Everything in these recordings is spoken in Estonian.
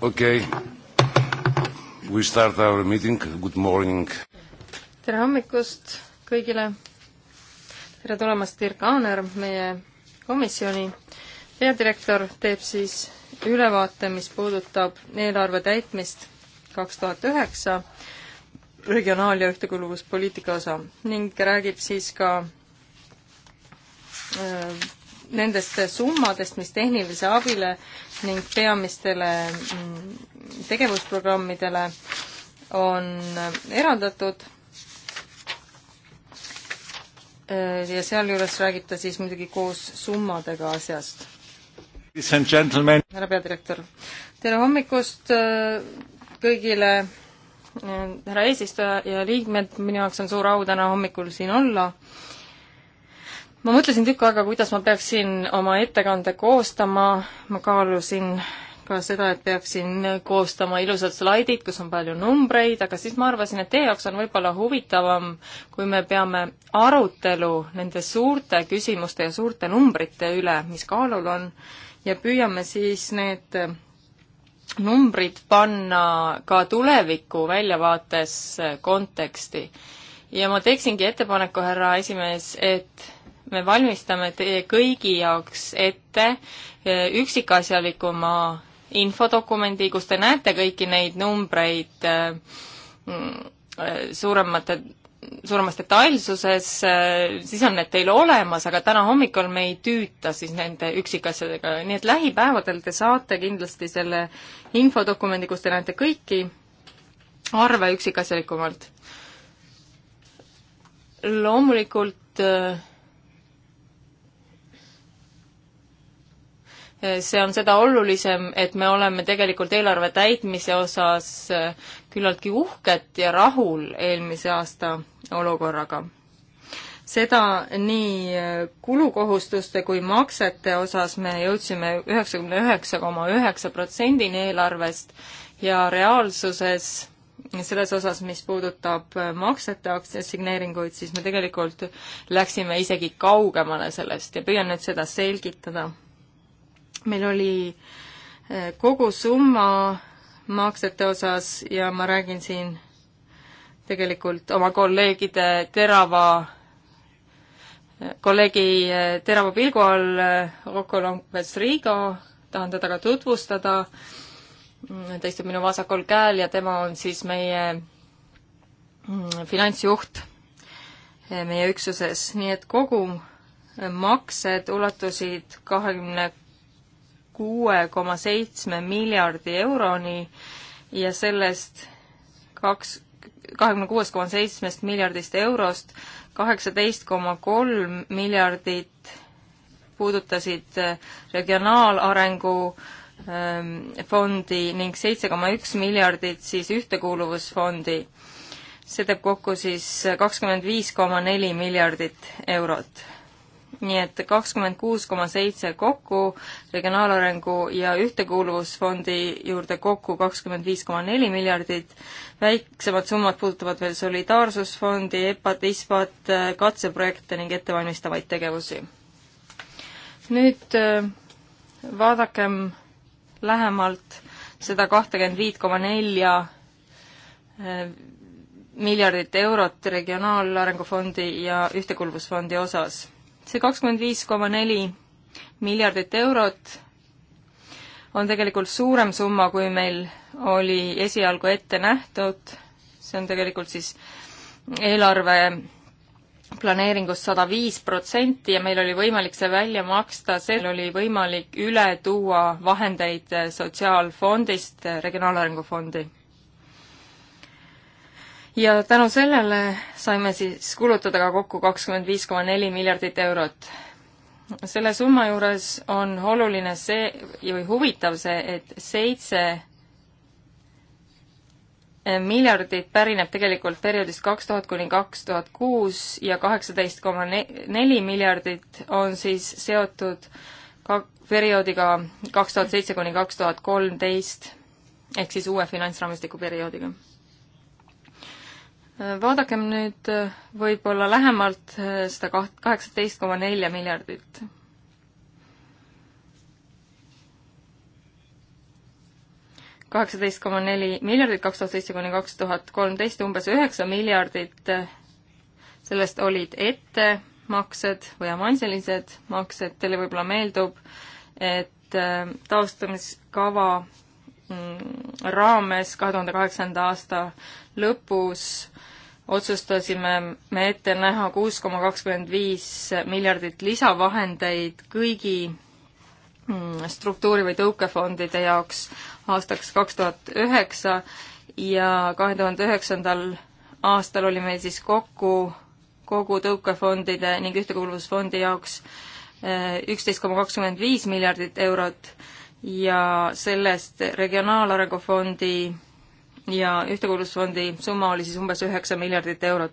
okei okay., we start our meeting, good morning. tere hommikust kõigile. tere tulemast, Dirk Aaner, meie komisjoni peadirektor teeb siis ülevaate, mis puudutab eelarve täitmist kaks tuhat üheksa regionaal- ja ühtekuuluvuspoliitika osa ning räägib siis ka öö, äh, nendest summadest, mis tehnilise abile ning peamistele mm, tegevusprogrammidele on eraldatud äh, ja sealjuures räägib ta siis muidugi koos summadega asjast. härra peadirektor, tere hommikust äh, kõigile, äh, härra eesistuja ja liikmed, minu jaoks on suur au täna hommikul siin olla ma mõtlesin tükk aega, kuidas ma peaksin oma ettekande koostama, ma kaalusin ka seda, et peaksin koostama ilusad slaidid, kus on palju numbreid, aga siis ma arvasin, et teie jaoks on võib-olla huvitavam, kui me peame arutelu nende suurte küsimuste ja suurte numbrite üle, mis kaalul on, ja püüame siis need numbrid panna ka tuleviku väljavaates konteksti. ja ma teeksingi ettepaneku, härra esimees, et me valmistame teie kõigi jaoks ette e, üksikasjalikuma infodokumendi, kus te näete kõiki neid numbreid e, mm, e, suuremate, suuremas detailsuses, siis on need teil olemas, aga täna hommikul me ei tüüta siis nende üksikasjadega, nii et lähipäevadel te saate kindlasti selle infodokumendi, kus te näete kõiki arve üksikasjalikumalt. loomulikult äh, see on seda olulisem, et me oleme tegelikult eelarve täitmise osas eh, küllaltki uhked ja rahul eelmise aasta olukorraga. seda nii eh, kulukohustuste kui maksete osas me jõudsime üheksakümne üheksa koma üheksa protsendini eelarvest ja reaalsuses selles osas, mis puudutab eh, maksete aktsiasigneeringuid, siis me tegelikult läksime isegi kaugemale sellest ja püüan nüüd seda selgitada meil oli äh, kogusumma maksete osas ja ma räägin siin tegelikult oma kolleegide terava, äh, kolleegi äh, terava pilgu all, Rocco Lombes Rigo, tahan teda ka tutvustada, mm, ta istub minu vasakul käel ja tema on siis meie mm, finantsjuht meie üksuses, nii et kogu maksed ulatusid kahekümne kuue koma seitsme miljardi euroni ja sellest kaks, kahekümne kuuest koma seitsmest miljardist eurost kaheksateist koma kolm miljardit puudutasid äh, regionaalarengu ähm, fondi ning seitse koma üks miljardit siis ühtekuuluvusfondi. see teeb kokku siis äh, kakskümmend viis koma neli miljardit eurot nii et kakskümmend kuus koma seitse kokku, Regionaalarengu ja Ühtekuuluvusfondi juurde kokku kakskümmend viis koma neli miljardit, väiksemad summad puudutavad veel Solidaarsusfondi, EPA-t, ISPA-t, katseprojekte ning ettevalmistavaid tegevusi. nüüd äh, vaadakem lähemalt seda kahtekümmend viit koma nelja äh, miljardit eurot Regionaalarengu Fondi ja Ühtekuuluvusfondi osas see kakskümmend viis koma neli miljardit eurot on tegelikult suurem summa, kui meil oli esialgu ette nähtud, see on tegelikult siis eelarve planeeringust sada viis protsenti ja meil oli võimalik see välja maksta, seal oli võimalik üle tuua vahendeid Sotsiaalfondist Regionaalarengu Fondi ja tänu sellele saime siis kulutada ka kokku kakskümmend viis koma neli miljardit eurot. selle summa juures on oluline see või huvitav see, et seitse miljardit pärineb tegelikult perioodist kaks tuhat kuni kaks tuhat kuus ja kaheksateist koma neli miljardit on siis seotud ka perioodiga kaks tuhat seitse kuni kaks tuhat kolmteist ehk siis uue finantsraamistiku perioodiga vaadakem nüüd äh, võib-olla lähemalt äh, seda kaht-, kaheksateist koma nelja miljardit. kaheksateist koma neli miljardit kaks tuhat seitse kuni kaks tuhat kolmteist, umbes üheksa miljardit äh, sellest olid ettemaksed või avansilised maksed, teile võib-olla meeldub, et taastamiskava mm, raames kahe tuhande kaheksanda aasta lõpus otsustasime me ette näha kuus koma kakskümmend viis miljardit lisavahendeid kõigi mm, struktuuri- või tõukefondide jaoks aastaks kaks tuhat üheksa ja kahe tuhande üheksandal aastal oli meil siis kokku kogu tõukefondide ning ühtekuuluvusfondi jaoks eh, üksteist koma kakskümmend viis miljardit eurot ja sellest Regionaalarengu Fondi ja Ühtekuuluvusfondi summa oli siis umbes üheksa miljardit eurot.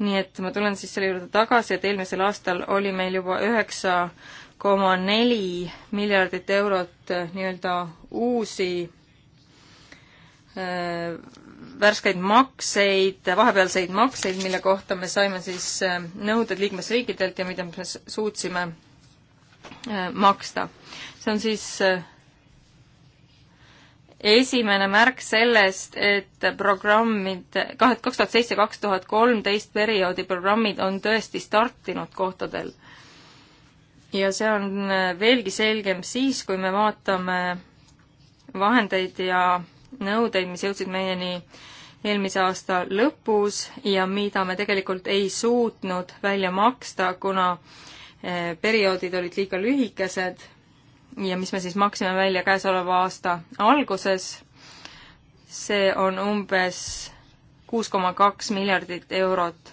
nii et ma tulen siis selle juurde tagasi, et eelmisel aastal oli meil juba üheksa koma neli miljardit eurot eh, nii-öelda uusi äh, värskeid makseid, vahepealseid makseid, mille kohta me saime siis äh, nõuded liikmesriikidelt ja mida me suutsime äh, maksta. see on siis äh, esimene märk sellest, et programmid, kahe, kaks tuhat seitse, kaks tuhat kolmteist perioodi programmid on tõesti startinud kohtadel. ja see on äh, veelgi selgem siis, kui me vaatame vahendeid ja nõudeid, mis jõudsid meieni eelmise aasta lõpus ja mida me tegelikult ei suutnud välja maksta, kuna äh, perioodid olid liiga lühikesed ja mis me siis maksime välja käesoleva aasta alguses, see on umbes kuus koma kaks miljardit eurot.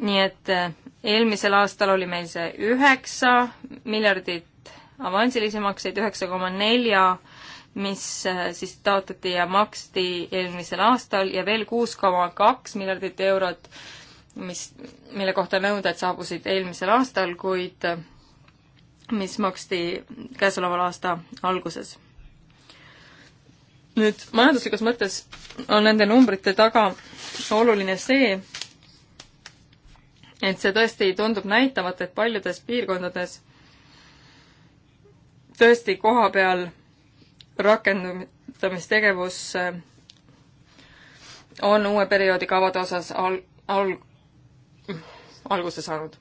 nii et eh, eelmisel aastal oli meil see üheksa miljardit avansilisi makseid, üheksa koma nelja, mis eh, siis taotleti ja maksti eelmisel aastal ja veel kuus koma kaks miljardit eurot, mis, mille kohta nõuded saabusid eelmisel aastal, kuid eh, mis maksti käesoleval aasta alguses. nüüd majanduslikus mõttes on nende numbrite taga oluline see, et see tõesti tundub näitavat, et paljudes piirkondades tõesti koha peal rakendamistegevus eh, on uue perioodi kavade osas al-, al-, alguse saanud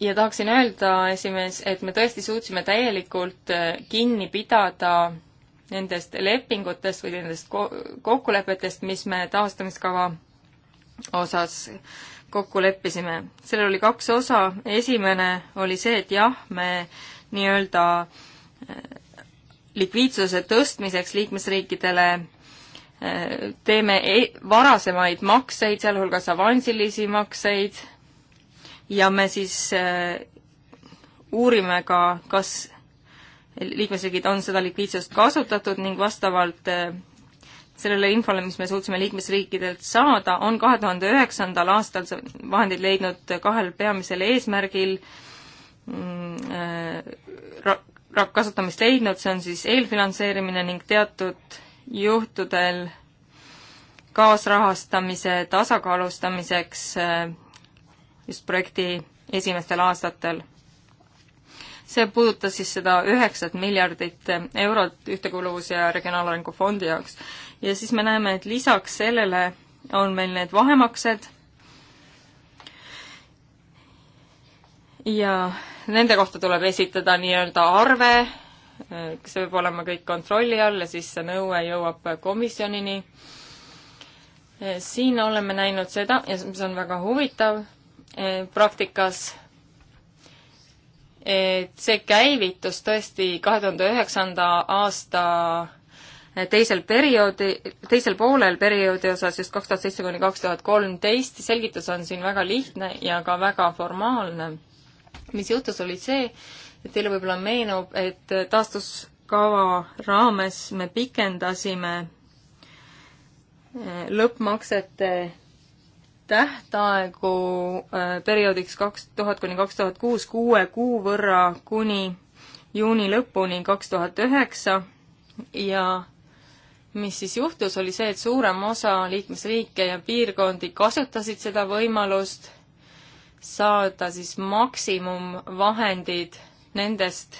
ja tahaksin öelda, esimees, et me tõesti suutsime täielikult äh, kinni pidada nendest lepingutest või nendest kokkulepetest, mis me taastamiskava osas kokku leppisime. sellel oli kaks osa, esimene oli see, et jah, me nii-öelda äh, likviidsuse tõstmiseks liikmesriikidele äh, teeme e-, varasemaid makseid, sealhulgas avansilisi makseid ja me siis äh, uurime ka, kas liikmesriigid on seda likviidsust kasutatud ning vastavalt äh, sellele infole, mis me suutsime liikmesriikidelt saada, on kahe tuhande üheksandal aastal vahendid leidnud kahel peamisel eesmärgil mm, äh, ra-, ra-, kasutamist leidnud, see on siis eelfinantseerimine ning teatud juhtudel kaasrahastamise tasakaalustamiseks just projekti esimestel aastatel. see puudutas siis seda üheksat miljardit eurot Ühtekuuluvus- ja Regionaalarengu Fondi jaoks. ja siis me näeme, et lisaks sellele on meil need vahemaksed ja nende kohta tuleb esitada nii-öelda arve, see peab olema kõik kontrolli all ja siis see nõue jõuab komisjonini siin oleme näinud seda ja mis on väga huvitav, Eh, praktikas. et see käivitus tõesti kahe tuhande üheksanda aasta eh, teisel perioodi, teisel poolel perioodi osas just kaks tuhat seitse kuni kaks tuhat kolmteist, selgitus on siin väga lihtne ja ka väga formaalne. mis juhtus, oli see, et teile võib-olla meenub, et taastuskava raames me pikendasime eh, lõppmaksete tähtaegu äh, perioodiks kaks tuhat kuni kaks tuhat kuus kuue kuu võrra kuni juuni lõpuni kaks tuhat üheksa ja mis siis juhtus, oli see, et suurem osa liikmesriike ja piirkondi kasutasid seda võimalust saada siis maksimumvahendid nendest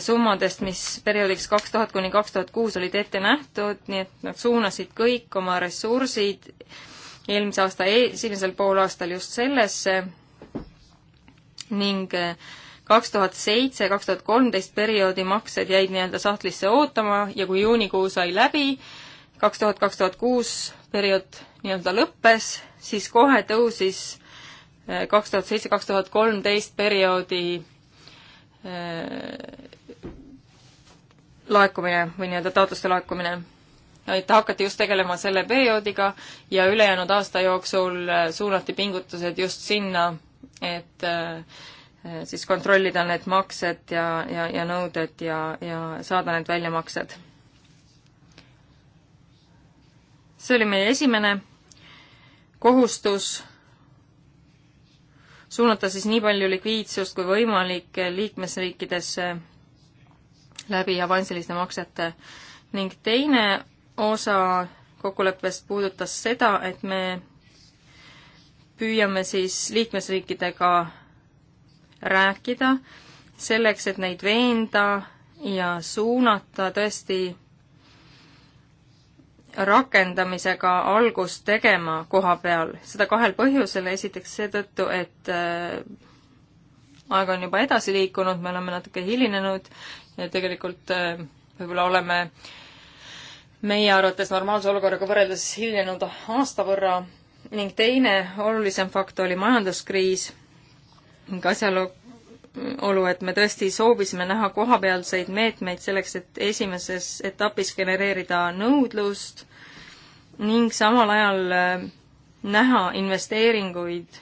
summadest, mis perioodiks kaks tuhat kuni kaks tuhat kuus olid ette nähtud, nii et nad suunasid kõik oma ressursid eelmise aasta e-, esimesel poolaastal just sellesse ning äh, kaks tuhat seitse, kaks tuhat kolmteist perioodi maksed jäid nii-öelda sahtlisse ootama ja kui juunikuu sai läbi, kaks tuhat, kaks tuhat kuus periood nii-öelda lõppes, siis kohe tõusis äh, kaks tuhat seitse, kaks tuhat kolmteist perioodi äh, laekumine või nii-öelda taotluste laekumine et hakati just tegelema selle perioodiga ja ülejäänud aasta jooksul äh, suunati pingutused just sinna, et äh, äh, siis kontrollida need maksed ja, ja, ja nõuded ja, ja saada need väljamaksed. see oli meie esimene kohustus suunata siis nii palju likviidsust kui võimalik liikmesriikidesse läbi avansiliste maksete ning teine osa kokkuleppest puudutas seda, et me püüame siis liikmesriikidega rääkida selleks, et neid veenda ja suunata tõesti rakendamisega algust tegema koha peal, seda kahel põhjusel, esiteks seetõttu, et äh, aeg on juba edasi liikunud, me oleme natuke hilinenud ja tegelikult äh, võib-olla oleme äh, meie arvates normaalse olukorraga võrreldes hiljenud aasta võrra ning teine olulisem fakt oli majanduskriis ning asjaolu, et me tõesti soovisime näha kohapealseid meetmeid selleks, et esimeses etapis genereerida nõudlust ning samal ajal äh, näha investeeringuid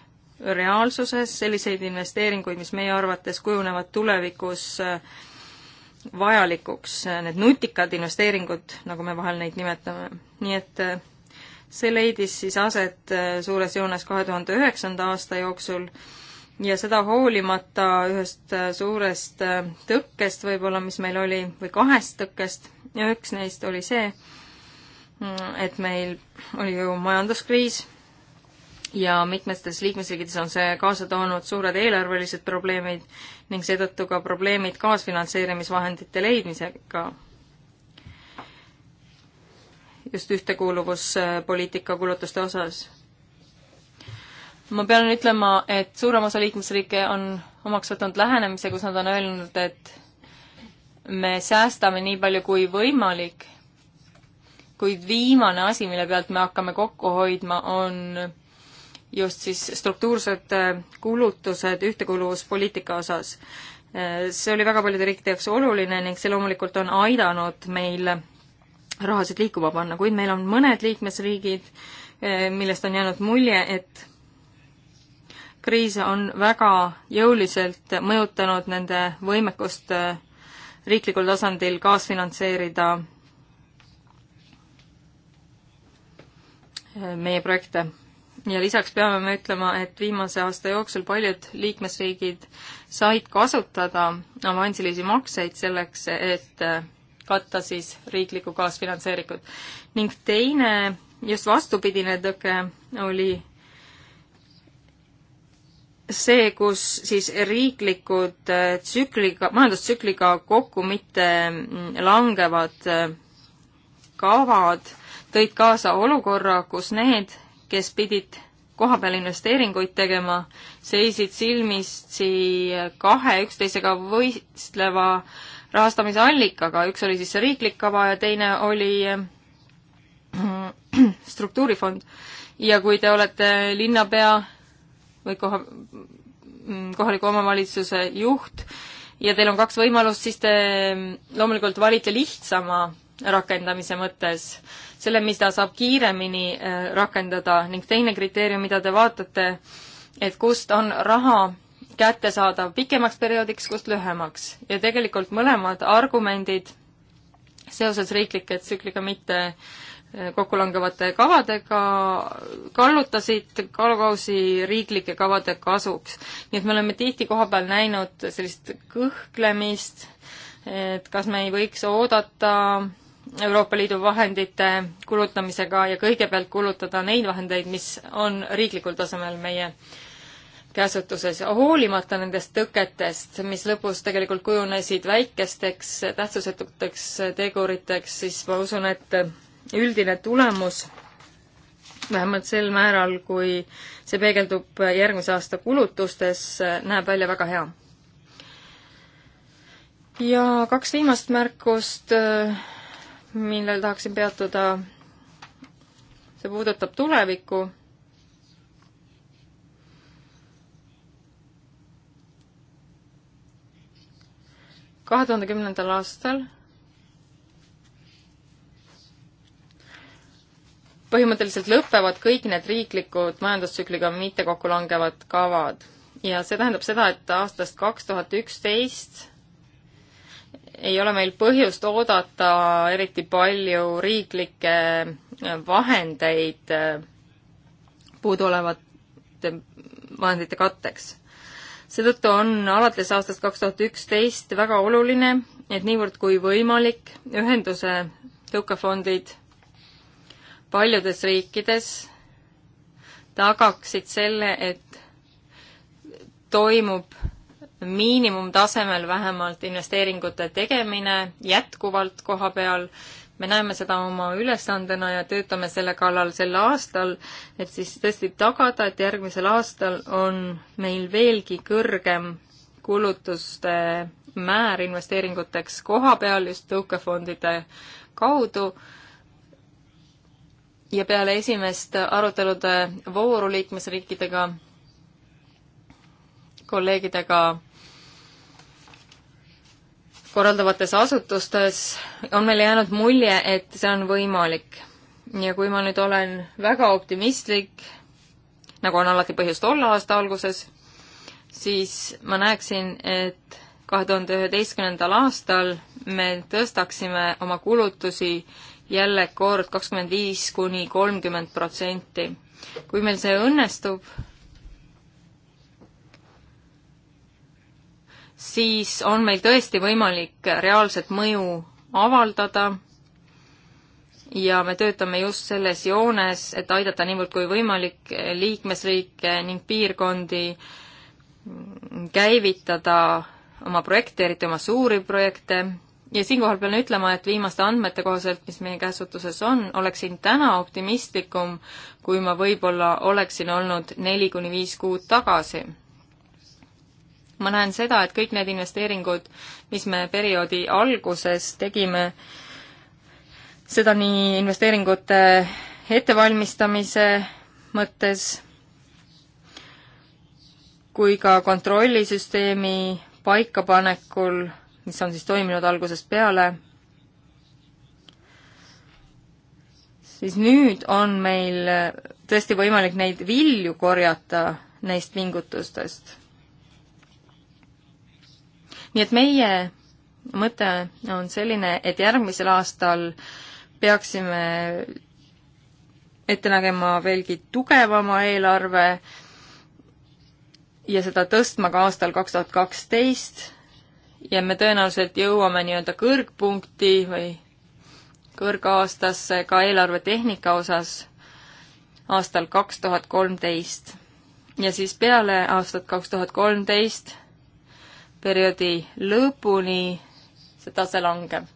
reaalsuses, selliseid investeeringuid, mis meie arvates kujunevad tulevikus äh, vajalikuks, eh, need nutikad investeeringud, nagu me vahel neid nimetame. nii et eh, see leidis siis aset eh, suures joones kahe tuhande üheksanda aasta jooksul ja seda hoolimata ühest suurest tõkkest võib-olla, mis meil oli, või kahest tõkkest, ja üks neist oli see, mm, et meil oli ju majanduskriis ja mitmetes liikmesriikides on see kaasa toonud suured eelarvelised probleemid ning seetõttu ka probleemid kaasfinantseerimisvahendite leidmisega. just ühtekuuluvuspoliitika kulutuste osas. ma pean ütlema, et suurem osa liikmesriike on omaks võtnud lähenemise, kus nad on öelnud, et me säästame nii palju kui võimalik, kuid viimane asi, mille pealt me hakkame kokku hoidma, on just siis struktuursed äh, kulutused ühtekuuluvuspoliitika osas. Äh, see oli väga paljude riikide jaoks oluline ning see loomulikult on aidanud meil rahasid liikuma panna, kuid meil on mõned liikmesriigid, äh, millest on jäänud mulje, et kriis on väga jõuliselt mõjutanud nende võimekust riiklikul tasandil kaasfinantseerida meie projekte ja lisaks peame me ütlema, et viimase aasta jooksul paljud liikmesriigid said kasutada avansilisi makseid selleks, et äh, katta siis riiklikku kaasfinantseeringut. ning teine, just vastupidine tõke oli see, kus siis riiklikud äh, tsükliga, majandustsükliga kokku mitte mm, langevad äh, kavad tõid kaasa olukorra, kus need kes pidid kohapeal investeeringuid tegema, seisid silmitsi kahe üksteisega võistleva rahastamise allikaga, üks oli siis see riiklik kava ja teine oli äh, struktuurifond. ja kui te olete linnapea või koha, mm, kohaliku omavalitsuse juht ja teil on kaks võimalust, siis te mm, loomulikult valite lihtsama rakendamise mõttes, selle, mida saab kiiremini äh, rakendada ning teine kriteerium, mida te vaatate, et kust on raha kättesaadav pikemaks perioodiks, kust lühemaks. ja tegelikult mõlemad argumendid seoses riiklike tsükliga mitte äh, kokkulangevate kavadega kallutasid Kalgausi riiklike kavade kasuks. nii et me oleme tihti koha peal näinud sellist kõhklemist, et kas me ei võiks oodata Euroopa Liidu vahendite kulutamisega ja kõigepealt kulutada neid vahendeid, mis on riiklikul tasemel meie käsutuses, hoolimata nendest tõketest, mis lõpus tegelikult kujunesid väikesteks tähtsusetuteks teguriteks, siis ma usun, et üldine tulemus vähemalt sel määral, kui see peegeldub järgmise aasta kulutustes, näeb välja väga hea. ja kaks viimast märkust millel tahaksin peatuda, see puudutab tulevikku. kahe tuhande kümnendal aastal põhimõtteliselt lõpevad kõik need riiklikud majandustsükliga mitte kokkulangevad kavad ja see tähendab seda, et aastast kaks tuhat üksteist ei ole meil põhjust oodata eriti palju riiklikke vahendeid äh, puuduolevate vahendite katteks. seetõttu on alates aastast kaks tuhat üksteist väga oluline, et niivõrd kui võimalik, ühenduse tõukefondid paljudes riikides tagaksid selle, et toimub miinimumtasemel vähemalt investeeringute tegemine jätkuvalt koha peal. me näeme seda oma ülesandena ja töötame selle kallal sel aastal, et siis tõesti tagada, et järgmisel aastal on meil veelgi kõrgem kulutuste määr investeeringuteks koha peal just tõukefondide kaudu ja peale esimest arutelude vooru liikmesriikidega kolleegidega korraldavates asutustes on meile jäänud mulje, et see on võimalik. ja kui ma nüüd olen väga optimistlik, nagu on alati põhjust olla aasta alguses, siis ma näeksin, et kahe tuhande üheteistkümnendal aastal me tõstaksime oma kulutusi jälle kord kakskümmend viis kuni kolmkümmend protsenti. kui meil see õnnestub, siis on meil tõesti võimalik reaalset mõju avaldada ja me töötame just selles joones, et aidata niivõrd kui võimalik liikmesriike ning piirkondi käivitada oma projekte, eriti oma suuri projekte, ja siinkohal pean ütlema, et viimaste andmete kohaselt, mis meie käsutuses on, oleksin täna optimistlikum, kui ma võib-olla oleksin olnud neli kuni viis kuud tagasi ma näen seda, et kõik need investeeringud, mis me perioodi alguses tegime, seda nii investeeringute ettevalmistamise mõttes kui ka kontrollisüsteemi paikapanekul, mis on siis toiminud algusest peale, siis nüüd on meil tõesti võimalik neid vilju korjata neist pingutustest nii et meie mõte on selline, et järgmisel aastal peaksime ette nägema veelgi tugevama eelarve ja seda tõstma ka aastal kaks tuhat kaksteist ja me tõenäoliselt jõuame nii-öelda kõrgpunkti või kõrgaastasse ka eelarvetehnika osas aastal kaks tuhat kolmteist. ja siis peale aastat kaks tuhat kolmteist perioodi lõpuni see tase langeb.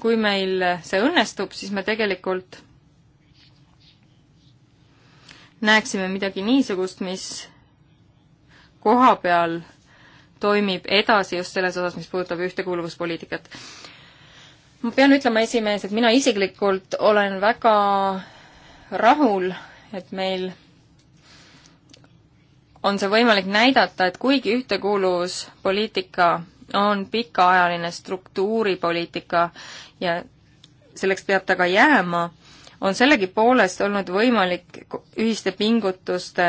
kui meil see õnnestub, siis me tegelikult näeksime midagi niisugust, mis koha peal toimib edasi just selles osas, mis puudutab ühtekuuluvuspoliitikat. ma pean ütlema, esimees, et mina isiklikult olen väga rahul, et meil on see võimalik näidata, et kuigi ühtekuuluvuspoliitika on pikaajaline struktuuripoliitika ja selleks peab ta ka jääma, on sellegipoolest olnud võimalik ühiste pingutuste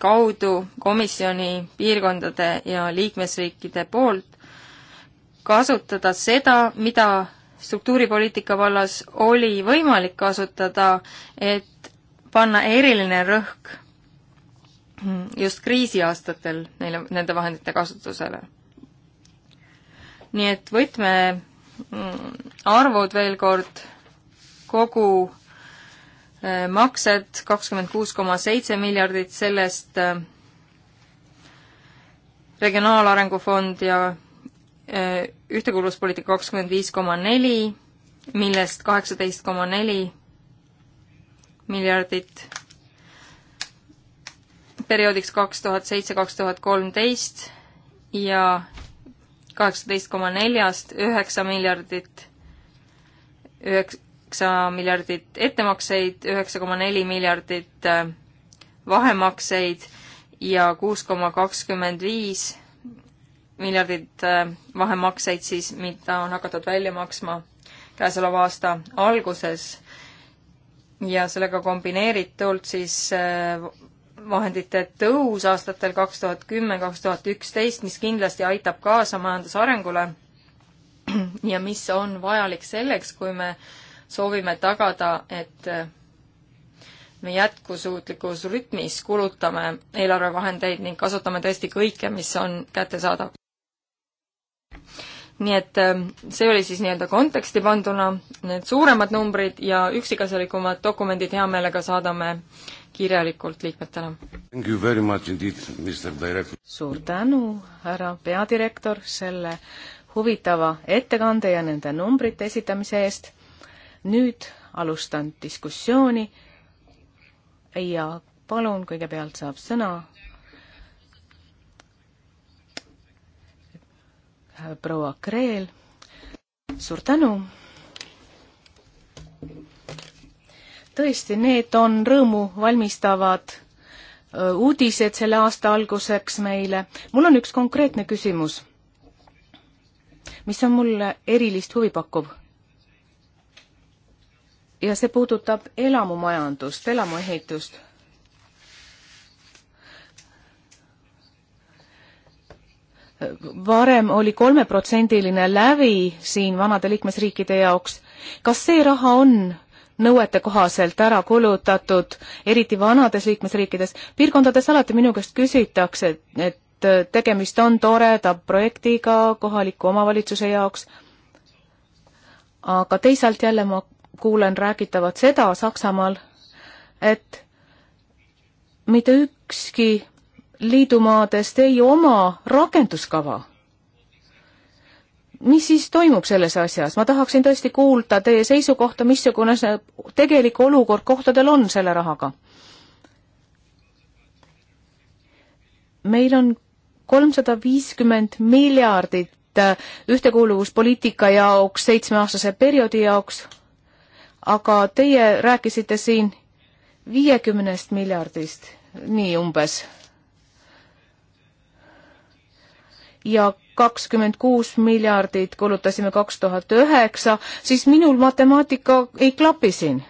kaudu komisjoni piirkondade ja liikmesriikide poolt kasutada seda, mida struktuuripoliitika vallas oli võimalik kasutada, et panna eriline rõhk just kriisiaastatel neile, nende vahendite kasutusele. nii et võtme mm, arvud veel kord, kogu äh, maksed kakskümmend kuus koma seitse miljardit, sellest äh, regionaalarengu fond ja äh, ühtekuuluvuspoliitika kakskümmend viis koma neli, millest kaheksateist koma neli miljardit perioodiks kaks tuhat seitse, kaks tuhat kolmteist ja kaheksateist koma neljast üheksa miljardit, üheksa miljardit ettemakseid, üheksa koma neli miljardit äh, vahemakseid ja kuus koma kakskümmend viis miljardit äh, vahemakseid siis, mida on hakatud välja maksma käesoleva aasta alguses ja sellega kombineeritult siis äh, vahendite tõus aastatel kaks tuhat kümme, kaks tuhat üksteist, mis kindlasti aitab kaasa majanduse arengule ja mis on vajalik selleks, kui me soovime tagada, et me jätkusuutlikus rütmis kulutame eelarvevahendeid ning kasutame tõesti kõike, mis on kättesaadav nii et ähm, see oli siis nii-öelda konteksti panduna, need suuremad numbrid ja üksikasjalikumad dokumendid hea meelega saadame kirjalikult liikmetele. suur tänu, härra peadirektor, selle huvitava ettekande ja nende numbrite esitamise eest. nüüd alustan diskussiooni ja palun, kõigepealt saab sõna proua Kreel. suur tänu. tõesti, need on rõõmu valmistavad äh, uudised selle aasta alguseks meile. mul on üks konkreetne küsimus, mis on mulle erilist huvi pakkuv. ja see puudutab elamumajandust, elamuehitust varem oli kolmeprotsendiline lävi siin vanade liikmesriikide jaoks. kas see raha on nõuete kohaselt ära kulutatud, eriti vanades liikmesriikides? piirkondades alati minu käest küsitakse, et tegemist on toreda projektiga kohaliku omavalitsuse jaoks, aga teisalt jälle ma kuulen räägitavat seda Saksamaal, et mitte ükski liidumaadest ei oma rakenduskava. mis siis toimub selles asjas, ma tahaksin tõesti kuulda teie seisukohta, missugune see tegelik olukord kohtadel on selle rahaga. meil on kolmsada viiskümmend miljardit äh, ühtekuuluvuspoliitika jaoks, seitsmeaastase perioodi jaoks, aga teie rääkisite siin viiekümnest miljardist, nii umbes ja kakskümmend kuus miljardit kulutasime kaks tuhat üheksa, siis minul matemaatika ei klapi siin.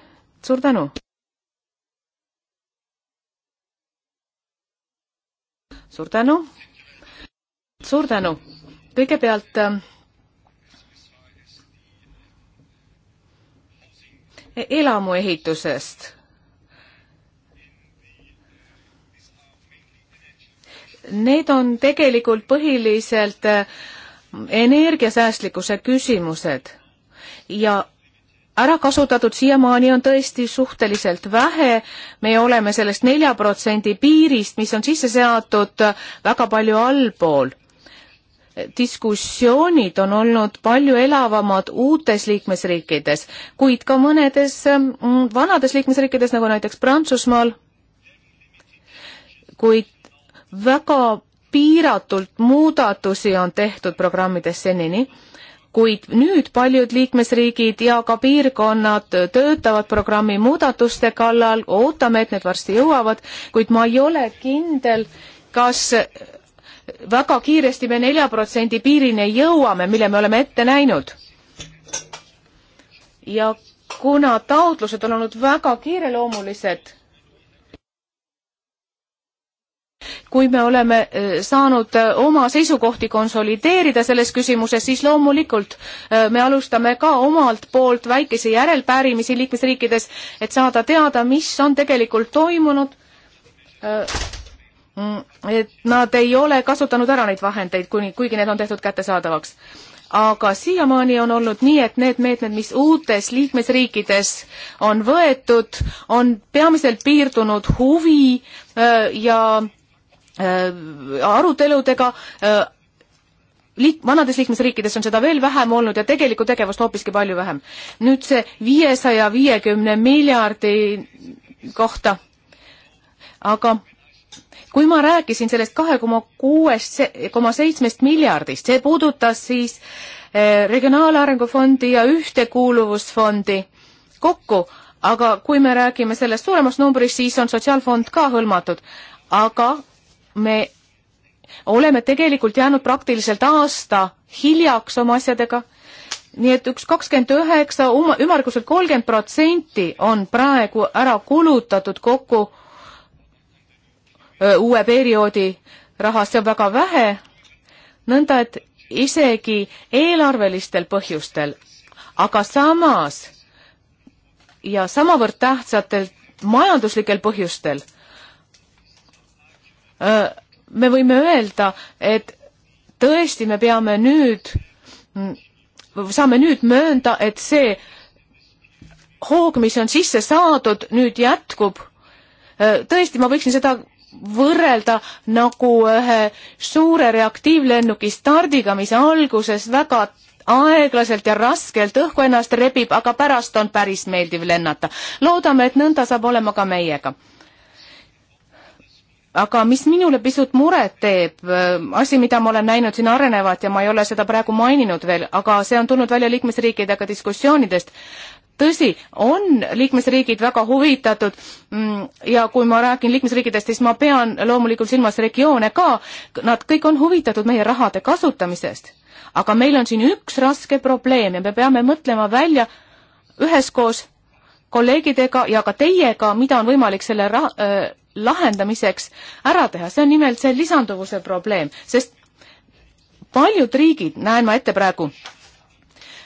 suur tänu! suur tänu! suur tänu! kõigepealt ähm, e-, elamuehitusest need on tegelikult põhiliselt äh, energiasäästlikkuse küsimused ja ära kasutatud siiamaani on tõesti suhteliselt vähe, me oleme sellest nelja protsendi piirist, mis on sisse seatud, äh, väga palju allpool. diskussioonid on olnud palju elavamad uutes liikmesriikides, kuid ka mõnedes ähm, vanades liikmesriikides, nagu näiteks Prantsusmaal, kuid väga piiratult muudatusi on tehtud programmides senini, kuid nüüd paljud liikmesriigid ja ka piirkonnad töötavad programmi muudatuste kallal, ootame, et need varsti jõuavad, kuid ma ei ole kindel, kas väga kiiresti me nelja protsendi piirini jõuame, mille me oleme ette näinud. ja kuna taotlused on olnud väga kiireloomulised kui me oleme e, saanud e, oma seisukohti konsolideerida selles küsimuses, siis loomulikult e, me alustame ka omalt poolt väikese järelpärimisi liikmesriikides, et saada teada, mis on tegelikult toimunud. Mm, et nad ei ole kasutanud ära neid vahendeid, kuni, kuigi need on tehtud kättesaadavaks aga siiamaani on olnud nii, et need meetmed, mis uutes liikmesriikides on võetud, on peamiselt piirdunud huvi ja Äh, aruteludega äh, liik-, vanades liikmesriikides on seda veel vähem olnud ja tegelikku tegevust hoopiski palju vähem. nüüd see viiesaja viiekümne miljardi kohta, aga kui ma rääkisin sellest kahe koma kuuest, koma seitsmest miljardist, see puudutas siis äh, Regionaalarengu Fondi ja Ühtekuuluvusfondi kokku, aga kui me räägime sellest suuremast numbrist, siis on Sotsiaalfond ka hõlmatud. aga me oleme tegelikult jäänud praktiliselt aasta hiljaks oma asjadega, nii et üks kakskümmend üheksa, ümmarguselt kolmkümmend protsenti on praegu ära kulutatud kokku öö, uue perioodi rahast, see on väga vähe, nõnda et isegi eelarvelistel põhjustel, aga samas ja samavõrd tähtsatel majanduslikel põhjustel Äh, me võime öelda, et tõesti, me peame nüüd, saame nüüd möönda, et see hoog, mis on sisse saadud, nüüd jätkub. Äh, tõesti, ma võiksin seda võrrelda nagu ühe suure reaktiivlennuki stardiga, mis alguses väga aeglaselt ja raskelt õhku ennast rebib, aga pärast on päris meeldiv lennata. loodame, et nõnda saab olema ka meiega aga mis minule pisut muret teeb, äh, asi, mida ma olen näinud siin arenevat ja ma ei ole seda praegu maininud veel, aga see on tulnud välja liikmesriikidega diskussioonidest, tõsi, on liikmesriigid väga huvitatud mm, ja kui ma räägin liikmesriikidest, siis ma pean loomulikult silmas regioone ka, nad kõik on huvitatud meie rahade kasutamisest. aga meil on siin üks raske probleem ja me peame mõtlema välja üheskoos kolleegidega ja ka teiega, mida on võimalik selle ra-, äh, lahendamiseks ära teha, see on nimelt see lisanduvuse probleem, sest paljud riigid, näen ma ette praegu,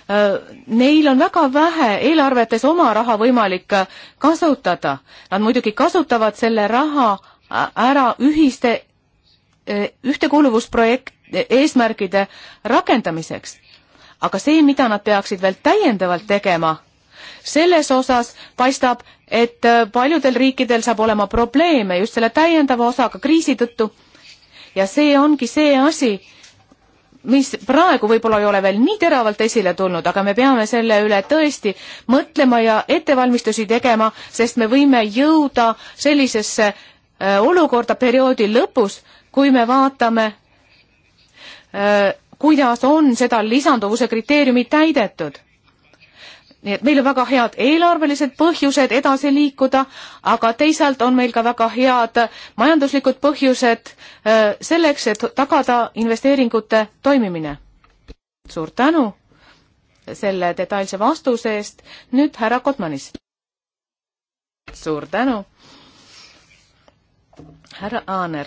äh, neil on väga vähe eelarvetes oma raha võimalik äh, kasutada. Nad muidugi kasutavad selle raha äh, ära ühiste, ühtekuuluvusprojekt, eesmärgide rakendamiseks. aga see, mida nad peaksid veel täiendavalt tegema, selles osas paistab, et äh, paljudel riikidel saab olema probleeme just selle täiendava osaga kriisi tõttu. ja see ongi see asi, mis praegu võib-olla ei ole veel nii teravalt esile tulnud, aga me peame selle üle tõesti mõtlema ja ettevalmistusi tegema, sest me võime jõuda sellisesse äh, olukorda perioodi lõpus, kui me vaatame äh,, kuidas on seda lisanduvuse kriteeriumi täidetud nii et meil on väga head eelarvelised põhjused edasi liikuda, aga teisalt on meil ka väga head majanduslikud põhjused äh, selleks, et tagada investeeringute toimimine. suur tänu selle detailse vastuse eest. nüüd härra Kotmanis. suur tänu. härra Aaner.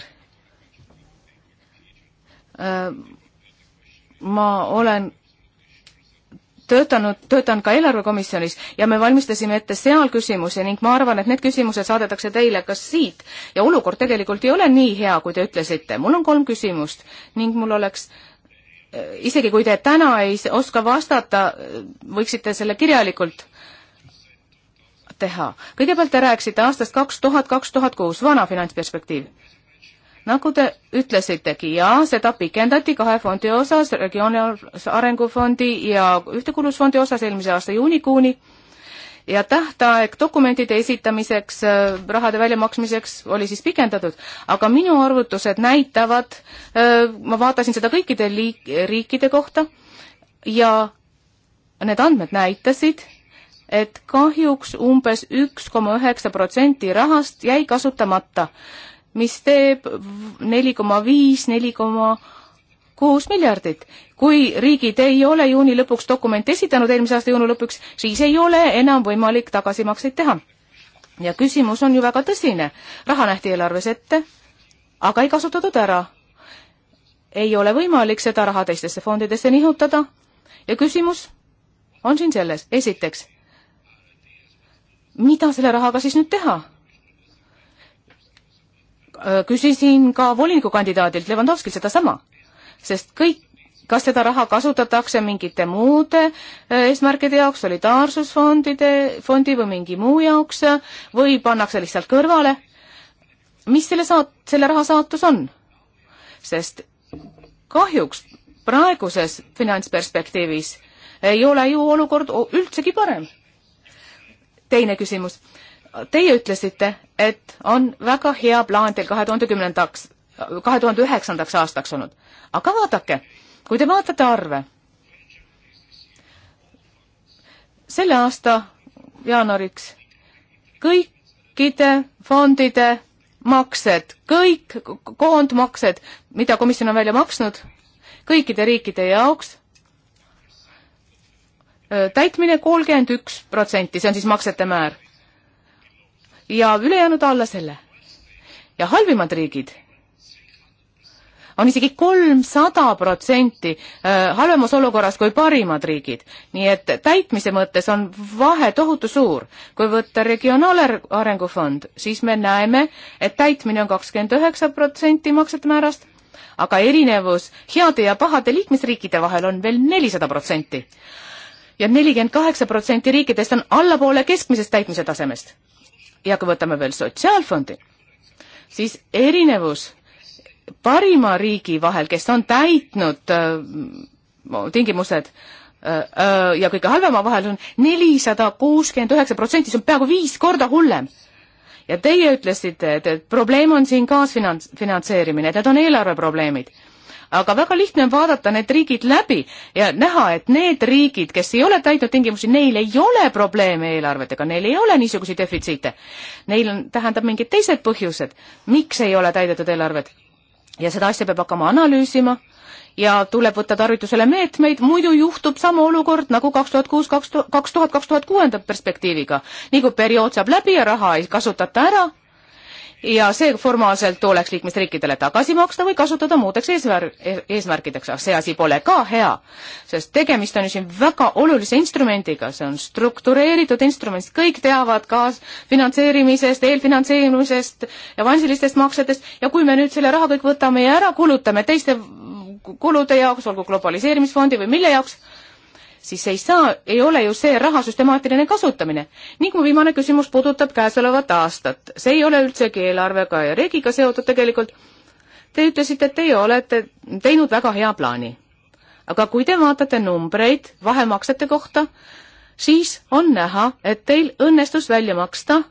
Äh, ma olen töötanud, töötan ka eelarvekomisjonis ja me valmistasime ette seal küsimusi ning ma arvan, et need küsimused saadetakse teile ka siit. ja olukord tegelikult ei ole nii hea, kui te ütlesite. mul on kolm küsimust ning mul oleks äh, isegi kui te täna ei oska vastata, äh, võiksite selle kirjalikult teha. kõigepealt te rääkisite aastast kaks tuhat, kaks tuhat kuus, vana finantsperspektiiv nagu te ütlesitegi ja seda pikendati kahe fondi osas, Regionaalse Arengufondi ja Ühtekuuluvusfondi osas eelmise aasta juunikuuni ja tähtaeg dokumentide esitamiseks, äh, rahade väljamaksmiseks oli siis pikendatud, aga minu arvutused näitavad, äh, ma vaatasin seda kõikide liik-, riikide kohta ja need andmed näitasid, et kahjuks umbes üks koma üheksa protsenti rahast jäi kasutamata mis teeb neli koma viis, neli koma kuus miljardit. kui riigid ei ole juuni lõpuks dokumente esitanud, eelmise aasta juuni lõpuks, siis ei ole enam võimalik tagasimakseid teha. ja küsimus on ju väga tõsine. raha nähti eelarves ette, aga ei kasutatud ära. ei ole võimalik seda raha teistesse fondidesse nihutada ja küsimus on siin selles, esiteks, mida selle rahaga siis nüüd teha? Äh, küsisin ka volinikukandidaadilt Levandovskilt sedasama, sest kõik, kas seda raha kasutatakse mingite muude äh, eesmärkide jaoks, solidaarsusfondide, fondi või mingi muu jaoks äh, või pannakse lihtsalt kõrvale. mis selle saat-, selle raha saatus on? sest kahjuks praeguses finantsperspektiivis ei ole ju olukord üldsegi parem. teine küsimus. Teie ütlesite, et on väga hea plaan teil kahe tuhande kümnendaks, kahe tuhande üheksandaks aastaks olnud. aga vaadake, kui te vaatate arve, selle aasta jaanuariks kõikide fondide maksed, kõik koondmaksed, mida komisjon on välja maksnud kõikide riikide jaoks, täitmine kolmkümmend üks protsenti, see on siis maksete määr ja ülejäänud alla selle. ja halvimad riigid on isegi kolmsada protsenti äh, halvemas olukorras kui parimad riigid. nii et täitmise mõttes on vahe tohutu suur. kui võtta Regionaalarengufond, fond, siis me näeme, et täitmine on kakskümmend üheksa protsenti maksete määrast, aga erinevus heade ja pahade liikmesriikide vahel on veel nelisada protsenti. ja nelikümmend kaheksa protsenti riikidest on allapoole keskmisest täitmise tasemest ja kui võtame veel sotsiaalfondi, siis erinevus parima riigi vahel, kes on täitnud äh, tingimused äh, äh, ja kõige halvema vahel on nelisada kuuskümmend üheksa protsenti, see on peaaegu viis korda hullem. ja teie ütlesite, et, et probleem on siin kaasfinants-, finantseerimine, et need on eelarveprobleemid aga väga lihtne on vaadata need riigid läbi ja näha, et need riigid, kes ei ole täitnud tingimusi, neil ei ole probleeme eelarvetega, neil ei ole niisuguseid defitsiite. Neil on, tähendab, mingid teised põhjused, miks ei ole täidetud eelarvet. ja seda asja peab hakkama analüüsima ja tuleb võtta tarvitusele meetmeid, muidu juhtub sama olukord nagu kaks tuhat kuus, kaks tuhat, kaks tuhat kuuenda perspektiiviga. nii kui periood saab läbi ja raha ei kasutata ära, ja see formaalselt tuleks liikmesriikidele tagasi maksta või kasutada muudeks eesmär-, e-, eesmärkideks, aga see asi pole ka hea, sest tegemist on ju siin väga olulise instrumendiga, see on struktureeritud instrument, kõik teavad ka finantseerimisest, eelfinantseerimisest, avansilistest maksetest ja kui me nüüd selle raha kõik võtame ja ära kulutame teiste kulude jaoks, olgu globaliseerimisfondi või mille jaoks, siis ei saa, ei ole ju see raha süstemaatiline kasutamine. ning mu viimane küsimus puudutab käesolevat aastat. see ei ole üldsegi eelarvega ja riigiga seotud tegelikult. Te ütlesite, et teie olete teinud väga hea plaani. aga kui te vaatate numbreid vahemaksete kohta, siis on näha, et teil õnnestus välja maksta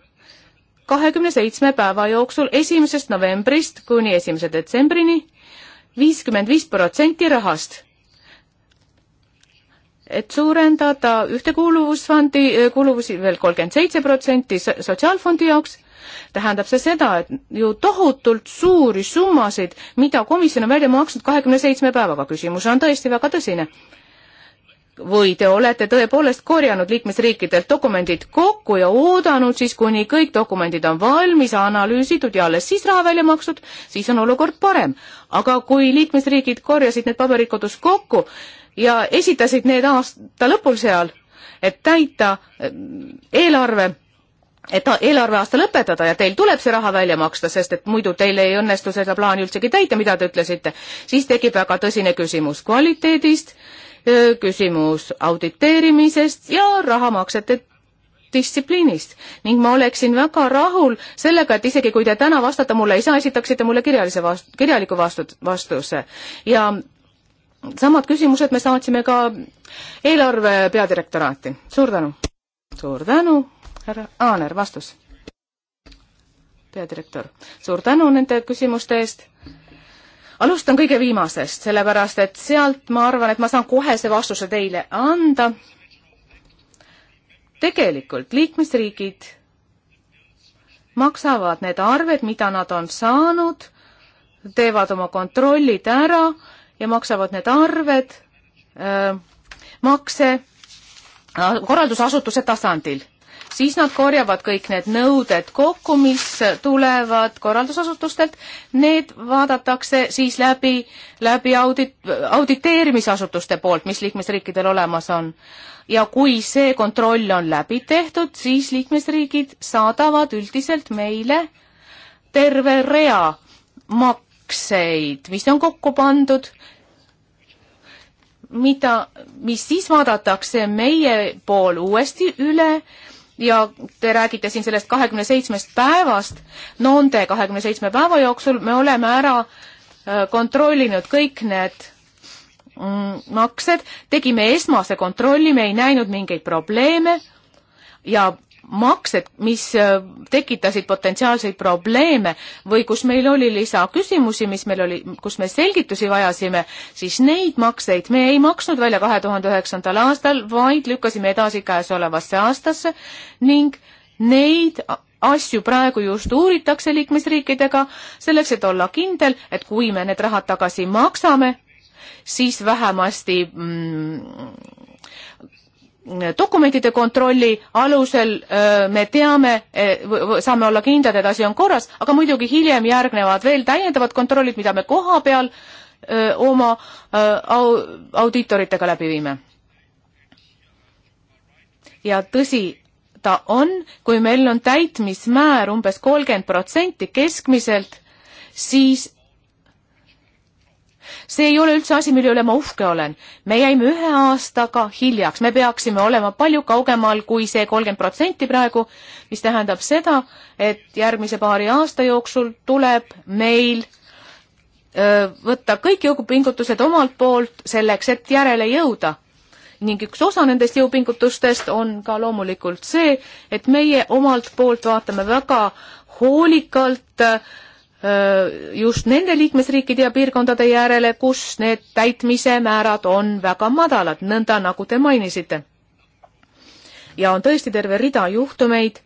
kahekümne seitsme päeva jooksul esimesest novembrist kuni esimese detsembrini viiskümmend viis protsenti rahast et suurendada ühtekuuluvusfondi eh, kuluvusi veel kolmkümmend seitse protsenti sotsiaalfondi jaoks, tähendab see seda, et ju tohutult suuri summasid, mida komisjon on välja maksnud kahekümne seitsme päevaga, küsimus on tõesti väga tõsine. või te olete tõepoolest korjanud liikmesriikidelt dokumendid kokku ja oodanud siis, kuni kõik dokumendid on valmis, analüüsitud ja alles siis raha välja makstud, siis on olukord parem. aga kui liikmesriigid korjasid need paberid kodus kokku, ja esitasid need aasta lõpul seal, et täita eh, eelarve, et eelarveaasta lõpetada ja teil tuleb see raha välja maksta, sest et muidu teil ei õnnestu seda plaani üldsegi täita, mida te ütlesite, siis tekib väga tõsine küsimus kvaliteedist, eh, küsimus auditeerimisest ja rahamaksete distsipliinist ning ma oleksin väga rahul sellega, et isegi kui te täna vastata mulle ei saa, esitaksite mulle kirjalise vast-, kirjaliku vastu-, vastuse. ja samad küsimused me saatsime ka eelarve peadirektoraati. suur tänu! suur tänu, härra Aaner, vastus. peadirektor, suur tänu nende küsimuste eest alustan kõige viimasest, sellepärast et sealt ma arvan, et ma saan kohe see vastuse teile anda. tegelikult liikmesriigid maksavad need arved, mida nad on saanud, teevad oma kontrollid ära ja maksavad need arved äh,, makse äh, korraldusasutuse tasandil. siis nad korjavad kõik need nõuded kokku, mis tulevad korraldusasutustelt, need vaadatakse siis läbi, läbi audit, auditeerimisasutuste poolt, mis liikmesriikidel olemas on. ja kui see kontroll on läbi tehtud, siis liikmesriigid saadavad üldiselt meile terve rea mak-, akseid, mis on kokku pandud, mida, mis siis vaadatakse meie pool uuesti üle ja te räägite siin sellest kahekümne seitsmest päevast, nonde kahekümne seitsme päeva jooksul me oleme ära äh, kontrollinud kõik need mm, maksed, tegime esmase kontrolli, me ei näinud mingeid probleeme ja maksed, mis äh, tekitasid potentsiaalseid probleeme või kus meil oli lisaküsimusi, mis meil oli, kus me selgitusi vajasime, siis neid makseid me ei maksnud välja kahe tuhande üheksandal aastal, vaid lükkasime edasi käesolevasse aastasse ning neid asju praegu just uuritakse liikmesriikidega selleks, et olla kindel, et kui me need rahad tagasi maksame, siis vähemasti mm, dokumentide kontrolli alusel me teame, e, saame olla kindlad, et asi on korras, aga muidugi hiljem järgnevad veel täiendavad kontrollid, mida me koha peal oma audiitoritega läbi viime. ja tõsi ta on, kui meil on täitmismäär umbes kolmkümmend protsenti keskmiselt, siis see ei ole üldse asi, mille üle ma uhke olen. me jäime ühe aastaga hiljaks, me peaksime olema palju kaugemal kui see kolmkümmend protsenti praegu, mis tähendab seda, et järgmise paari aasta jooksul tuleb meil öö, võtta kõik jõupingutused omalt poolt selleks, et järele jõuda. ning üks osa nendest jõupingutustest on ka loomulikult see, et meie omalt poolt vaatame väga hoolikalt äh, just nende liikmesriikide ja piirkondade järele, kus need täitmise määrad on väga madalad, nõnda nagu te mainisite. ja on tõesti terve rida juhtumeid,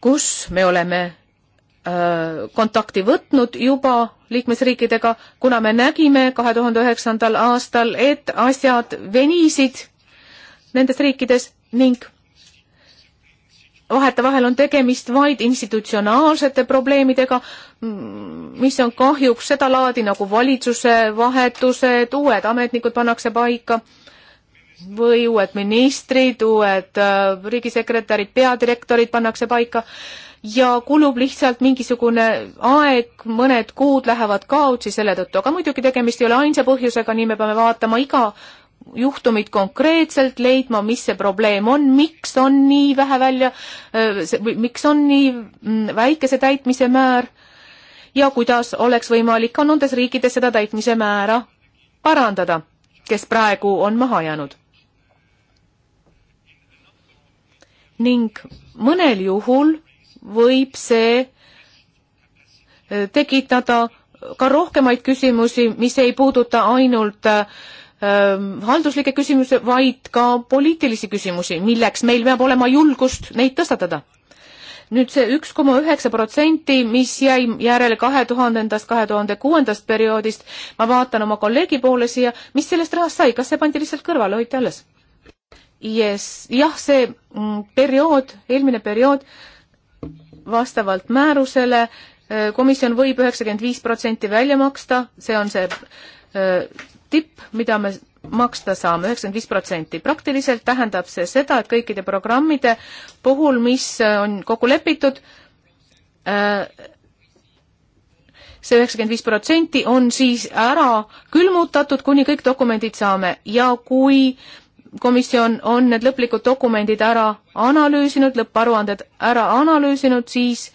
kus me oleme kontakti võtnud juba liikmesriikidega, kuna me nägime kahe tuhande üheksandal aastal, et asjad venisid nendes riikides ning vahetevahel on tegemist vaid institutsionaalsete probleemidega, mm, mis on kahjuks sedalaadi nagu valitsuse vahetused, uued ametnikud pannakse paika või uued ministrid, uued äh, riigisekretärid, peadirektorid pannakse paika ja kulub lihtsalt mingisugune aeg, mõned kuud lähevad kaotsi selle tõttu, aga muidugi tegemist ei ole ainsa põhjusega, nii me peame vaatama iga juhtumit konkreetselt leidma, mis see probleem on, miks on nii vähe välja, miks on nii mm, väikese täitmise määr ja kuidas oleks võimalik ka nendes riikides seda täitmise määra parandada, kes praegu on maha jäänud. ning mõnel juhul võib see tekitada ka rohkemaid küsimusi, mis ei puuduta ainult äh, halduslikke küsimusi, vaid ka poliitilisi küsimusi, milleks meil peab olema julgust neid tõstatada. nüüd see üks koma üheksa protsenti, mis jäi järele kahe tuhandendast, kahe tuhande kuuendast perioodist, ma vaatan oma kolleegi poole siia, mis sellest rahast sai, kas see pandi lihtsalt kõrvale, hoiti alles? Yes. jah, see mm, periood, eelmine periood, vastavalt määrusele komisjon võib üheksakümmend viis protsenti välja maksta, see on see tipp, mida me maksta saame, üheksakümmend viis protsenti. praktiliselt tähendab see seda, et kõikide programmide puhul, mis äh, on kokku lepitud, äh, see üheksakümmend viis protsenti on siis ära külmutatud, kuni kõik dokumendid saame ja kui komisjon on need lõplikud dokumendid ära analüüsinud, lõpparuanded ära analüüsinud, siis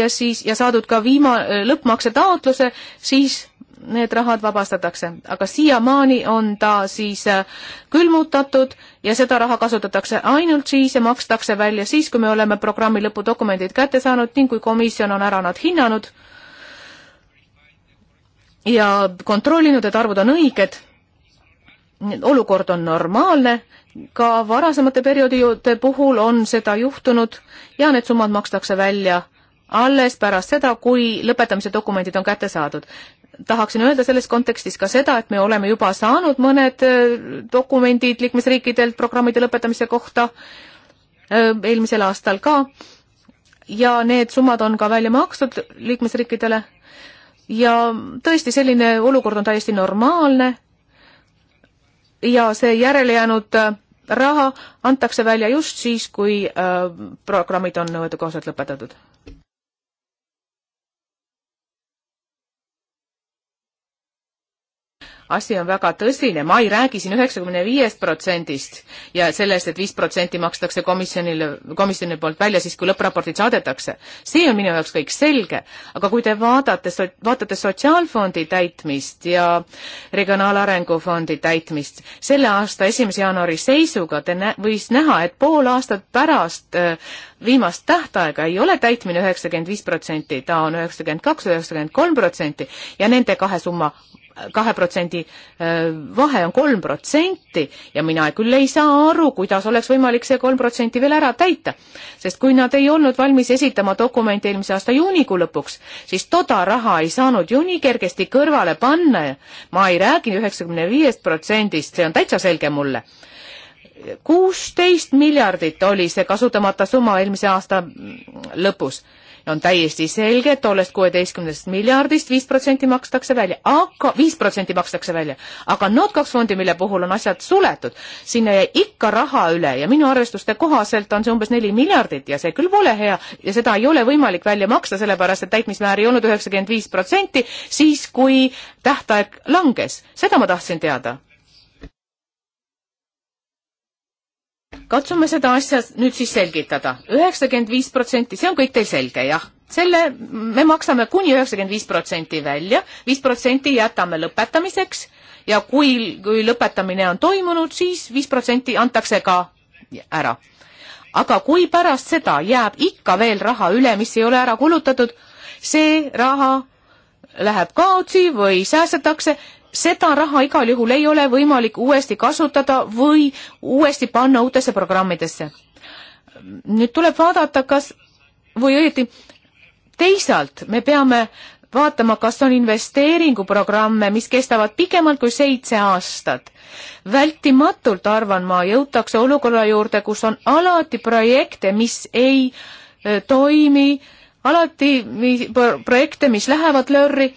ja siis, ja saadud ka viima-, lõppmaksetaotluse, siis need rahad vabastatakse, aga siiamaani on ta siis äh, külmutatud ja seda raha kasutatakse ainult siis ja makstakse välja siis, kui me oleme programmi lõpudokumendid kätte saanud ning kui komisjon on ära nad hinnanud ja kontrollinud, et arvud on õiged. olukord on normaalne, ka varasemate perioodide puhul on seda juhtunud ja need summad makstakse välja alles pärast seda, kui lõpetamise dokumendid on kätte saadud tahaksin öelda selles kontekstis ka seda, et me oleme juba saanud mõned äh, dokumendid liikmesriikidelt programmide lõpetamise kohta äh, eelmisel aastal ka ja need summad on ka välja makstud liikmesriikidele. ja tõesti, selline olukord on täiesti normaalne ja see järelejäänud äh, raha antakse välja just siis, kui programmid on nõuetekohaselt lõpetatud asi on väga tõsine, ma ei räägi siin üheksakümne viiest protsendist ja sellest et, et viis protsenti makstakse komisjonile, komisjoni poolt välja siis, kui lõppraportid saadetakse. see on minu jaoks kõik selge, aga kui te vaatate, vaatate Sotsiaalfondi täitmist ja Regionaalarengu Fondi täitmist, selle aasta esimese jaanuari seisuga te nä-, võis näha, et pool aastat pärast öö, äh, viimast tähtaega ei ole täitmine üheksakümmend viis protsenti, ta on üheksakümmend kaks, üheksakümmend kolm protsenti ja nende kahe summa kahe protsendi äh, vahe on kolm protsenti ja mina küll ei saa aru, kuidas oleks võimalik see kolm protsenti veel ära täita. sest kui nad ei olnud valmis esitama dokumenti eelmise aasta juunikuu lõpuks, siis toda raha ei saanud ju nii kergesti kõrvale panna. ma ei räägi üheksakümne viiest protsendist, see on täitsa selge mulle kuusteist miljardit oli see kasutamata summa eelmise aasta lõpus on täiesti selge, et tollest kuueteistkümnest miljardist viis protsenti makstakse välja, aga viis protsenti makstakse välja, aga NOT2 fondi, mille puhul on asjad suletud, sinna jäi ikka raha üle ja minu arvestuste kohaselt on see umbes neli miljardit ja see küll pole hea ja seda ei ole võimalik välja maksta, sellepärast et täitmismäär ei olnud üheksakümmend viis protsenti siis, kui tähtaeg langes. seda ma tahtsin teada katsume seda asja nüüd siis selgitada. üheksakümmend viis protsenti, see on kõik teil selge, jah? selle me maksame kuni üheksakümmend viis protsenti välja, viis protsenti jätame lõpetamiseks ja kui, kui lõpetamine on toimunud siis, siis viis protsenti antakse ka ära. aga kui pärast seda jääb ikka veel raha üle, mis ei ole ära kulutatud, see raha läheb kaotsi või säästetakse seda raha igal juhul ei ole võimalik uuesti kasutada või uuesti panna uutesse programmidesse. nüüd tuleb vaadata, kas või õieti teisalt me peame vaatama, kas on investeeringuprogramme, mis kestavad pikemalt kui seitse aastat. vältimatult, arvan ma, jõutakse olukorra juurde, kus on alati projekte, mis ei eh, toimi, alati projekte, mis lähevad lörri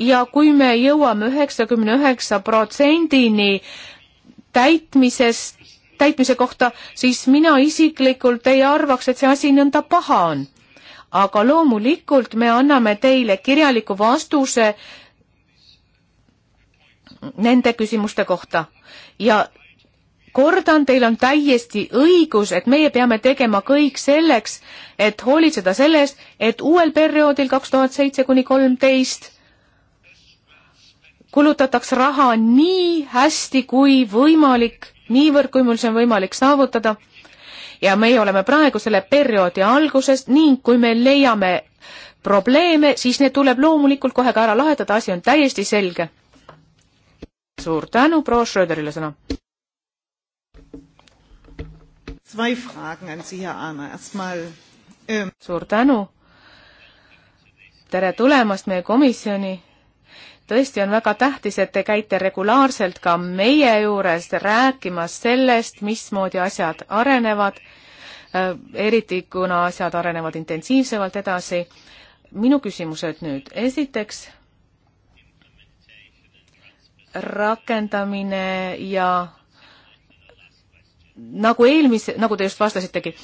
ja kui me jõuame üheksakümne üheksa protsendini täitmisest, täitmise kohta, siis mina isiklikult ei arvaks, et see asi nõnda paha on. aga loomulikult me anname teile kirjaliku vastuse nende küsimuste kohta ja kordan, teil on täiesti õigus, et meie peame tegema kõik selleks, et hoolitseda selle eest, et uuel perioodil kaks tuhat seitse kuni kolmteist kulutataks raha nii hästi kui võimalik, niivõrd, kui mul see on võimalik saavutada. ja meie oleme praegu selle perioodi alguses ning kui me leiame probleeme, siis need tuleb loomulikult kohe ka ära lahendada, asi on täiesti selge. suur tänu, proua Schröderile sõna. Ähm, suur tänu. tere tulemast meie komisjoni tõesti on väga tähtis, et te käite regulaarselt ka meie juures rääkimas sellest, mismoodi asjad arenevad, äh, eriti kuna asjad arenevad intensiivsemalt edasi. minu küsimused nüüd, esiteks rakendamine ja nagu eelmise, nagu te just vastasitegi,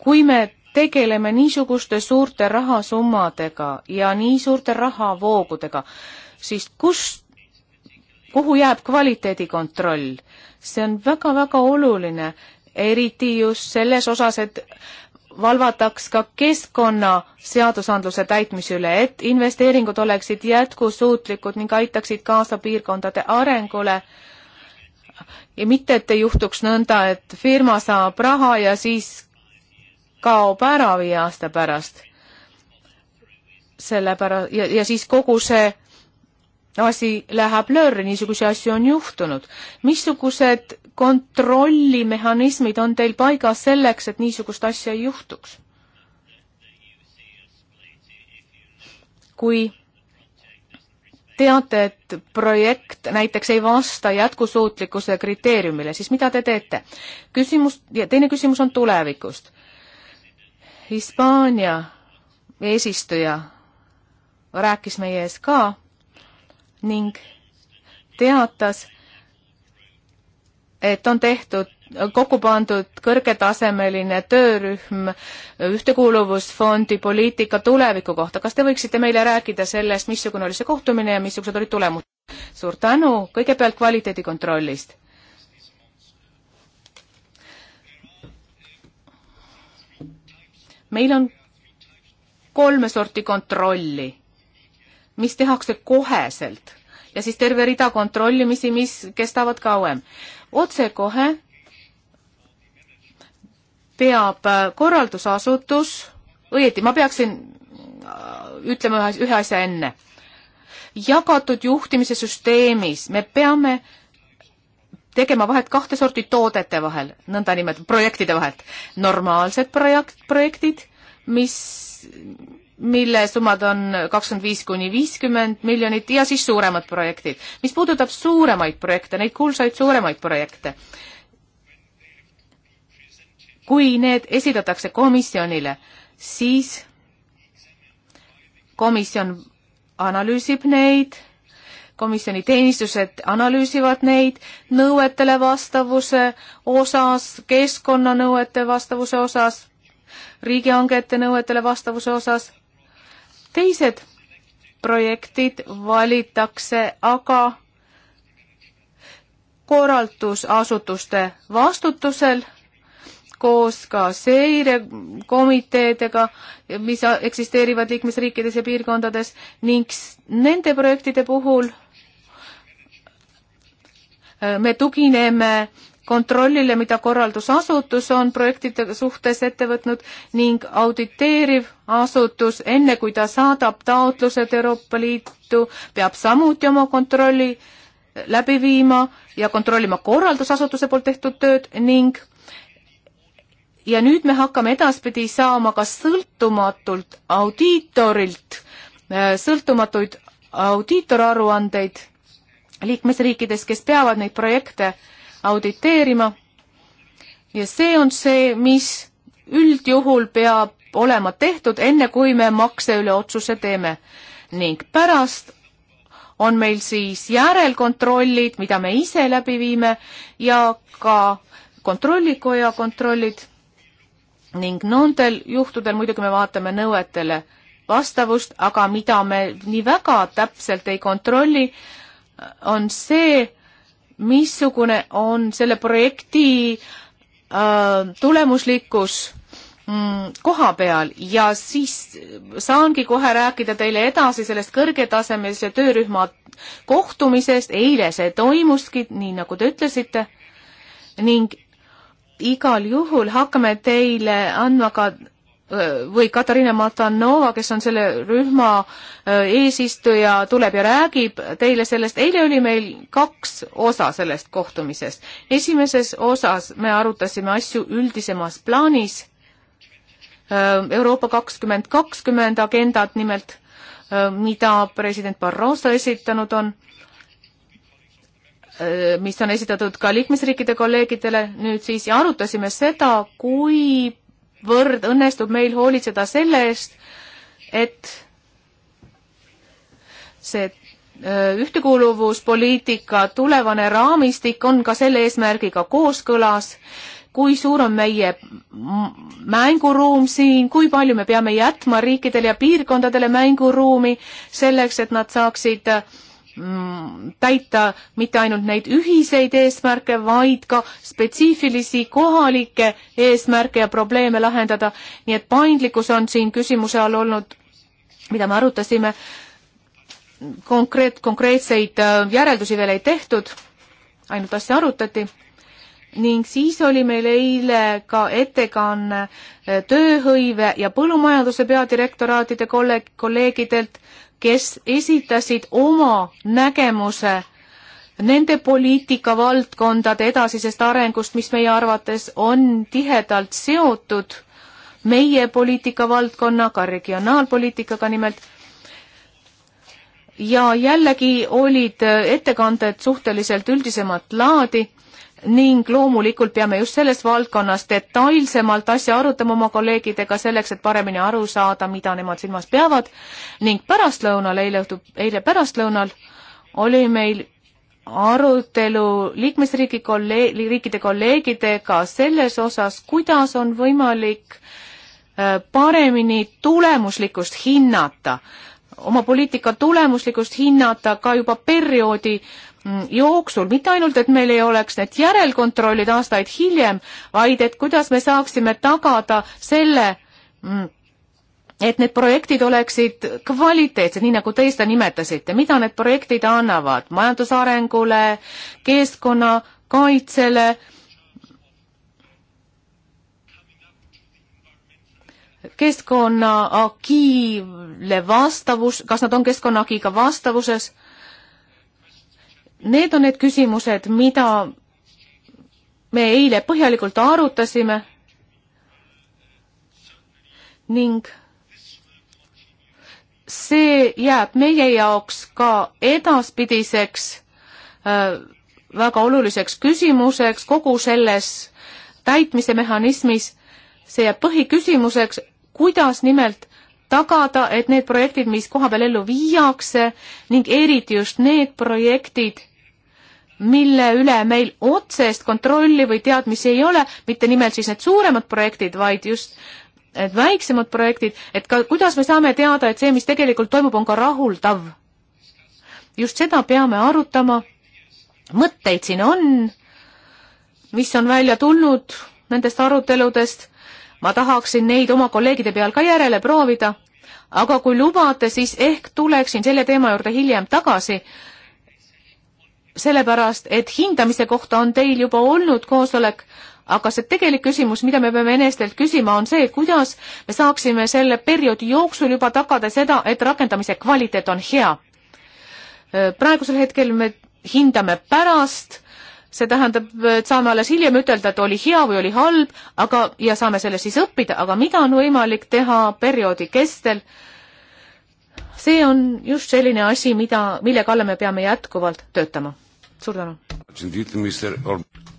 kui me tegeleme niisuguste suurte rahasummadega ja nii suurte rahavoogudega, siis kust, kuhu jääb kvaliteedikontroll? see on väga-väga oluline, eriti just selles osas, et valvataks ka keskkonnaseadusandluse täitmise üle, et investeeringud oleksid jätkusuutlikud ning aitaksid kaasa piirkondade arengule ja mitte, et ei juhtuks nõnda, et firma saab raha ja siis kaob ära viie aasta pärast. sellepärast ja, ja siis kogu see asi läheb lööri, niisuguseid asju on juhtunud. missugused kontrollimehhanismid on teil paigas selleks, et niisugust asja ei juhtuks? kui teate, et projekt näiteks ei vasta jätkusuutlikkuse kriteeriumile, siis mida te teete? küsimus ja teine küsimus on tulevikust. Hispaania eesistuja rääkis meie ees ka ning teatas, et on tehtud, kokku pandud kõrgetasemeline töörühm Ühtekuuluvusfondi poliitika tuleviku kohta. kas te võiksite meile rääkida sellest, missugune oli see kohtumine ja missugused olid tulemused? suur tänu, kõigepealt kvaliteedikontrollist meil on kolme sorti kontrolli, mis tehakse koheselt ja siis terve rida kontrollimisi, mis kestavad kauem. otsekohe peab äh, korraldusasutus, õieti ma peaksin äh, ütlema ühe asja enne, jagatud juhtimise süsteemis me peame äh, tegema vahet kahte sorti toodete vahel, nõndanimetatud projektide vahelt. normaalsed projekt, projektid, mis, mille summad on kakskümmend viis kuni viiskümmend miljonit ja siis suuremad projektid. mis puudutab suuremaid projekte, neid kuulsaid suuremaid projekte, kui need esitatakse komisjonile, siis komisjon analüüsib neid komisjoni teenistused analüüsivad neid nõuetele vastavuse osas, keskkonnanõuete vastavuse osas, riigihangete nõuetele vastavuse osas. teised projektid valitakse aga korraldusasutuste vastutusel koos ka seirekomiteedega, mis eksisteerivad liikmesriikides ja piirkondades ning nende projektide puhul me tugineme kontrollile, mida korraldusasutus on projektide suhtes ette võtnud ning auditeeriv asutus, enne kui ta saadab taotlused Euroopa Liitu, peab samuti oma kontrolli läbi viima ja kontrollima korraldusasutuse poolt tehtud tööd ning ja nüüd me hakkame edaspidi saama ka sõltumatult audiitorilt sõltumatuid audiitoraruandeid liikmesriikides, kes peavad neid projekte auditeerima. ja see on see, mis üldjuhul peab olema tehtud, enne kui me makse üle otsuse teeme ning pärast on meil siis järelkontrollid, mida me ise läbi viime ja ka kontrollikoja kontrollid ning nendel juhtudel muidugi me vaatame nõuetele vastavust, aga mida me nii väga täpselt ei kontrolli, on see, missugune on selle projekti äh, tulemuslikkus mm, koha peal ja siis saangi kohe rääkida teile edasi sellest kõrgetasemelise töörühma kohtumisest, eile see toimuski, nii nagu te ütlesite, ning igal juhul hakkame teile andma ka või Katariina Matanova, kes on selle rühma äh, eesistuja, tuleb ja räägib teile sellest. eile oli meil kaks osa sellest kohtumisest. esimeses osas me arutasime asju üldisemas plaanis, äh, Euroopa kakskümmend kakskümmend agendat nimelt, äh, mida president Barroso esitanud on mis on esitatud ka liikmesriikide kolleegidele nüüd siis ja arutasime seda, kui kuivõrd õnnestub meil hoolitseda selle eest, et see äh, ühtekuuluvuspoliitika tulevane raamistik on ka selle eesmärgiga kooskõlas, kui suur on meie mänguruum siin, kui palju me peame jätma riikidele ja piirkondadele mänguruumi selleks, et nad saaksid äh, Mm, täita mitte ainult neid ühiseid eesmärke, vaid ka spetsiifilisi kohalikke eesmärke ja probleeme lahendada. nii et paindlikkus on siin küsimuse all olnud, mida me arutasime. konkreet, konkreetseid äh, järeldusi veel ei tehtud, ainult asja arutati ning siis oli meil eile ka ettekanne äh, tööhõive ja põllumajanduse peadirektoraatide kolleeg, kolleegidelt kes esitasid oma nägemuse nende poliitikavaldkondade edasisest arengust, mis meie arvates on tihedalt seotud meie poliitikavaldkonnaga, regionaalpoliitikaga nimelt. ja jällegi olid ettekanded suhteliselt üldisemat laadi ning loomulikult peame just selles valdkonnas detailsemalt asja arutama oma kolleegidega selleks, et paremini aru saada, mida nemad silmas peavad ning pärastlõunal, eile õhtu, eile pärastlõunal oli meil arutelu liikmesriigi kolleeg, riikide kolleegidega selles osas, kuidas on võimalik äh, paremini tulemuslikkust hinnata, oma poliitika tulemuslikkust hinnata ka juba perioodi Mm, jooksul, mitte ainult, et meil ei oleks need järelkontrollid aastaid hiljem, vaid et kuidas me saaksime tagada selle, mm, et need projektid oleksid kvaliteetsed, nii nagu teie seda nimetasite, mida need projektid annavad majandusarengule, keskkonnakaitsele, keskkonnaagiile vastavus, kas nad on keskkonnaagiga vastavuses Need on need küsimused, mida me eile põhjalikult arutasime ning see jääb meie jaoks ka edaspidiseks äh, väga oluliseks küsimuseks kogu selles täitmise mehhanismis, see jääb põhiküsimuseks, kuidas nimelt tagada, et need projektid, mis kohapeal ellu viiakse ning eriti just need projektid, mille üle meil otsest kontrolli või teadmisi ei ole, mitte nimelt siis need suuremad projektid, vaid just need väiksemad projektid, et ka kuidas me saame teada, et see, mis tegelikult toimub, on ka rahuldav. just seda peame arutama. mõtteid siin on, mis on välja tulnud nendest aruteludest. ma tahaksin neid oma kolleegide peal ka järele proovida, aga kui lubate, siis ehk tuleksin selle teema juurde hiljem tagasi sellepärast, et hindamise kohta on teil juba olnud koosolek, aga see tegelik küsimus, mida me peame enestelt küsima, on see, kuidas me saaksime selle perioodi jooksul juba tagada seda, et rakendamise kvaliteet on hea. praegusel hetkel me hindame pärast, see tähendab, et saame alles hiljem ütelda, et oli hea või oli halb, aga, ja saame sellest siis õppida, aga mida on võimalik teha perioodi kestel, see on just selline asi, mida, mille kallal me peame jätkuvalt töötama suur tänu!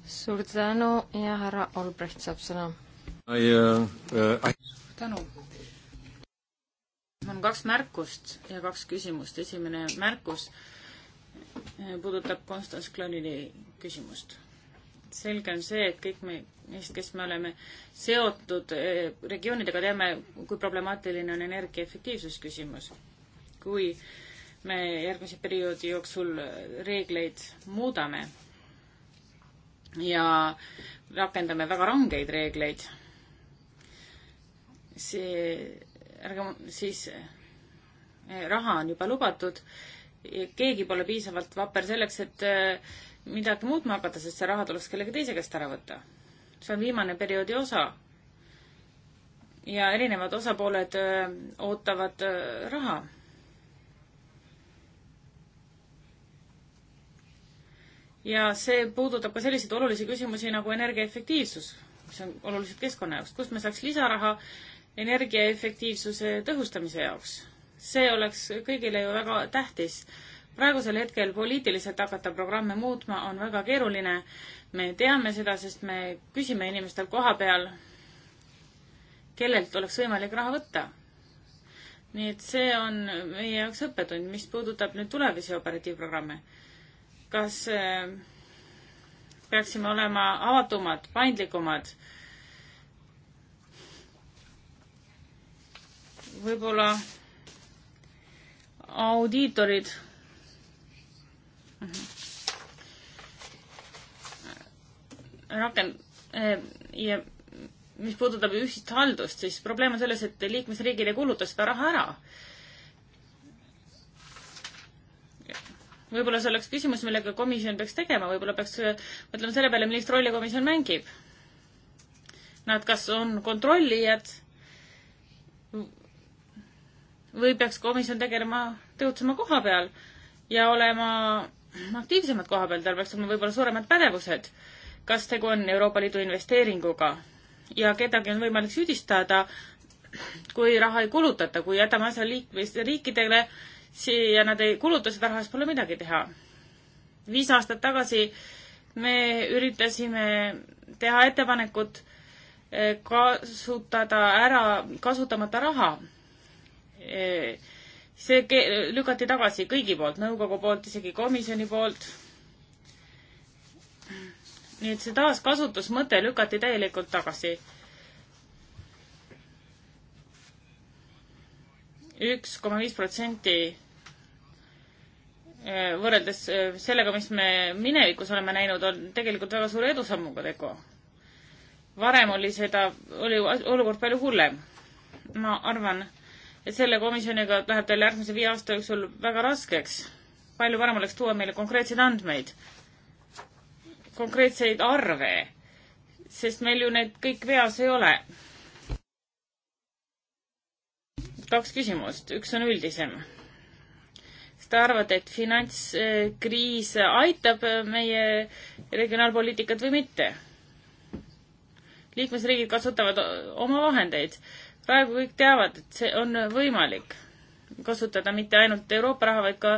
suur tänu ja härra Albrecht saab sõna. Uh, uh, suur tänu! mul on kaks märkust ja kaks küsimust. esimene märkus puudutab Konstantin Klonini küsimust. selge on see, et kõik me, neist, kes me oleme seotud eh, regioonidega, teame, kui problemaatiline on energia efektiivsus küsimus. kui äh, me järgmise perioodi jooksul reegleid muudame ja rakendame väga rangeid reegleid. see, ärge siis, eh, raha on juba lubatud, keegi pole piisavalt vapper selleks, et eh, midagi muutma hakata, sest see raha tuleks kellegi teise käest ära võtta. see on viimane perioodi osa. ja erinevad osapooled eh, ootavad raha ja see puudutab ka selliseid olulisi küsimusi nagu energiaefektiivsus, mis on oluliselt keskkonna jaoks, kust me saaks lisaraha energiaefektiivsuse tõhustamise jaoks. see oleks kõigile ju väga tähtis. praegusel hetkel poliitiliselt hakata programme muutma on väga keeruline. me teame seda, sest me küsime inimestel koha peal, kellelt oleks võimalik raha võtta. nii et see on meie jaoks õppetund, mis puudutab nüüd tulevasi operatiivprogramme kas äh, peaksime olema avatumad, paindlikumad? võib-olla audiitorid mhm. rakend- äh, ja mis puudutab ühist haldust, siis probleem on selles, et liikmesriigid ei kuluta seda raha ära. võib-olla see oleks küsimus, millega komisjon peaks tegema, võib-olla peaks äh, mõtlema selle peale, millist rolli komisjon mängib. Nad kas on kontrollijad või peaks komisjon tegelema, tegutsema koha peal ja olema aktiivsemad koha peal, tal peaks olema võib-olla suuremad pädevused. kas tegu on Euroopa Liidu investeeringuga ja kedagi on võimalik süüdistada, kui raha ei kulutata, kui jätame asja liikmes, riikidele, siia nad ei kuluta seda raha, siis pole midagi teha. viis aastat tagasi me üritasime teha ettepanekut e, kasutada ära kasutamata raha. E, see lükati tagasi kõigi poolt, nõukogu poolt, isegi komisjoni poolt. nii et see taaskasutusmõte lükati täielikult tagasi. üks koma viis protsenti Äh, võrreldes äh, sellega, mis me minevikus oleme näinud, on tegelikult väga suure edusammuga tegu. varem oli seda, oli olukord palju hullem. ma arvan, et selle komisjoniga läheb teil järgmise viie aasta jooksul väga raskeks. palju parem oleks tuua meile konkreetseid andmeid, konkreetseid arve, sest meil ju need kõik veas ei ole. kaks küsimust, üks on üldisem te arvate, et finantskriis aitab meie regionaalpoliitikat või mitte? liikmesriigid kasutavad oma vahendeid. praegu kõik teavad, et see on võimalik kasutada mitte ainult Euroopa raha, vaid ka,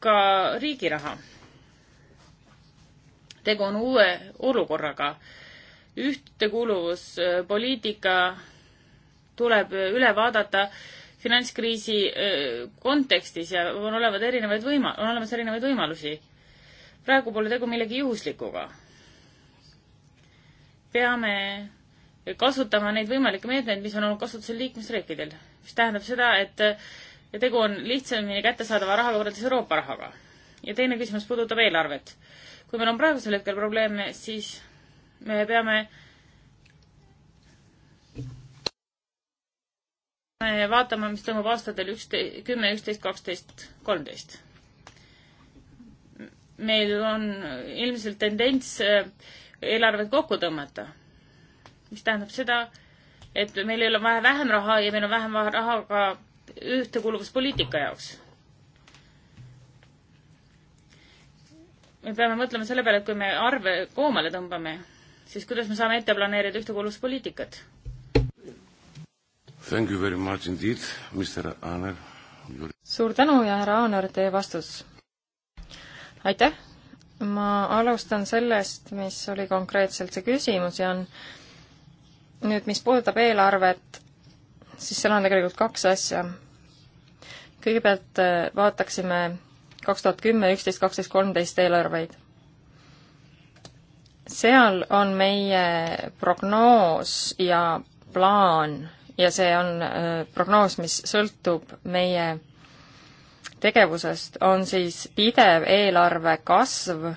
ka riigi raha. tegu on uue olukorraga. ühtekuuluvuspoliitika tuleb üle vaadata finantskriisi kontekstis ja on olevad erinevaid võima-, on olemas erinevaid võimalusi. praegu pole tegu millegi juhuslikuga. peame kasutama neid võimalikke meetmeid, mis on olnud kasutusel liikmesriikidel, mis tähendab seda, et tegu on lihtsamini kättesaadava rahaga võrreldes Euroopa rahaga. ja teine küsimus puudutab eelarvet. kui meil on praegusel hetkel probleeme, siis me peame äh, Eh, vaatama, mis toimub aastatel üksteist, kümme, üksteist, kaksteist, kolmteist. meil on ilmselt tendents eh, eelarvet kokku tõmmata, mis tähendab seda, et meil ei ole vaja vähem raha ja meil on vähem raha ka ühtekuuluvuspoliitika jaoks. me peame mõtlema selle peale, et kui me arve koomale tõmbame, siis kuidas me saame ette planeerida ühtekuuluvuspoliitikat Thank you very much indeed, Mr Aaner. suur tänu ja härra Aaner, teie vastus. aitäh, ma alustan sellest, mis oli konkreetselt see küsimus ja on nüüd, mis puudutab eelarvet, siis seal on tegelikult kaks asja. kõigepealt äh, vaataksime kaks tuhat kümme, üksteist, kaksteist, kolmteist eelarveid. seal on meie prognoos ja plaan ja see on äh, prognoos, mis sõltub meie tegevusest, on siis pidev eelarve kasv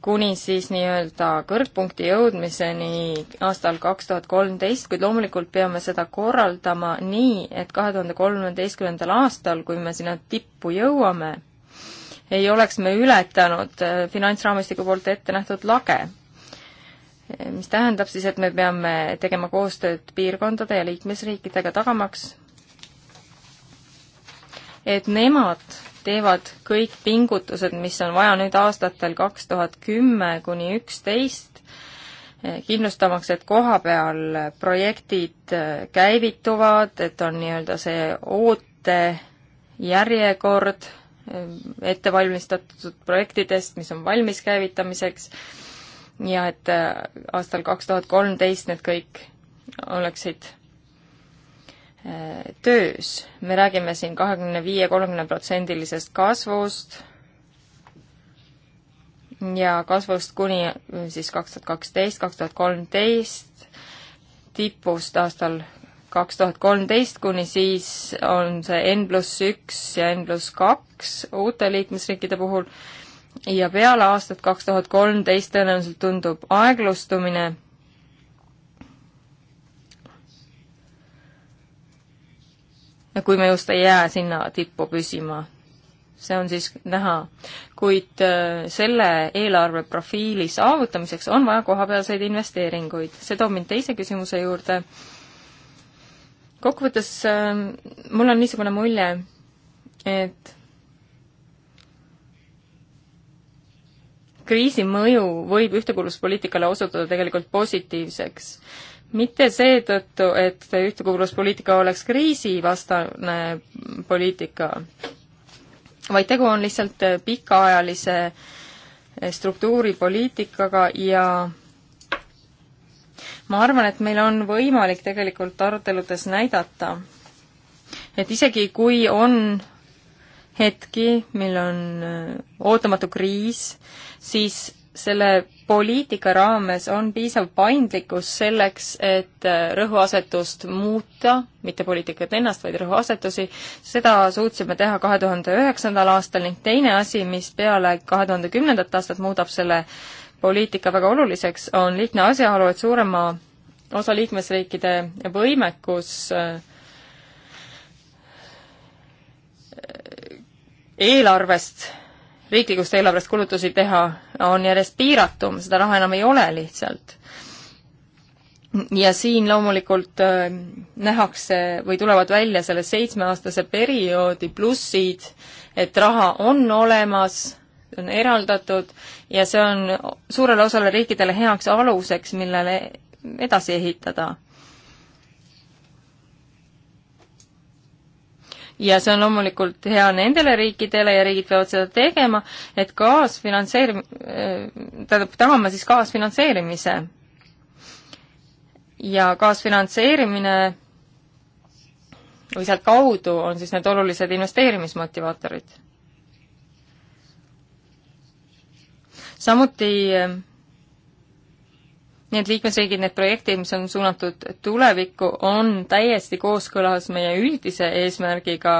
kuni siis nii-öelda kõrgpunkti jõudmiseni aastal kaks tuhat kolmteist, kuid loomulikult peame seda korraldama nii, et kahe tuhande kolmeteistkümnendal aastal, kui me sinna tippu jõuame, ei oleks me ületanud äh, finantsraamistiku poolt ette nähtud lage mis tähendab siis, et me peame tegema koostööd piirkondade ja liikmesriikidega tagamaks, et nemad teevad kõik pingutused, mis on vaja nüüd aastatel kaks tuhat kümme kuni üksteist, kindlustamaks, et kohapeal projektid käivituvad, et on nii-öelda see ootejärjekord ettevalmistatud projektidest, mis on valmis käivitamiseks ja et äh, aastal kaks tuhat kolmteist need kõik oleksid äh, töös. me räägime siin kahekümne viie, kolmekümne protsendilisest kasvust ja kasvust kuni äh, siis kaks tuhat kaksteist, kaks tuhat kolmteist, tipust aastal kaks tuhat kolmteist, kuni siis on see N pluss üks ja N pluss kaks uute liikmesriikide puhul ja peale aastat kaks tuhat kolmteist tõenäoliselt tundub aeglustumine. kui me just ei jää sinna tippu püsima. see on siis näha. kuid äh, selle eelarve profiili saavutamiseks on vaja kohapealseid investeeringuid. see toob mind teise küsimuse juurde. kokkuvõttes äh, mul on niisugune mulje, et kriisi mõju võib ühtekuuluvuspoliitikale osutuda tegelikult positiivseks. mitte seetõttu, et ühtekuuluvuspoliitika oleks kriisivastane poliitika, vaid tegu on lihtsalt pikaajalise struktuuripoliitikaga ja ma arvan, et meil on võimalik tegelikult aruteludes näidata, et isegi kui on hetki, mil on äh, ootamatu kriis, siis selle poliitika raames on piisav paindlikkus selleks, et äh, rõhuasetust muuta, mitte poliitikat ennast, vaid rõhuasetusi, seda suutsime teha kahe tuhande üheksandal aastal ning teine asi, mis peale kahe tuhande kümnendat aastat muudab selle poliitika väga oluliseks, on lihtne asjaolu, et suurema osa liikmesriikide võimekus äh, eelarvest riiklikust eelarvest kulutusi teha, on järjest piiratum, seda raha enam ei ole lihtsalt. ja siin loomulikult äh, nähakse või tulevad välja selle seitsmeaastase perioodi plussid, et raha on olemas, on eraldatud ja see on suurele osale riikidele heaks aluseks, millele edasi ehitada ja see on loomulikult hea nendele riikidele ja riigid peavad seda tegema, et kaasfinantseerim-, äh, tähendab, tagama siis kaasfinantseerimise. ja kaasfinantseerimine või sealt kaudu on siis need olulised investeerimismotivaatorid. samuti äh, nii et liikmesriigid, need projektid, mis on suunatud tulevikku, on täiesti kooskõlas meie üldise eesmärgiga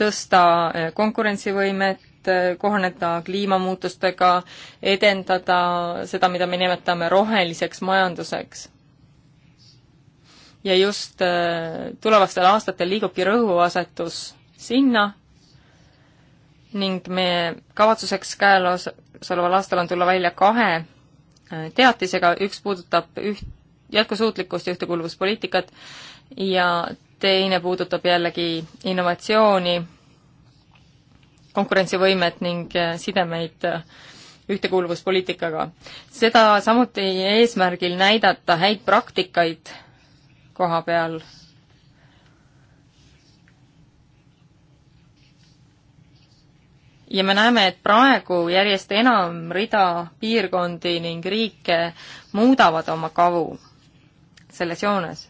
tõsta eh, konkurentsivõimet, eh, kohaneda kliimamuutustega, edendada seda, mida me nimetame roheliseks majanduseks. ja just eh, tulevastel aastatel liigubki rõhuasetus sinna ning meie kavatsuseks käesoleval aastal on tulla välja kahe teatisega, üks puudutab üht, jätkusuutlikkust ja ühtekuuluvuspoliitikat ja teine puudutab jällegi innovatsiooni, konkurentsivõimet ning äh, sidemeid äh, ühtekuuluvuspoliitikaga. seda samuti eesmärgil näidata häid praktikaid koha peal ja me näeme, et praegu järjest enam rida piirkondi ning riike muudavad oma kavu selles joones.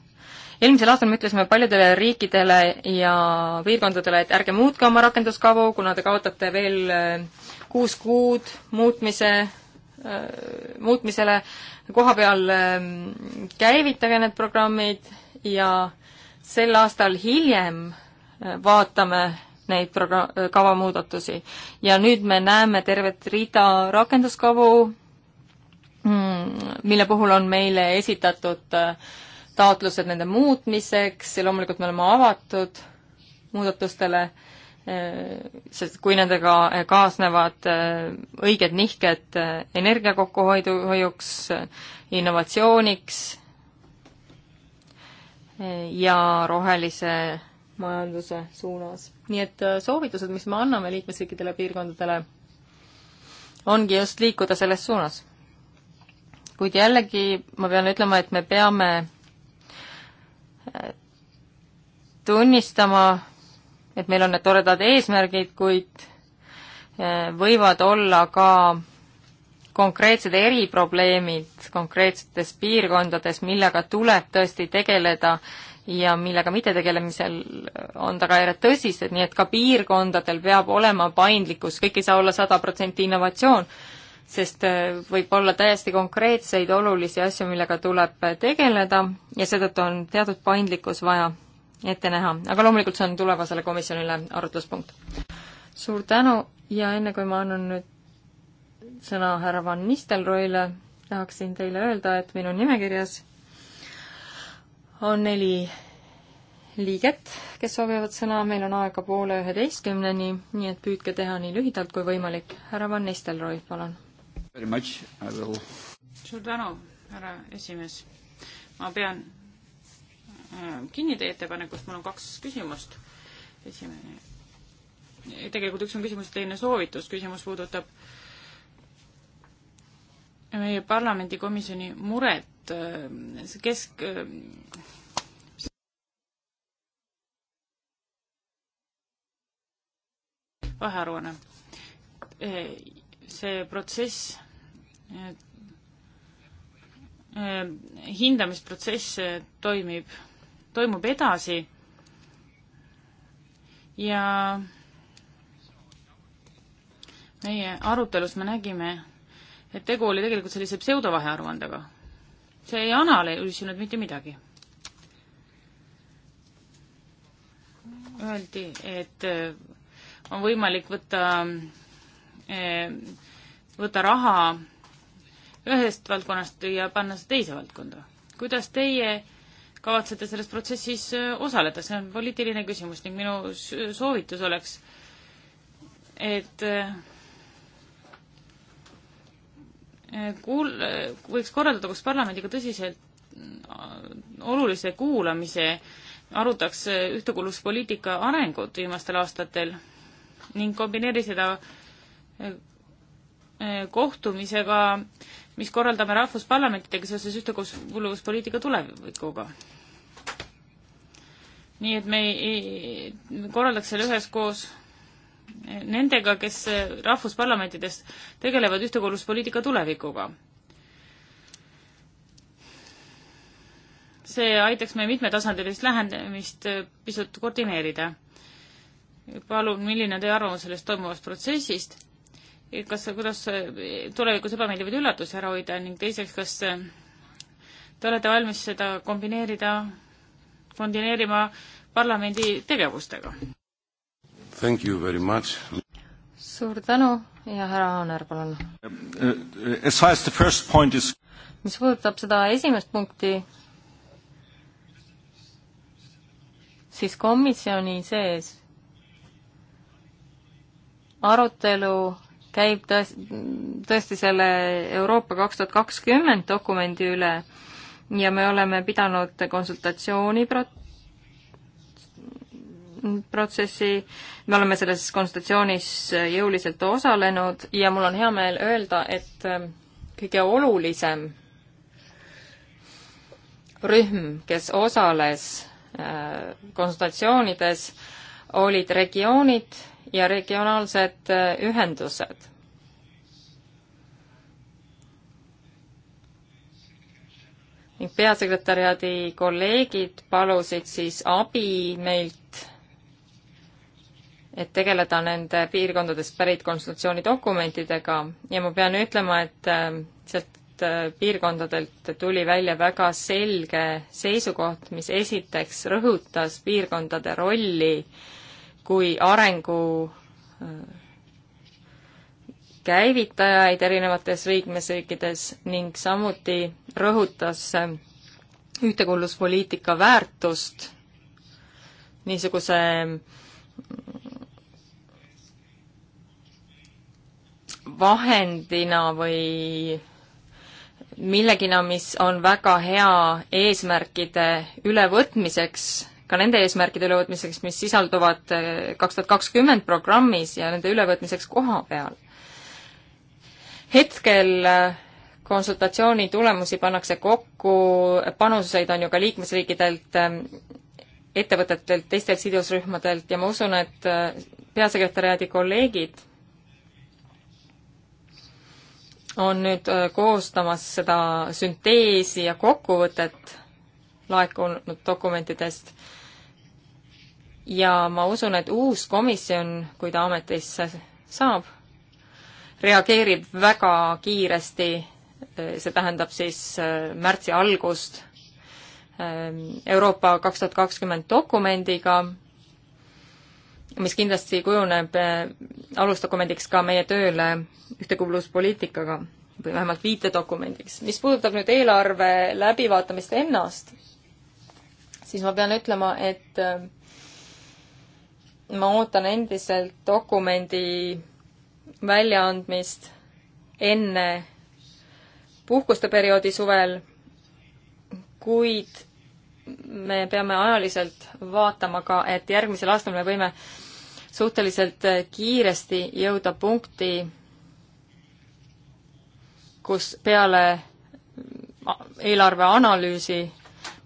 eelmisel aastal me ütlesime paljudele riikidele ja piirkondadele, et ärge muutke oma rakenduskavu, kuna te kaotate veel äh, kuus kuud muutmise, äh, muutmisele, koha peal ähm, käivitage need programmid ja sel aastal hiljem äh, vaatame neid progra-, kavamuudatusi. ja nüüd me näeme tervet rida rakenduskavu, mm, mille puhul on meile esitatud äh, taotlused nende muutmiseks ja loomulikult me oleme avatud muudatustele, äh, sest kui nendega äh, kaasnevad õiged nihked energia kokkuhoidu, hoiuks, innovatsiooniks ja rohelise majanduse suunas. nii et äh, soovitused, mis me anname liikmesriikidele, piirkondadele, ongi just liikuda selles suunas. kuid jällegi ma pean ütlema, et me peame äh, tunnistama, et meil on need toredad eesmärgid, kuid äh, võivad olla ka konkreetsed eriprobleemid konkreetsetes piirkondades, millega tuleb tõesti tegeleda äh, ja millega mittetegelemisel on tagajärjed tõsised, nii et ka piirkondadel peab olema paindlikkus, kõik ei saa olla sada protsenti innovatsioon, sest äh, võib olla täiesti konkreetseid olulisi asju, millega tuleb äh, tegeleda ja seetõttu on teatud paindlikkus vaja ette näha, aga loomulikult see on tulevasele komisjonile arutluspunkt. suur tänu ja enne kui ma annan nüüd sõna härra Van Nistelrooile, tahaksin teile öelda, et minu nimekirjas on neli liiget, kes soovivad sõna, meil on aega poole üheteistkümneni, nii et püüdke teha nii lühidalt kui võimalik. härra Van Nistelrooy, palun. suur tänu, härra esimees. ma pean äh, kinni teie ettepanekust, mul on kaks küsimust. esimene, tegelikult üks on küsimus, teine soovitus, küsimus puudutab meie parlamendikomisjoni muret et äh, see kesk, äh, vahearuanne. see protsess, äh, hindamisprotsess toimib, toimub edasi ja meie arutelus me nägime, et tegu oli tegelikult sellise pseudovahearuandega see ei analüüsinud mitte midagi. Öeldi, et äh, on võimalik võtta, äh, võtta raha ühest valdkonnast ja panna see teise valdkonda. kuidas teie kavatsete selles protsessis äh, osaleda, see on poliitiline küsimus ning minu soovitus oleks, et äh, kuul-, võiks korraldada koos parlamendiga tõsiselt olulise kuulamise, arutaks ühtekuuluvuspoliitika arengut viimastel aastatel ning kombineeri seda eh, eh, kohtumisega, mis korraldame rahvusparlamentidega seoses ühtekuuluvuspoliitika tulevikuga. nii et me ei, ei, korraldaks selle üheskoos nendega, kes rahvusparlamentidest tegelevad ühtekuuluvuspoliitika tulevikuga. see aitaks meie mitmetasandilist lähenemist pisut koordineerida. palun, milline on teie arvamus sellest toimuvast protsessist? kas, kuidas tulevikus ebameeldivaid üllatusi ära hoida ning teiseks, kas te olete valmis seda kombineerida, kombineerima parlamendi tegevustega? Thank you very much. suur tänu ja härra Aaner, palun. Uh, uh, as far as the first point is mis puudutab seda esimest punkti, siis komisjoni sees arutelu käib tõest-, tõesti selle Euroopa kaks tuhat kakskümmend dokumendi üle ja me oleme pidanud konsultatsiooni prot-, protsessi, me oleme selles konsultatsioonis jõuliselt osalenud ja mul on hea meel öelda, et ähm, kõige olulisem rühm, kes osales äh, konsultatsioonides, olid regioonid ja regionaalsed äh, ühendused. ning peasekretäriadi kolleegid palusid siis abi meilt et tegeleda nende piirkondadest pärit konsultatsioonidokumentidega ja ma pean ütlema, et äh, sealt äh, piirkondadelt tuli välja väga selge seisukoht, mis esiteks rõhutas piirkondade rolli kui arengu äh, käivitajaid erinevates liikmesriikides ning samuti rõhutas ühtekuuluvuspoliitika väärtust niisuguse vahendina või millegina, mis on väga hea eesmärkide ülevõtmiseks, ka nende eesmärkide ülevõtmiseks, mis sisalduvad eh, kaks tuhat kakskümmend programmis ja nende ülevõtmiseks koha peal. hetkel eh, konsultatsiooni tulemusi pannakse kokku, panuseid on ju ka liikmesriikidelt, eh, ettevõtetelt, teistelt sidusrühmadelt ja ma usun, et peasekretäriaadi kolleegid on nüüd äh, koostamas seda sünteesi ja kokkuvõtet laekunud dokumentidest ja ma usun, et uus komisjon, kui ta ametisse saab, reageerib väga kiiresti, äh, see tähendab siis äh, märtsi algust ähm, Euroopa kaks tuhat kakskümmend dokumendiga, mis kindlasti kujuneb alusdokumendiks ka meie tööle ühtekuuluvuspoliitikaga või vähemalt viitedokumendiks. mis puudutab nüüd eelarve läbivaatamist ennast, siis ma pean ütlema, et äh, ma ootan endiselt dokumendi väljaandmist enne puhkusteperioodi suvel, kuid me peame ajaliselt vaatama ka, et järgmisel aastal me võime suhteliselt äh, kiiresti jõuda punkti, kus peale eelarve analüüsi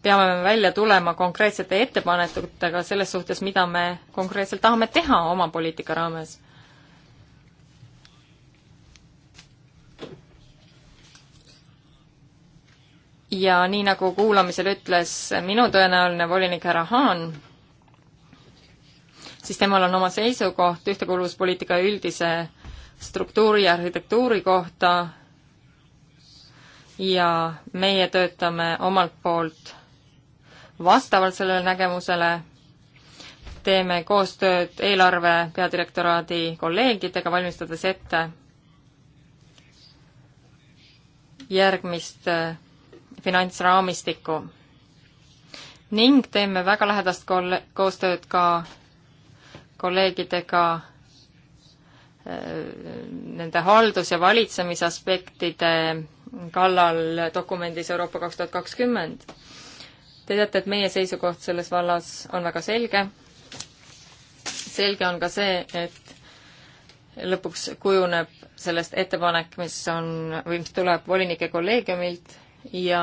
peame me välja tulema konkreetsete ettepanekutega selles suhtes, mida me konkreetselt tahame teha oma poliitika raames. ja nii, nagu kuulamisel ütles minu tõenäoline volinik härra Haan, siis temal on oma seisukoht ühtekuuluvuspoliitika üldise struktuuri ja arhitektuuri kohta ja meie töötame omalt poolt vastavalt sellele nägemusele, teeme koostööd eelarve peadirektoraadi kolleegidega, valmistades ette järgmist äh, finantsraamistikku. ning teeme väga lähedast kol-, koostööd ka kolleegidega äh, nende haldus- ja valitsemisaspektide kallal dokumendis Euroopa kaks tuhat kakskümmend. Te teate, et meie seisukoht selles vallas on väga selge. selge on ka see, et lõpuks kujuneb sellest ettepanek, mis on või mis tuleb volinike kolleegiumilt ja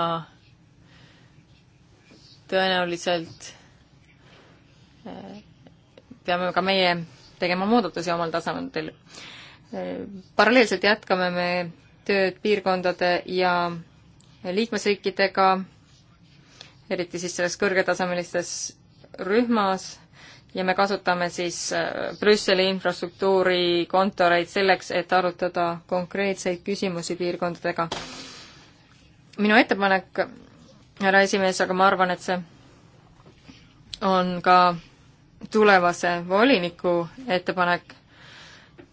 tõenäoliselt eh, peame ka meie tegema muudatusi omal tasandil. Eh, paralleelselt jätkame me tööd piirkondade ja liikmesriikidega, eriti siis selles kõrgetasemelistes rühmas ja me kasutame siis äh, Brüsseli infrastruktuuri kontoreid selleks, et arutada konkreetseid küsimusi piirkondadega. minu ettepanek, härra esimees, aga ma arvan, et see on ka tulevase voliniku ettepanek,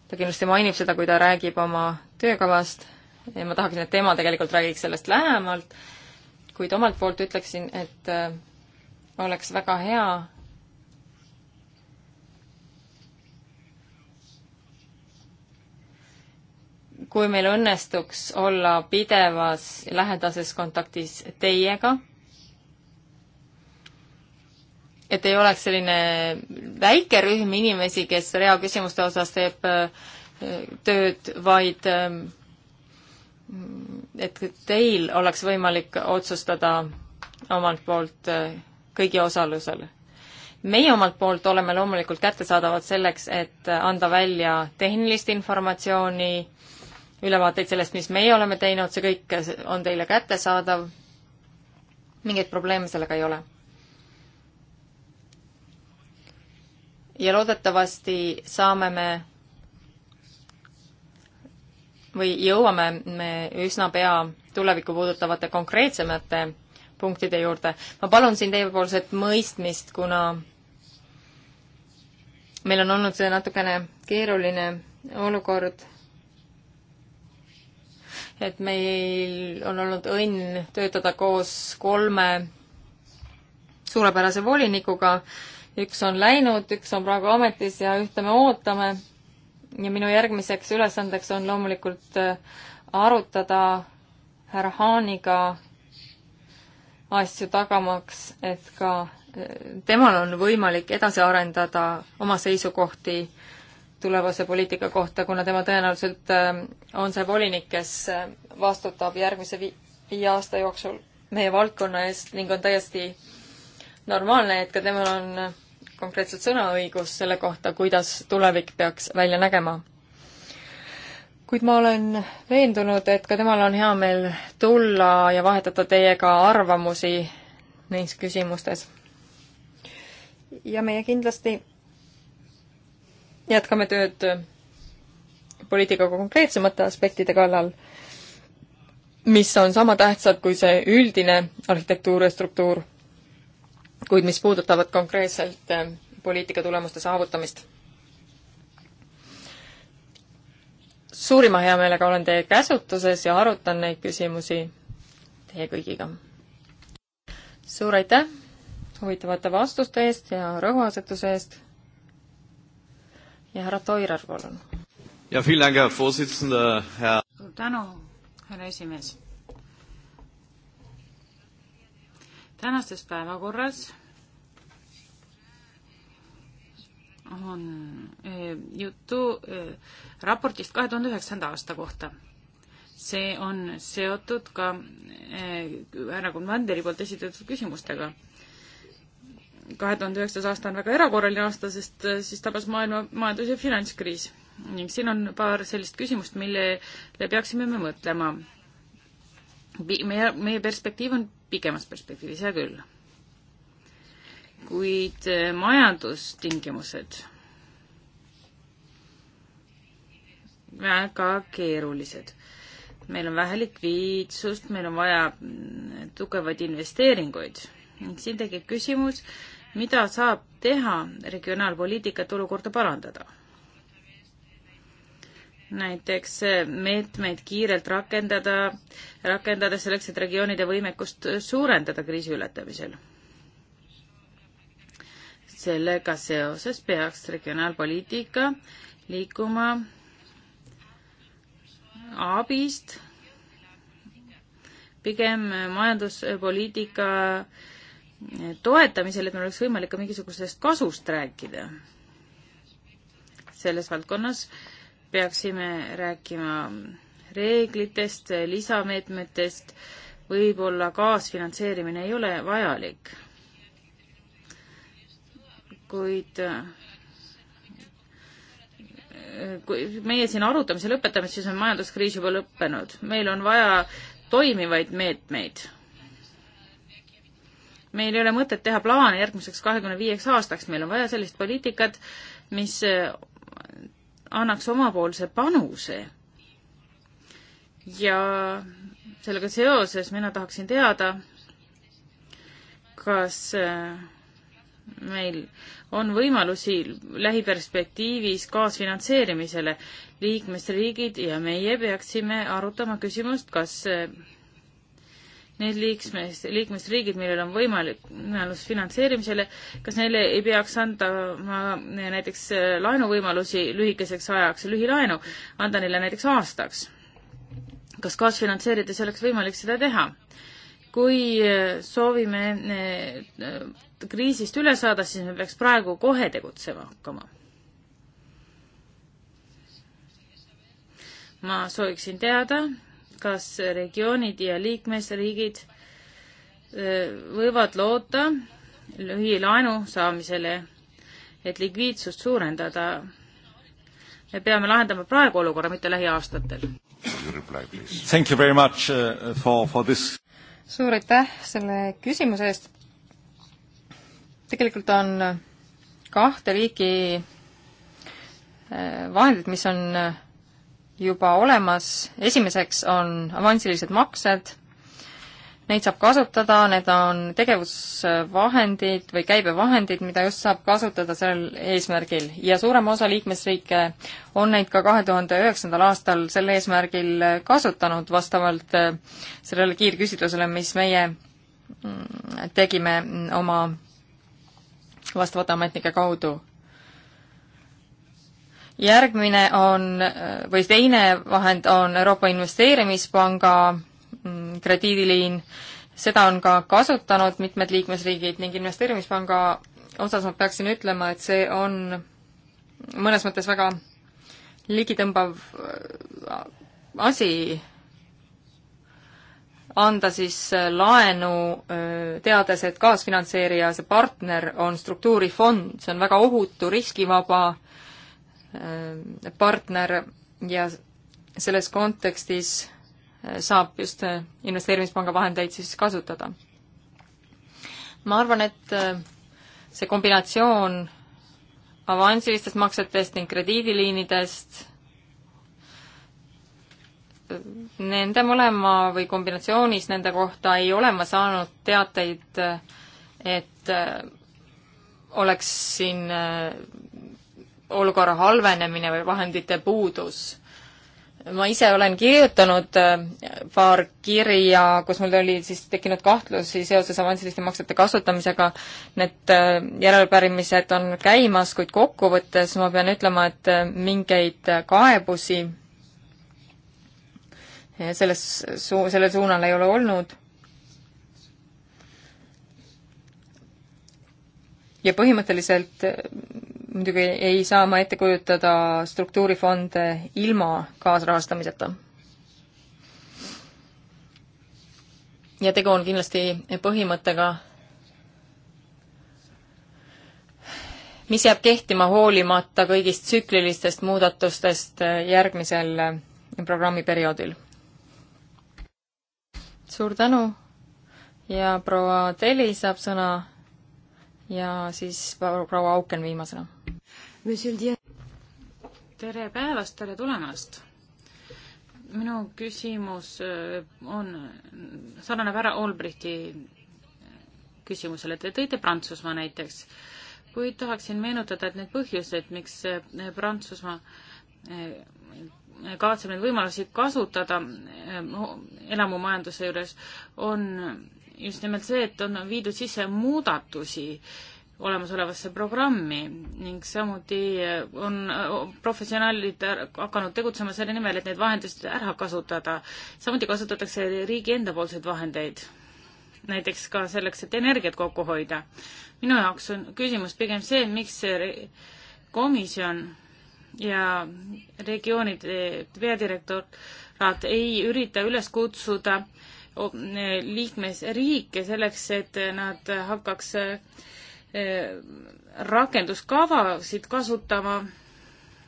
ta kindlasti mainib seda, kui ta räägib oma töökavast ja ma tahaksin, et teema tegelikult räägiks sellest lähemalt, kuid omalt poolt ütleksin, et äh, oleks väga hea kui meil õnnestuks olla pidevas lähedases kontaktis teiega, et ei oleks selline väike rühm inimesi, kes reaküsimuste osas teeb äh, tööd, vaid ähm, et teil oleks võimalik otsustada omalt poolt äh, kõigi osalusel. meie omalt poolt oleme loomulikult kättesaadavad selleks, et äh, anda välja tehnilist informatsiooni, ülevaateid sellest, mis meie oleme teinud, see kõik äh, on teile kättesaadav. mingeid probleeme sellega ei ole. ja loodetavasti saame me või jõuame me üsna pea tulevikku puudutavate konkreetsemate punktide juurde. ma palun siin teiepoolset mõistmist, kuna meil on olnud see natukene keeruline olukord, et meil on olnud õnn töötada koos kolme suurepärase volinikuga, üks on läinud, üks on praegu ametis ja ühte me ootame ja minu järgmiseks ülesandeks on loomulikult äh, arutada härra Haaniga asju tagamaks, et ka äh, temal on võimalik edasi arendada oma seisukohti tulevase poliitika kohta, kuna tema tõenäoliselt äh, on see volinik, kes vastutab järgmise vi-, viie aasta jooksul meie valdkonna eest ning on täiesti normaalne, et ka temal on konkreetset sõnaõigust selle kohta, kuidas tulevik peaks välja nägema. kuid ma olen veendunud, et ka temal on hea meel tulla ja vahetada teiega arvamusi neis küsimustes. ja meie kindlasti jätkame tööd poliitikaga konkreetsemate aspektide kallal, mis on sama tähtsad kui see üldine arhitektuur ja struktuur kuid mis puudutavad konkreetselt äh, poliitika tulemuste saavutamist. suurima heameelega olen teie käsutuses ja arutan neid küsimusi teie kõigiga. suur aitäh huvitavate vastuste eest ja rõhuasetuse eest ja härra Toirar, palun. ja, suur tänu, härra esimees. tänases päevakorras on eh, juttu eh, raportist kahe tuhande üheksanda aasta kohta. see on seotud ka eh, härra Kunvanderi poolt esitatud küsimustega. kahe tuhande üheksas aasta on väga erakorraline aasta, sest siis tabas maailma majandus- ja finantskriis ning siin on paar sellist küsimust, millele peaksime me mõtlema. meie, meie perspektiiv on pikemas perspektiivis, hea küll kuid eh, majandustingimused väga keerulised. meil on vähe likviidsust, meil on vaja mm, tugevaid investeeringuid ning siin tekib küsimus, mida saab teha regionaalpoliitikat olukorda parandada? näiteks eh, meetmeid kiirelt rakendada, rakendada selleks, et regioonide võimekust suurendada kriisi ületamisel sellega seoses peaks regionaalpoliitika liikuma abist pigem majanduspoliitika toetamisel, et meil oleks võimalik ka mingisugusest kasust rääkida. selles valdkonnas peaksime rääkima reeglitest, lisameetmetest, võib-olla kaasfinantseerimine ei ole vajalik kuid kui meie siin arutamise lõpetame, siis on majanduskriis juba lõppenud. meil on vaja toimivaid meetmeid. meil ei ole mõtet teha plaane järgmiseks kahekümne viieks aastaks, meil on vaja sellist poliitikat, mis annaks omapoolse panuse. ja sellega seoses mina tahaksin teada, kas äh, meil on võimalusi lähiperspektiivis kaasfinantseerimisele. liikmesriigid ja meie peaksime arutama küsimust, kas eh, need liikmes, liikmesriigid, millel on võimalik, võimalus finantseerimisele, kas neile ei peaks andma näiteks eh, laenuvõimalusi lühikeseks ajaks, lühilaenu, anda neile näiteks aastaks? kas kaasfinantseerides oleks võimalik seda teha? kui eh, soovime eh, kriisist üle saada, siis me peaks praegu kohe tegutsema hakkama. ma sooviksin teada, kas regioonid ja liikmesriigid eh, võivad loota lühilaenu saamisele, et likviidsust suurendada. me peame lahendama praegu olukorra, mitte lähiaastatel. Thank you very much for, for this suur aitäh selle küsimuse eest. tegelikult on kahte liiki äh, vahendid, mis on äh, juba olemas, esimeseks on avansilised maksed neid saab kasutada, need on tegevusvahendid või käibevahendid, mida just saab kasutada sellel eesmärgil ja suurem osa liikmesriike on neid ka kahe tuhande üheksandal aastal sel eesmärgil kasutanud vastavalt äh, sellele kiirküsitlusele, mis meie mm, tegime mm, oma vastavate ametnike kaudu järgmine on, äh, või teine vahend on Euroopa Investeerimispanga Mm, krediidiliin, seda on ka kasutanud mitmed liikmesriigid ning investeerimispanga osas ma peaksin ütlema, et see on mõnes mõttes väga ligitõmbav äh, asi, anda siis äh, laenu, äh, teades, et kaasfinantseerija, see partner on struktuurifond, see on väga ohutu, riskivaba partner ja selles kontekstis saab just äh, investeerimispanga vahendeid siis kasutada. ma arvan, et äh, see kombinatsioon avansilistest maksetest ning krediidiliinidest, nende mõlema või kombinatsioonis nende kohta ei ole ma saanud teateid, et äh, oleks siin olukorra halvenemine või vahendite puudus ma ise olen kirjutanud äh, paar kirja, kus mul oli siis tekkinud kahtlusi seoses avansiliste maksete kasutamisega. Need äh, järelepärimised on käimas, kuid kokkuvõttes ma pean ütlema, et äh, mingeid kaebusi selles suu-, sellel suunal ei ole olnud. ja põhimõtteliselt muidugi ei saa ma ette kujutada struktuurifonde ilma kaasrahastamiseta. ja tegu on kindlasti põhimõttega, mis jääb kehtima hoolimata kõigist tsüklilistest muudatustest järgmisel programmiperioodil. suur tänu ja proua Teli saab sõna ja siis proua Auken viimasena. tere päevast, tere tulemast! minu küsimus äh, on, sarnaneb ära Albrechti äh, küsimusele, te tõite Prantsusmaa näiteks, kuid tahaksin meenutada, et need põhjused, miks äh, Prantsusmaa kavatseb neid võimalusi kasutada elamumajanduse juures, on just nimelt see, et on viidud sisse muudatusi olemasolevasse programmi ning samuti eh, on eh, professionaalid hakanud tegutsema selle nimel, et neid vahendeid ära kasutada. samuti kasutatakse riigi endapoolseid vahendeid, näiteks ka selleks, et energiat kokku hoida. minu jaoks on küsimus pigem see, miks see komisjon ja regioonide peadirektoraat ei ürita üles kutsuda äh, liikmesriike selleks, et nad hakkaks eh, rakenduskavasid kasutama,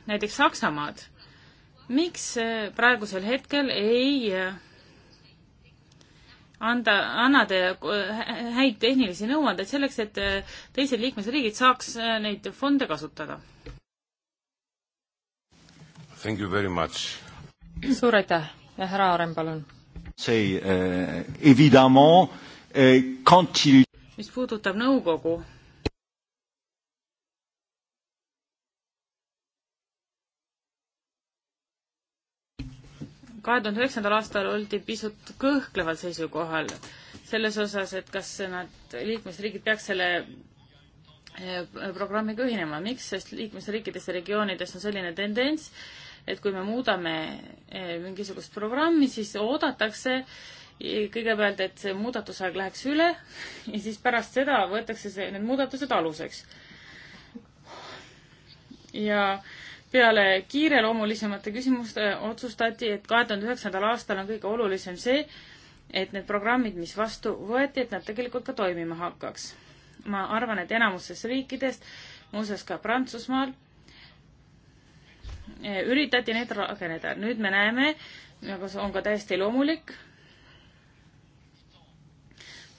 näiteks Saksamaad. miks eh, praegusel hetkel ei eh, anda, anna te häid tehnilisi nõuandeid selleks, et teised liikmesriigid saaks neid fonde kasutada? suur aitäh ja härra Aaren, palun see eh, evidamo eh, kantil... mis puudutab nõukogu, kahe tuhande üheksandal aastal oldi pisut kõhkleval seisukohal selles osas, et kas nad, liikmesriigid peaks selle äh, programmiga ühinema. miks, sest liikmesriikides ja regioonides on selline tendents, et kui me muudame eh, mingisugust programmi, siis oodatakse eh, kõigepealt, et see muudatusaeg läheks üle ja siis pärast seda võetakse see, need muudatused aluseks. ja peale kiireloomulisemate küsimuste otsustati, et kahe tuhande üheksandal aastal on kõige olulisem see, et need programmid, mis vastu võeti, et nad tegelikult ka toimima hakkaks. ma arvan, et enamuses riikidest, muuseas ka Prantsusmaal üritati need rakendada. nüüd me näeme, nagu see on ka täiesti loomulik,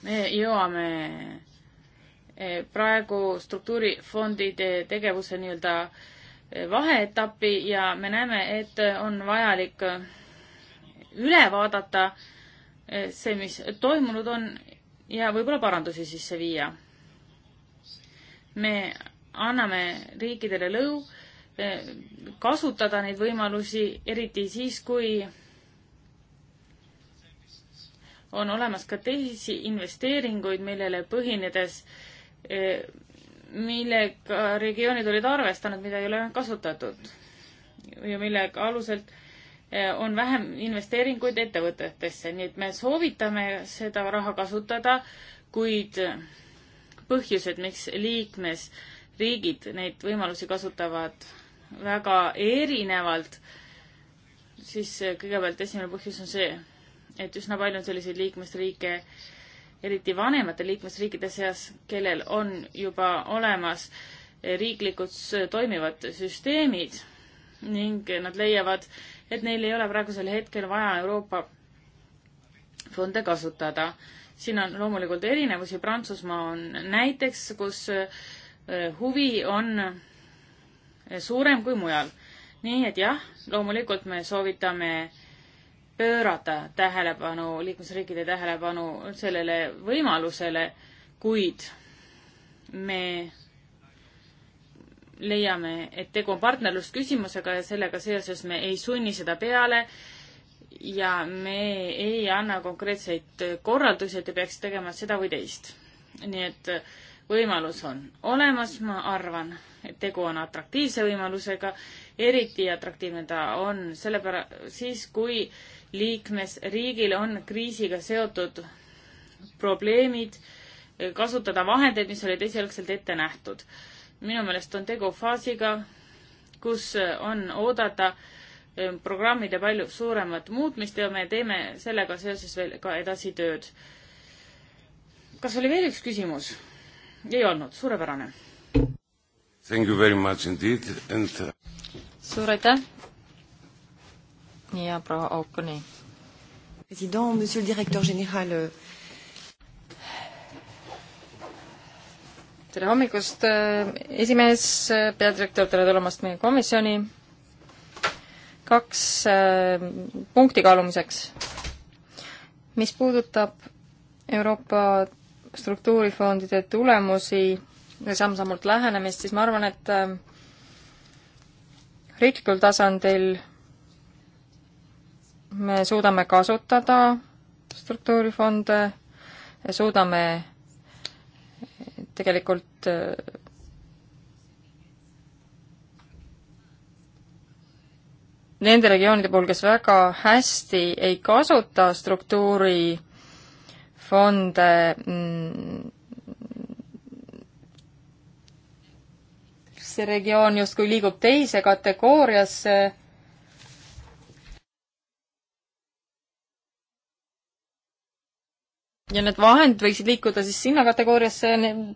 me jõuame eh, praegu struktuurifondide tegevuse nii-öelda eh, vaheetappi ja me näeme, et on vajalik eh, üle vaadata see, mis toimunud on ja võib-olla parandusi sisse viia. me anname riikidele lõu Eh, kasutada neid võimalusi, eriti siis, kui on olemas ka teisi investeeringuid, millele põhinedes, eh, millega regioonid olid arvestanud, mida ei ole kasutatud ja millega aluselt eh, on vähem investeeringuid ettevõtetesse, nii et me soovitame seda raha kasutada, kuid põhjused, miks liikmesriigid neid võimalusi kasutavad, väga erinevalt, siis kõigepealt esimene põhjus on see, et üsna palju on selliseid liikmesriike, eriti vanemate liikmesriikide seas, kellel on juba olemas riiklikud toimivad süsteemid ning nad leiavad, et neil ei ole praegusel hetkel vaja Euroopa fonde kasutada. siin on loomulikult erinevusi, Prantsusmaa on näiteks, kus eh, huvi on suurem kui mujal. nii et jah, loomulikult me soovitame pöörata tähelepanu, liikmesriikide tähelepanu sellele võimalusele, kuid me leiame, et tegu on partnerlusküsimusega ja sellega seoses me ei sunni seda peale ja me ei anna konkreetseid korraldusi, et te peaks tegema seda või teist. nii et äh, võimalus on olemas, ma arvan, et tegu on atraktiivse võimalusega, eriti atraktiivne ta on sellepärast, siis kui liikmesriigil on kriisiga seotud probleemid, kasutada vahendeid, mis olid esialgselt ette nähtud. minu meelest on tegu faasiga, kus on oodata ehm, programmide palju suuremat muutmist ja me teeme sellega seoses veel ka edasi tööd. kas oli veel üks küsimus? ei olnud, suurepärane. And... Uh, suur aitäh ja proua Aukoni. president, monsieur direktor general. Euh, tere hommikust, äh, esimees, äh, peadirektor, tere tulemast meie komisjoni. kaks äh, punkti kaalumiseks. mis puudutab Euroopa struktuurifondide tulemusi ja samm-sammult lähenemist, siis ma arvan, et äh, riiklikul tasandil me suudame kasutada struktuurifonde, suudame äh, tegelikult äh, nende regioonide puhul, kes väga hästi ei kasuta struktuuri fonde mm, see regioon justkui liigub teise kategooriasse. ja need vahend võiksid liikuda siis sinna kategooriasse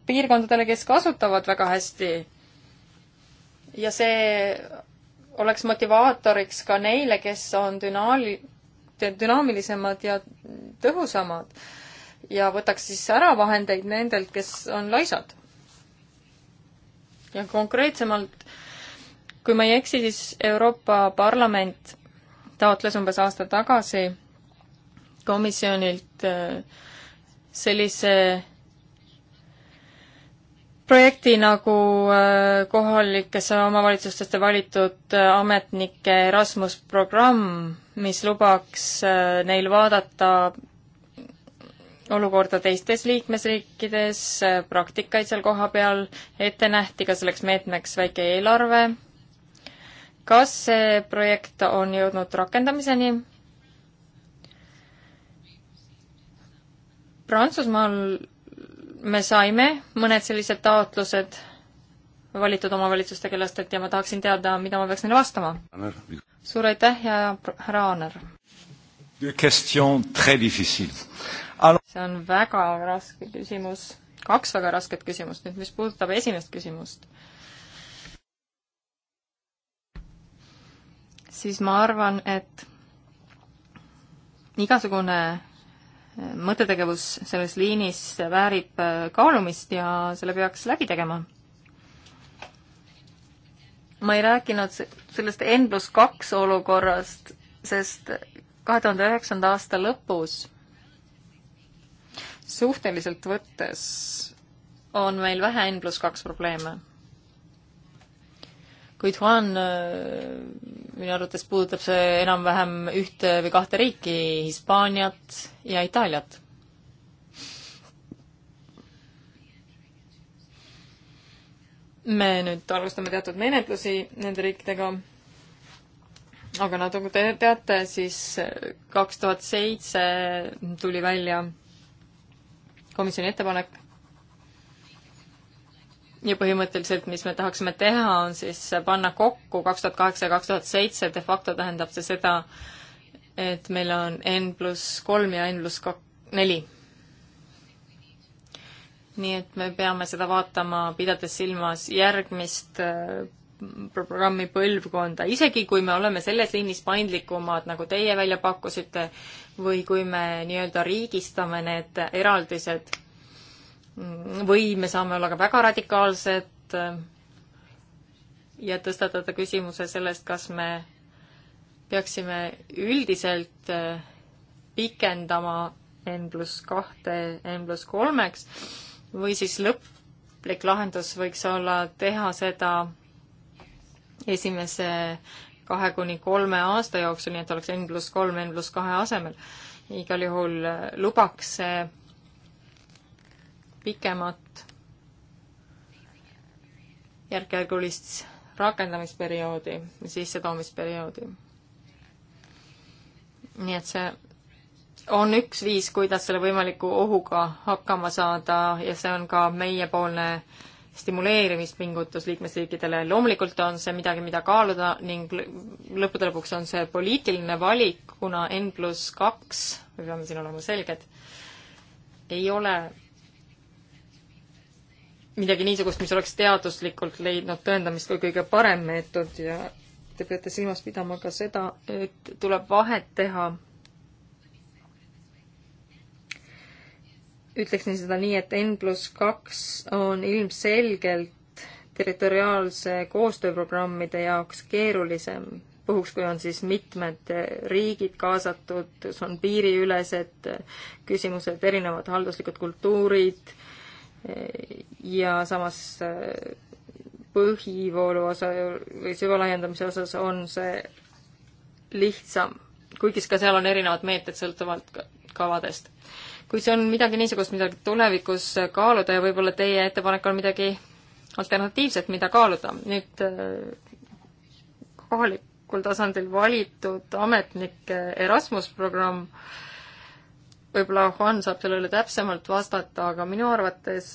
piirkondadele, kes kasutavad väga hästi. ja see oleks motivaatoriks ka neile, kes on dünaali-, dünaamilisemad ja tõhusamad ja võtaks siis ära vahendeid nendelt, kes on laisad. ja konkreetsemalt, kui ma ei eksi, siis Euroopa Parlament taotles umbes aasta tagasi komisjonilt äh, sellise projekti nagu äh, kohalikesse omavalitsustesse valitud äh, ametnike Erasmus programm, mis lubaks neil vaadata olukorda teistes liikmesriikides, praktikaid seal kohapeal, ette nähti ka selleks meetmeks väike eelarve. kas see projekt on jõudnud rakendamiseni? Prantsusmaal me saime mõned sellised taotlused valitud omavalitsuste kellestelt ja ma tahaksin teada, mida ma peaks neile vastama. suur aitäh ja härra Aaner! see on väga raske küsimus, kaks väga rasket küsimust. nüüd, mis puudutab esimest küsimust, siis ma arvan, et igasugune eh, mõttetegevus selles liinis väärib eh, kaalumist ja selle peaks läbi tegema ma ei rääkinud sellest N pluss kaks olukorrast, sest kahe tuhande üheksanda aasta lõpus suhteliselt võttes on meil vähe N pluss kaks probleeme. kuid Juan, äh, minu arvates puudutab see enam-vähem ühte või kahte riiki, Hispaaniat ja Itaaliat. me nüüd alustame teatud menetlusi nende riikidega aga nagu te teate, siis kaks tuhat seitse tuli välja komisjoni ettepanek. ja põhimõtteliselt, mis me tahaksime teha, on siis panna kokku kaks tuhat kaheksa ja kaks tuhat seitse, de facto tähendab see seda, et meil on N pluss kolm ja N pluss kak-, neli. nii et me peame seda vaatama, pidades silmas järgmist äh, programmi põlvkonda, isegi kui me oleme selles liinis paindlikumad, nagu teie välja pakkusite, või kui me nii-öelda riigistame need eraldised või me saame olla ka väga radikaalsed ja tõstatada küsimuse sellest, kas me peaksime üldiselt pikendama N pluss kahte N pluss kolmeks või siis lõplik lahendus võiks olla teha seda esimese kahe kuni kolme aasta jooksul, nii et oleks N pluss kolm, N pluss kahe asemel. igal juhul lubaks see pikemat järk-järgulist rakendamisperioodi, sissetoomisperioodi. nii et see on üks viis, kuidas selle võimaliku ohuga hakkama saada ja see on ka meiepoolne stimuleerimispingutus liikmesriikidele. loomulikult on see midagi, mida kaaluda ning lõppude lõpuks on see poliitiline valik, kuna N pluss kaks, me peame siin olema selged, ei ole midagi niisugust, mis oleks teaduslikult leidnud tõendamist kui kõige parem meetod ja te peate silmas pidama ka seda, et tuleb vahet teha ütleksin seda nii, et N pluss kaks on ilmselgelt territoriaalse koostööprogrammide jaoks keerulisem, puhuks kui on siis mitmed riigid kaasatud, on piiriülesed küsimused, erinevad halduslikud kultuurid ja samas eh, põhivoolu osa või süvalaiendamise osas on see lihtsam, kuigi ka seal on erinevad meetmed sõltuvalt kavadest kuid see on midagi niisugust, mida tulevikus kaaluda ja võib-olla teie ettepanek on midagi alternatiivset, mida kaaluda. nüüd äh, kohalikul tasandil valitud ametnike äh, Erasmus programm, võib-olla Juan saab sellele täpsemalt vastata, aga minu arvates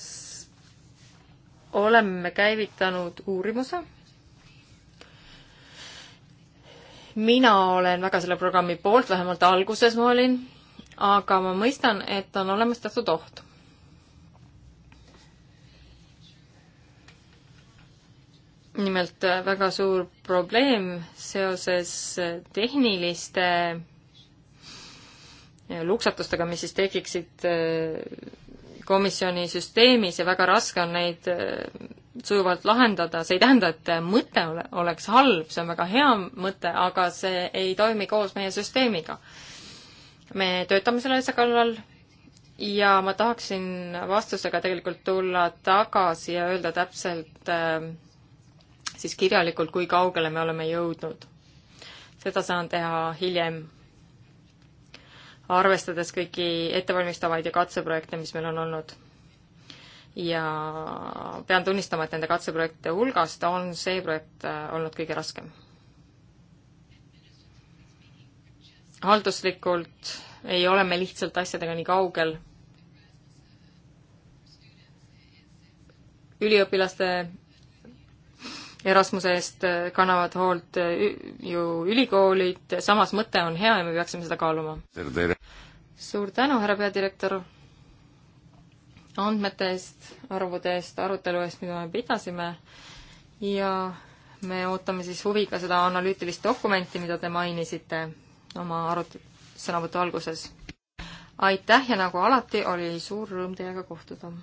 oleme käivitanud uurimuse. mina olen väga selle programmi poolt, vähemalt alguses ma olin aga ma mõistan, et on olemas teatud oht. nimelt äh, väga suur probleem seoses äh, tehniliste äh, luksatustega, mis siis tekiksid komisjoni süsteemis ja väga raske on neid sujuvalt lahendada, see ei tähenda, et mõte ole, oleks halb, see on väga hea mõte, aga see ei toimi koos meie süsteemiga me töötame selle asja kallal ja ma tahaksin vastusega tegelikult tulla tagasi ja öelda täpselt äh, siis kirjalikult, kui kaugele me oleme jõudnud. seda saan teha hiljem, arvestades kõiki ettevalmistavaid ja katseprojekte, mis meil on olnud. ja pean tunnistama, et nende katseprojektide hulgast on see projekt äh, olnud kõige raskem halduslikult ei ole me lihtsalt asjadega nii kaugel. üliõpilaste Erasmuse eest kannavad hoolt ju ülikoolid, samas mõte on hea ja me peaksime seda kaaluma. suur tänu, härra peadirektor, andmete eest, arvude eest, arutelu eest, mida me pidasime ja me ootame siis huviga seda analüütilist dokumenti, mida te mainisite oma arut-, sõnavõtu alguses. aitäh ja nagu alati, oli suur rõõm teiega kohtuda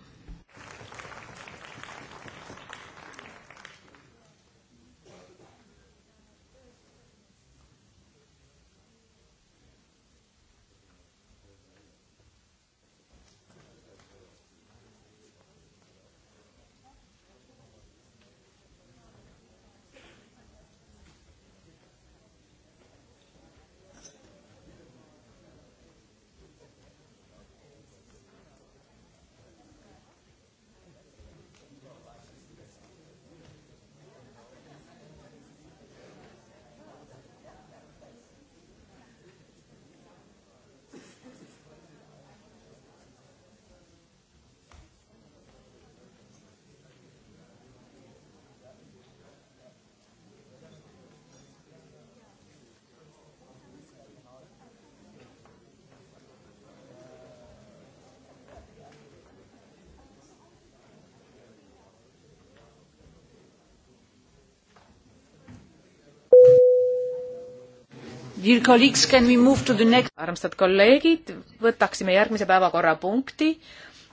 armsad kolleegid, võtaksime järgmise päevakorrapunkti.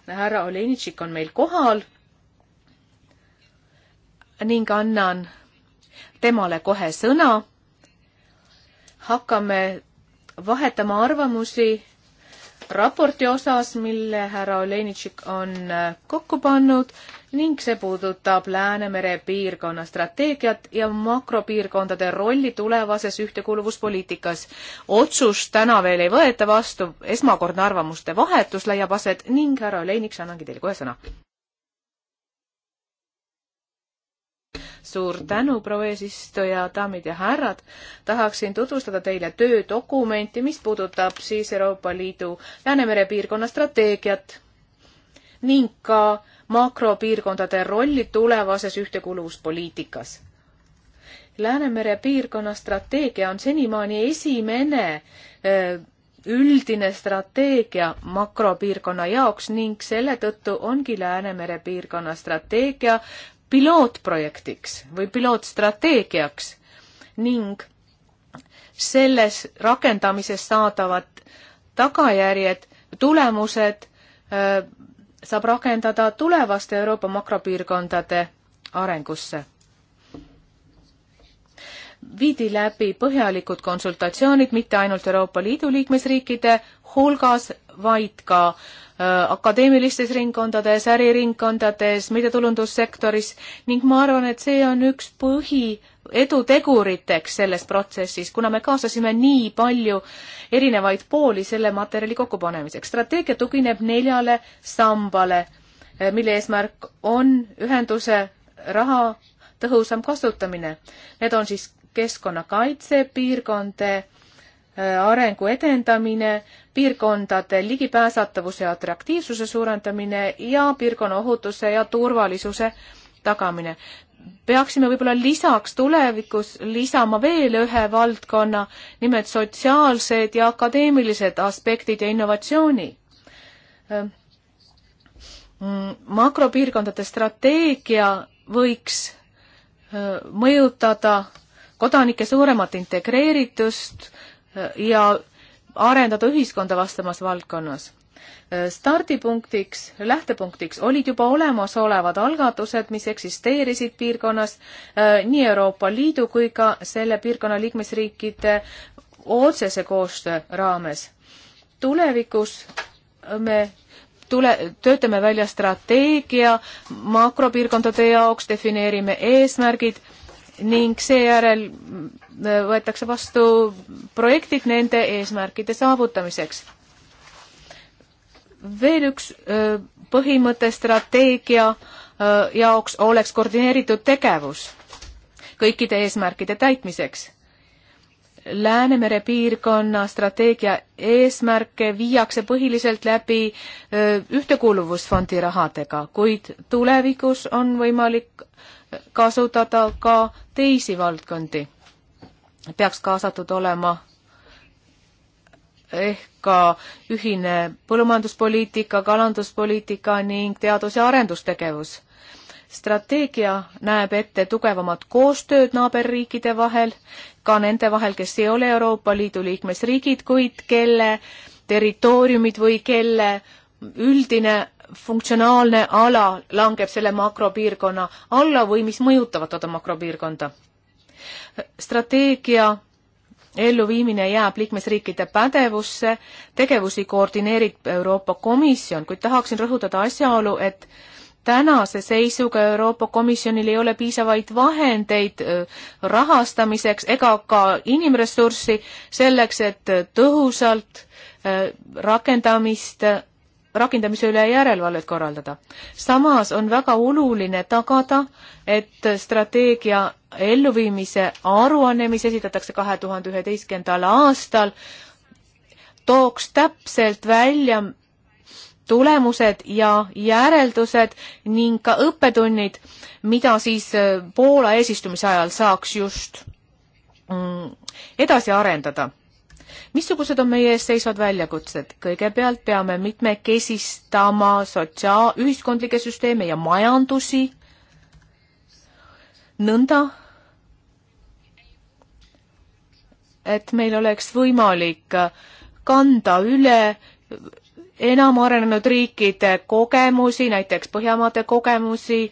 härra Olenitšik on meil kohal ning annan temale kohe sõna. hakkame vahetama arvamusi raporti osas, mille härra Olenitšik on äh, kokku pannud ning see puudutab Läänemere piirkonna strateegiat ja makropiirkondade rolli tulevases ühtekuuluvuspoliitikas. otsust täna veel ei võeta vastu, esmakordne arvamuste vahetus leiab aset ning härra Oleniks annangi teile kohe sõna. suur tänu, proua eesistuja, daamid ja härrad. tahaksin tutvustada teile töödokumenti, mis puudutab siis Euroopa Liidu Läänemere piirkonna strateegiat ning ka makropiirkondade rolli tulevases ühtekuuluvuspoliitikas. Läänemere piirkonna strateegia on senimaani esimene üldine strateegia makropiirkonna jaoks ning selle tõttu ongi Läänemere piirkonna strateegia pilootprojektiks või pilootstrateegiaks ning selles rakendamises saadavad tagajärjed, tulemused saab rakendada tulevaste Euroopa makropiirkondade arengusse. viidi läbi põhjalikud konsultatsioonid mitte ainult Euroopa Liidu liikmesriikide hulgas, vaid ka äh, akadeemilistes ringkondades, äriringkondades, mittetulundussektoris ning ma arvan, et see on üks põhi eduteguriteks selles protsessis, kuna me kaasasime nii palju erinevaid pooli selle materjali kokkupanemiseks. strateegia tugineb neljale sambale, eh, mille eesmärk on ühenduse raha tõhusam kasutamine. Need on siis keskkonnakaitse, piirkondade eh, arengu edendamine, piirkondade ligipääsetavuse ja atraktiivsuse suurendamine ja piirkonna ohutuse ja turvalisuse tagamine peaksime võib-olla lisaks tulevikus lisama veel ühe valdkonna, nimelt sotsiaalsed ja akadeemilised aspektid ja innovatsiooni. makropiirkondade strateegia võiks mõjutada kodanike suuremat integreeritust ja arendada ühiskonda vastamas valdkonnas. Äh, stardipunktiks, lähtepunktiks olid juba olemasolevad algatused, mis eksisteerisid piirkonnas äh, nii Euroopa Liidu kui ka selle piirkonna liikmesriikide otsese koostöö raames. tulevikus me tule, töötame välja strateegia makropiirkondade jaoks, defineerime eesmärgid ning seejärel võetakse vastu projektid nende eesmärkide saavutamiseks veel üks öö, põhimõte strateegia öö, jaoks oleks koordineeritud tegevus kõikide eesmärkide täitmiseks. Läänemere piirkonna strateegia eesmärke viiakse põhiliselt läbi öö, ühtekuuluvusfondi rahadega, kuid tulevikus on võimalik kasutada ka teisi valdkondi. peaks kaasatud olema ehk ka ühine põllumajanduspoliitika, kalanduspoliitika ning teadus- ja arendustegevus. strateegia näeb ette tugevamat koostööd naaberriikide vahel, ka nende vahel, kes ei ole Euroopa Liidu liikmesriigid, kuid kelle territooriumid või kelle üldine funktsionaalne ala langeb selle makropiirkonna alla või mis mõjutavad toda makropiirkonda. strateegia elluviimine jääb liikmesriikide pädevusse, tegevusi koordineerib Euroopa Komisjon, kuid tahaksin rõhutada asjaolu, et tänase seisuga Euroopa Komisjonil ei ole piisavaid vahendeid äh, rahastamiseks ega ka inimressurssi selleks, et tõhusalt äh, rakendamist rakendamise üle järelevalvet korraldada. samas on väga oluline tagada, et strateegia elluviimise aruanne, mis esitatakse kahe tuhande üheteistkümnendal aastal, tooks täpselt välja tulemused ja järeldused ning ka õppetunnid, mida siis äh, Poola eesistumise ajal saaks just mm, edasi arendada missugused on meie ees seisvad väljakutsed? kõigepealt peame mitmekesistama sotsiaal, ühiskondlikke süsteeme ja majandusi nõnda, et meil oleks võimalik kanda üle enam arenenud riikide kogemusi, näiteks Põhjamaade kogemusi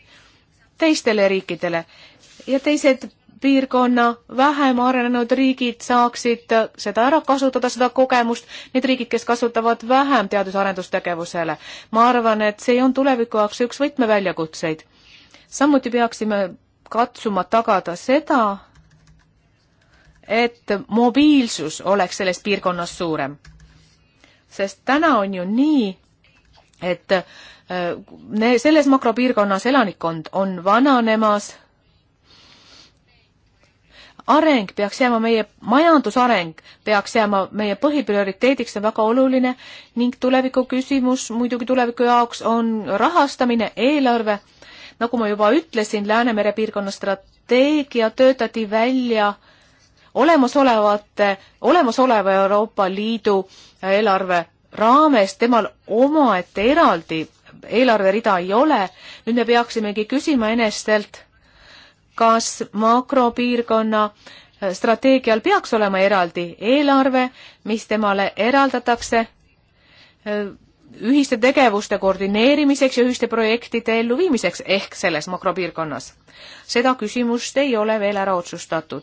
teistele riikidele ja teised piirkonna vähem arenenud riigid saaksid seda ära kasutada, seda kogemust, need riigid, kes kasutavad vähem teadus-arendustegevusele. ma arvan, et see on tuleviku jaoks üks võtmeväljakutseid. samuti peaksime katsuma tagada seda, et mobiilsus oleks selles piirkonnas suurem. sest täna on ju nii, et äh, selles makropiirkonnas elanikkond on vananemas areng peaks jääma meie, majandusareng peaks jääma meie põhiprioriteediks, see on väga oluline ning tuleviku küsimus muidugi tuleviku jaoks on rahastamine, eelarve. nagu ma juba ütlesin, Läänemere piirkonna strateegia töötati välja olemasolevate, olemasoleva Euroopa Liidu eelarve raames, temal omaette eraldi eelarverida ei ole. nüüd me peaksimegi küsima enestelt kas makropiirkonna äh, strateegial peaks olema eraldi eelarve, mis temale eraldatakse äh, ühiste tegevuste koordineerimiseks ja ühiste projektide elluviimiseks ehk selles makropiirkonnas. seda küsimust ei ole veel ära otsustatud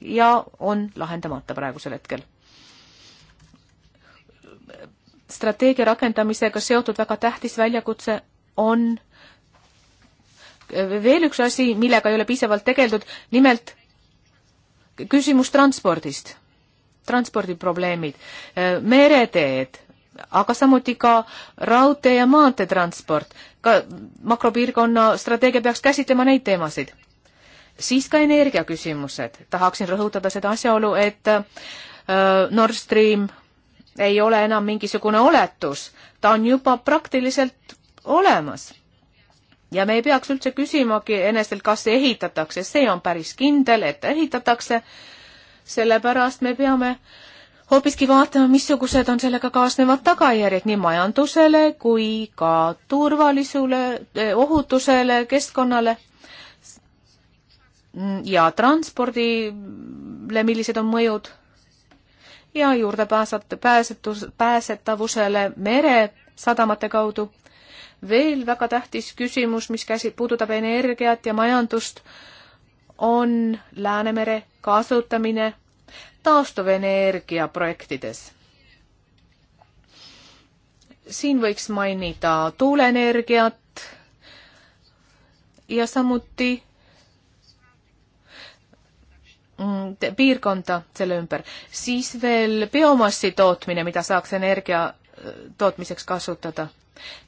ja on lahendamata praegusel hetkel. strateegia rakendamisega seotud väga tähtis väljakutse on äh, veel üks asi, millega ei ole piisavalt tegeldud, nimelt küsimus transpordist, transpordiprobleemid, mereteed, aga samuti ka raudtee ja maanteetransport, ka makropiirkonna strateegia peaks käsitlema neid teemasid. siis ka energiaküsimused, tahaksin rõhutada seda asjaolu, et äh, Nord Stream ei ole enam mingisugune oletus, ta on juba praktiliselt olemas ja me ei peaks üldse küsimagi enestelt, kas ehitatakse, see on päris kindel, et ehitatakse. sellepärast me peame hoopiski vaatama, missugused on sellega kaasnevad tagajärjed nii majandusele kui ka turvalisule, eh, ohutusele, keskkonnale ja transpordile, millised on mõjud ja juurdepääsetus, pääsetavusele meresadamate kaudu veel väga tähtis küsimus, mis käsi-, puudutab energiat ja majandust, on Läänemere kasutamine taastuvenergia projektides. siin võiks mainida tuuleenergiat ja samuti mm, piirkonda selle ümber, siis veel biomassi tootmine, mida saaks energia tootmiseks kasutada.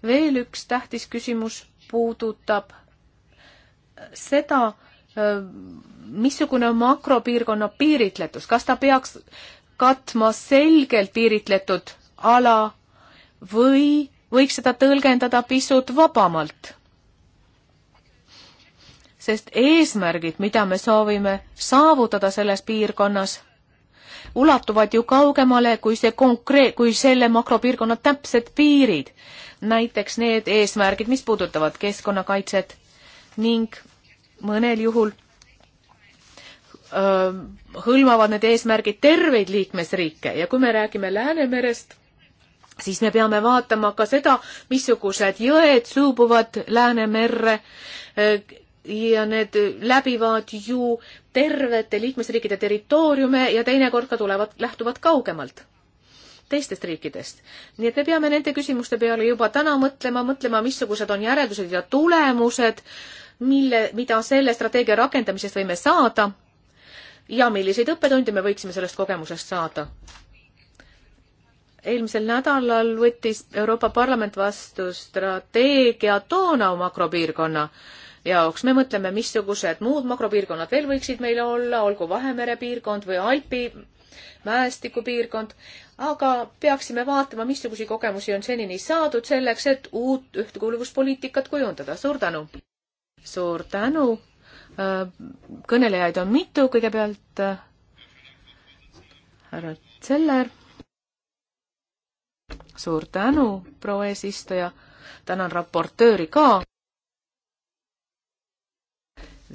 veel üks tähtis küsimus puudutab seda, missugune on makropiirkonna piiritletus, kas ta peaks katma selgelt piiritletud ala või võiks seda tõlgendada pisut vabamalt? sest eesmärgid, mida me soovime saavutada selles piirkonnas, ulatuvad ju kaugemale kui see konkreet-, kui selle makropiirkonna täpsed piirid. näiteks need eesmärgid, mis puudutavad keskkonnakaitset ning mõnel juhul öö, hõlmavad need eesmärgid terveid liikmesriike ja kui me räägime Läänemerest, siis me peame vaatama ka seda, missugused jõed suubuvad Läänemerre, ja need läbivad ju tervete liikmesriikide territooriume ja teinekord ka tulevad, lähtuvad kaugemalt teistest riikidest. nii et me peame nende küsimuste peale juba täna mõtlema, mõtlema, missugused on järeldused ja tulemused, mille, mida selle strateegia rakendamisest võime saada ja milliseid õppetunde me võiksime sellest kogemusest saada. eelmisel nädalal võttis Euroopa Parlament vastu strateegia toona makropiirkonna äh, jaoks. me mõtleme, missugused muud makropiirkonnad veel võiksid meil olla, olgu Vahemere piirkond või Alpi mäestikupiirkond, aga peaksime vaatama, missuguseid kogemusi on senini saadud selleks, et uut ühtekuuluvuspoliitikat kujundada. suur tänu! suur tänu! Äh, kõnelejaid on mitu, kõigepealt äh, härra Zeller. suur tänu, proua eesistuja. tänan raportööri ka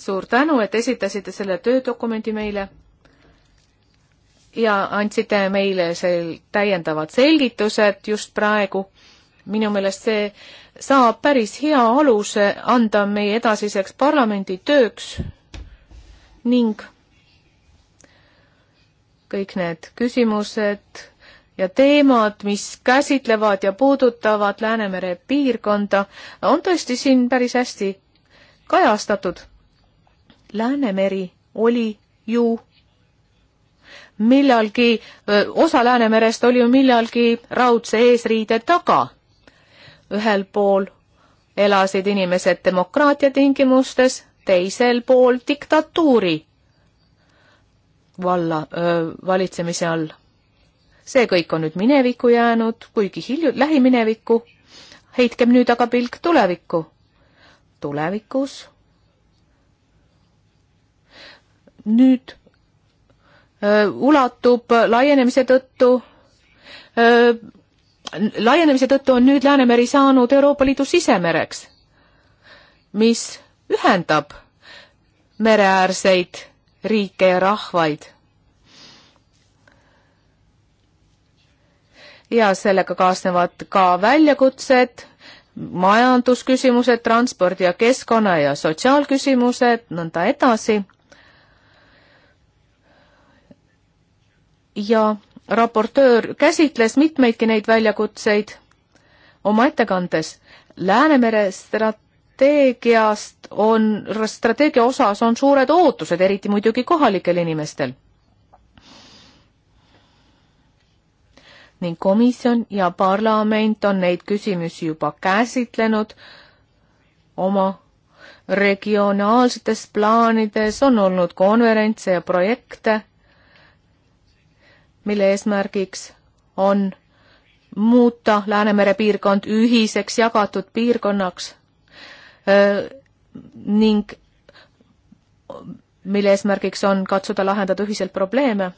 suur tänu, et esitasite selle töödokumendi meile ja andsite meile sel täiendavad selgitused just praegu. minu meelest see saab päris hea aluse anda meie edasiseks parlamendi tööks ning kõik need küsimused ja teemad, mis käsitlevad ja puudutavad Läänemere piirkonda, on tõesti siin päris hästi kajastatud Läänemeri oli ju millalgi, osa Läänemerest oli ju millalgi raudse eesriide taga. ühel pool elasid inimesed demokraatia tingimustes, teisel pool diktatuuri valla öö, valitsemise all. see kõik on nüüd minevikku jäänud, kuigi hilju-, lähiminevikku. heitkem nüüd aga pilk tulevikku. tulevikus nüüd ulatub laienemise tõttu laienemise tõttu on nüüd Läänemeri saanud Euroopa Liidu sisemereks, mis ühendab mereäärseid riike ja rahvaid. ja sellega kaasnevad ka väljakutsed, majandusküsimused, transpordi ja keskkonna ja sotsiaalküsimused, nõnda edasi ja raportöör käsitles mitmeidki neid väljakutseid oma ettekandes. Läänemere strateegiast on, strateegia osas on suured ootused, eriti muidugi kohalikel inimestel. ning komisjon ja parlament on neid küsimusi juba käsitlenud oma regionaalsetes plaanides, on olnud konverentse ja projekte mille eesmärgiks on muuta Läänemere piirkond ühiseks jagatud piirkonnaks ning mille eesmärgiks on katsuda lahendada ühiselt probleeme.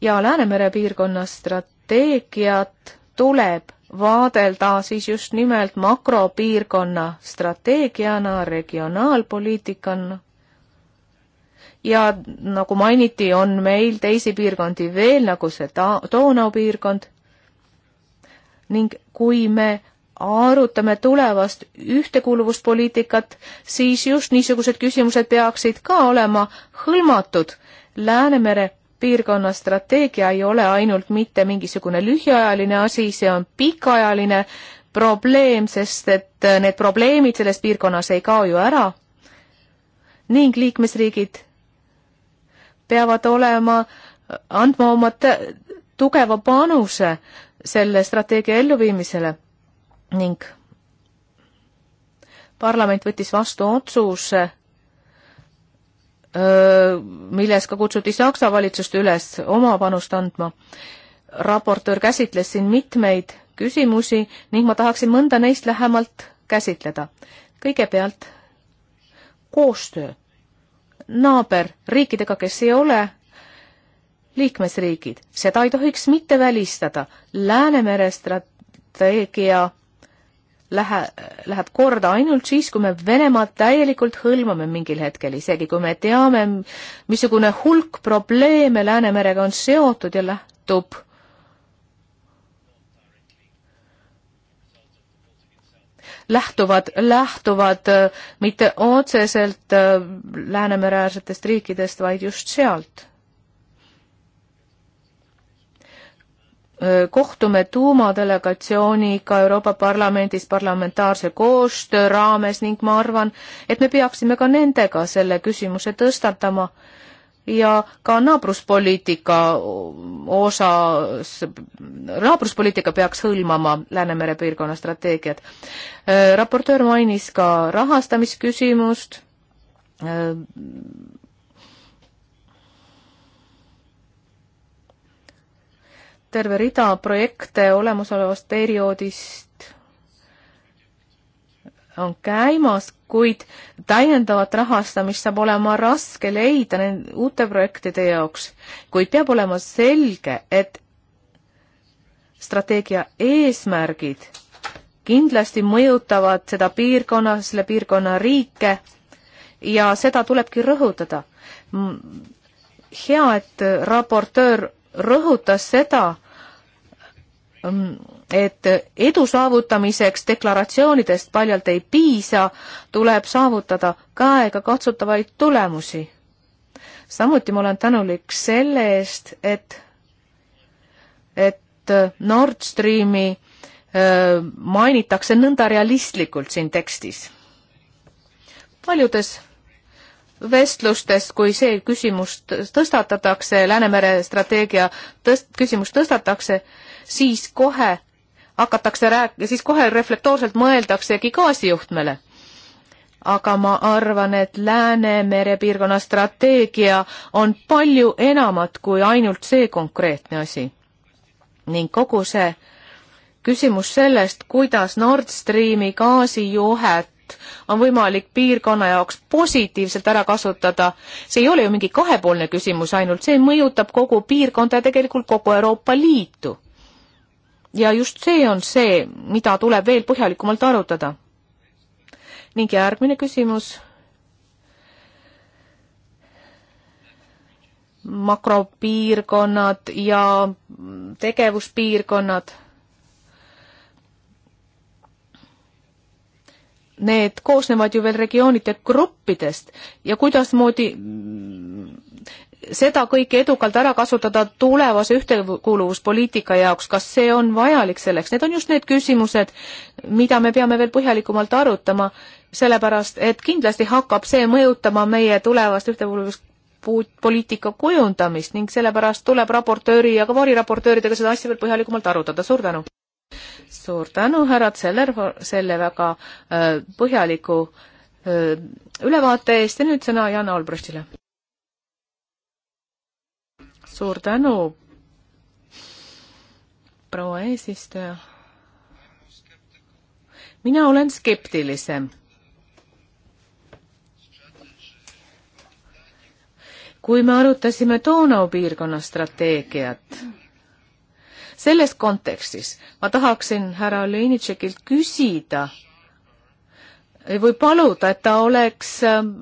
ja Läänemere piirkonna strateegiat tuleb vaadelda siis just nimelt makropiirkonna strateegiana, regionaalpoliitikana ja nagu mainiti, on meil teisi piirkondi veel, nagu see ta-, Donau piirkond ning kui me arutame tulevast ühtekuuluvuspoliitikat, siis just niisugused küsimused peaksid ka olema hõlmatud. Läänemere piirkonna strateegia ei ole ainult mitte mingisugune lühiajaline asi, see on pikaajaline probleem, sest et need probleemid selles piirkonnas ei kao ju ära ning liikmesriigid peavad olema, andma oma tugeva panuse selle strateegia elluviimisele ning parlament võttis vastu otsuse, milles ka kutsuti Saksa valitsust üles oma panust andma. raportöör käsitles siin mitmeid küsimusi ning ma tahaksin mõnda neist lähemalt käsitleda. kõigepealt koostöö naaberriikidega, kes ei ole liikmesriigid. seda ei tohiks mitte välistada. Läänemere strateegia lähe, läheb korda ainult siis, kui me Venemaad täielikult hõlmame mingil hetkel, isegi kui me teame, missugune hulk probleeme Läänemerega on seotud ja lähtub lähtuvad, lähtuvad äh, mitte otseselt äh, Läänemereäärsetest riikidest, vaid just sealt. Äh, kohtume tuumadelegatsiooniga Euroopa Parlamendis parlamentaarse koostöö raames ning ma arvan, et me peaksime ka nendega selle küsimuse tõstatama ja ka naabruspoliitika osas, naabruspoliitika peaks hõlmama Läänemere piirkonna strateegiat. Äh, raportöör mainis ka rahastamisküsimust äh, terve rida projekte olemasolevast perioodist on käimas, kuid täiendavat rahastamist saab olema raske leida nende uute projektide jaoks, kuid peab olema selge, et strateegia eesmärgid kindlasti mõjutavad seda piirkonna, selle piirkonna riike ja seda tulebki rõhutada. hea, et raportöör rõhutas seda, et edu saavutamiseks deklaratsioonidest paljalt ei piisa, tuleb saavutada käegakatsutavaid tulemusi. samuti ma olen tänulik selle eest, et, et Nord Streami öö, mainitakse nõnda realistlikult siin tekstis. paljudes vestlustest, kui see küsimus tõstatatakse, Läänemere strateegia tõst-, küsimus tõstatakse, siis kohe hakatakse rääk-, siis kohe reflektoorselt mõeldaksegi gaasijuhtmele. aga ma arvan, et Läänemere piirkonna strateegia on palju enamat kui ainult see konkreetne asi. ning kogu see küsimus sellest, kuidas Nord Streami gaasijuhet on võimalik piirkonna jaoks positiivselt ära kasutada, see ei ole ju mingi kahepoolne küsimus ainult, see mõjutab kogu piirkonda ja tegelikult kogu Euroopa Liitu ja just see on see, mida tuleb veel põhjalikumalt arutada. ning järgmine küsimus. makropiirkonnad ja tegevuspiirkonnad. Need koosnevad ju veel regioonide gruppidest ja kuidasmoodi seda kõike edukalt ära kasutada tulevase ühtekuuluvuspoliitika jaoks, kas see on vajalik selleks, need on just need küsimused, mida me peame veel põhjalikumalt arutama, sellepärast et kindlasti hakkab see mõjutama meie tulevast ühtekuuluvuspoliitika kujundamist ning sellepärast tuleb raportööri ja ka variraportööridega seda asja veel põhjalikumalt arutada, suur tänu! suur tänu, härrad Seller, selle väga äh, põhjaliku äh, ülevaate eest ja nüüd sõna Jana Olbrechtile suur tänu, proua eesistuja. mina olen skeptilisem. kui me arutasime Donau piirkonna strateegiat, selles kontekstis ma tahaksin härra Leinitšekilt küsida või paluda, et ta oleks ähm,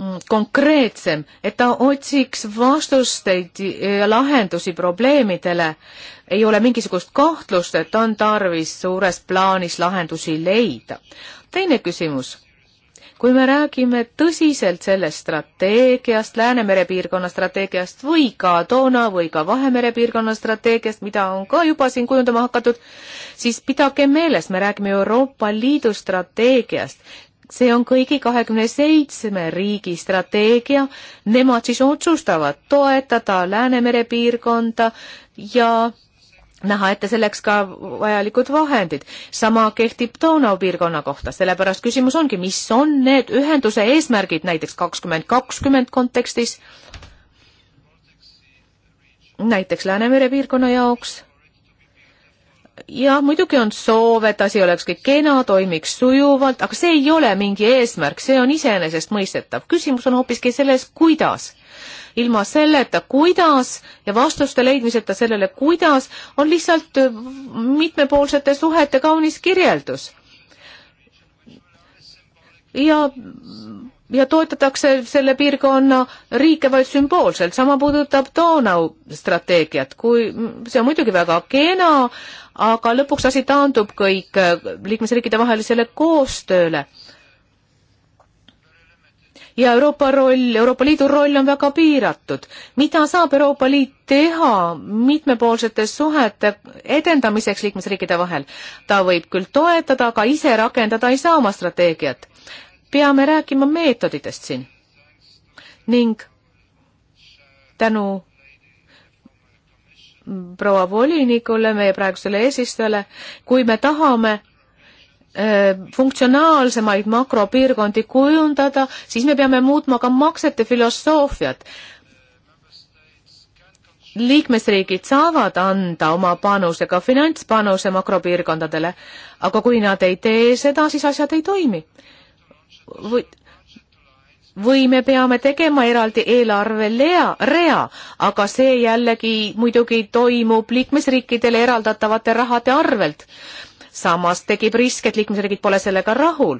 Mm, konkreetsem, et ta otsiks vastusteid ja lahendusi probleemidele. ei ole mingisugust kahtlust, et on tarvis suures plaanis lahendusi leida. teine küsimus. kui me räägime tõsiselt sellest strateegiast, Läänemere piirkonna strateegiast või ka Toona või ka Vahemere piirkonna strateegiast, mida on ka juba siin kujundama hakatud, siis pidage meeles, me räägime Euroopa Liidu strateegiast, see on kõigi kahekümne seitsme riigi strateegia, nemad siis otsustavad toetada Läänemere piirkonda ja näha ette selleks ka vajalikud vahendid. sama kehtib Donau piirkonna kohta, sellepärast küsimus ongi, mis on need ühenduse eesmärgid näiteks kakskümmend kakskümmend kontekstis, näiteks Läänemere piirkonna jaoks jah, muidugi on soov, et asi oleks kõik kena, toimiks sujuvalt, aga see ei ole mingi eesmärk, see on iseenesestmõistetav. küsimus on hoopiski selles, kuidas. ilma selleta, kuidas ja vastuste leidmiseta sellele, kuidas, on lihtsalt äh, mitmepoolsete suhete kaunis kirjeldus. ja ja toetatakse selle piirkonna riike vaid sümboolselt, sama puudutab Donau strateegiat, kui see on muidugi väga kena, aga lõpuks asi taandub kõik äh, liikmesriikide vahelisele koostööle. ja Euroopa roll, Euroopa Liidu roll on väga piiratud. mida saab Euroopa Liit teha mitmepoolsete suhete edendamiseks liikmesriikide vahel? ta võib küll toetada, aga ise rakendada ei saa oma strateegiat. peame rääkima meetoditest siin ning tänu proua volinikule, meie praegusele eesistujale, kui me tahame äh, funktsionaalsemaid makropiirkondi kujundada, siis me peame muutma ka maksete filosoofiat. liikmesriigid saavad anda oma panuse, ka finantspanuse makropiirkondadele, aga kui nad ei tee seda, siis asjad ei toimi. või või me peame tegema eraldi eelarve lea, rea, aga see jällegi muidugi toimub liikmesriikidele eraldatavate rahade arvelt. samas tekib risk, et liikmesriigid pole sellega rahul.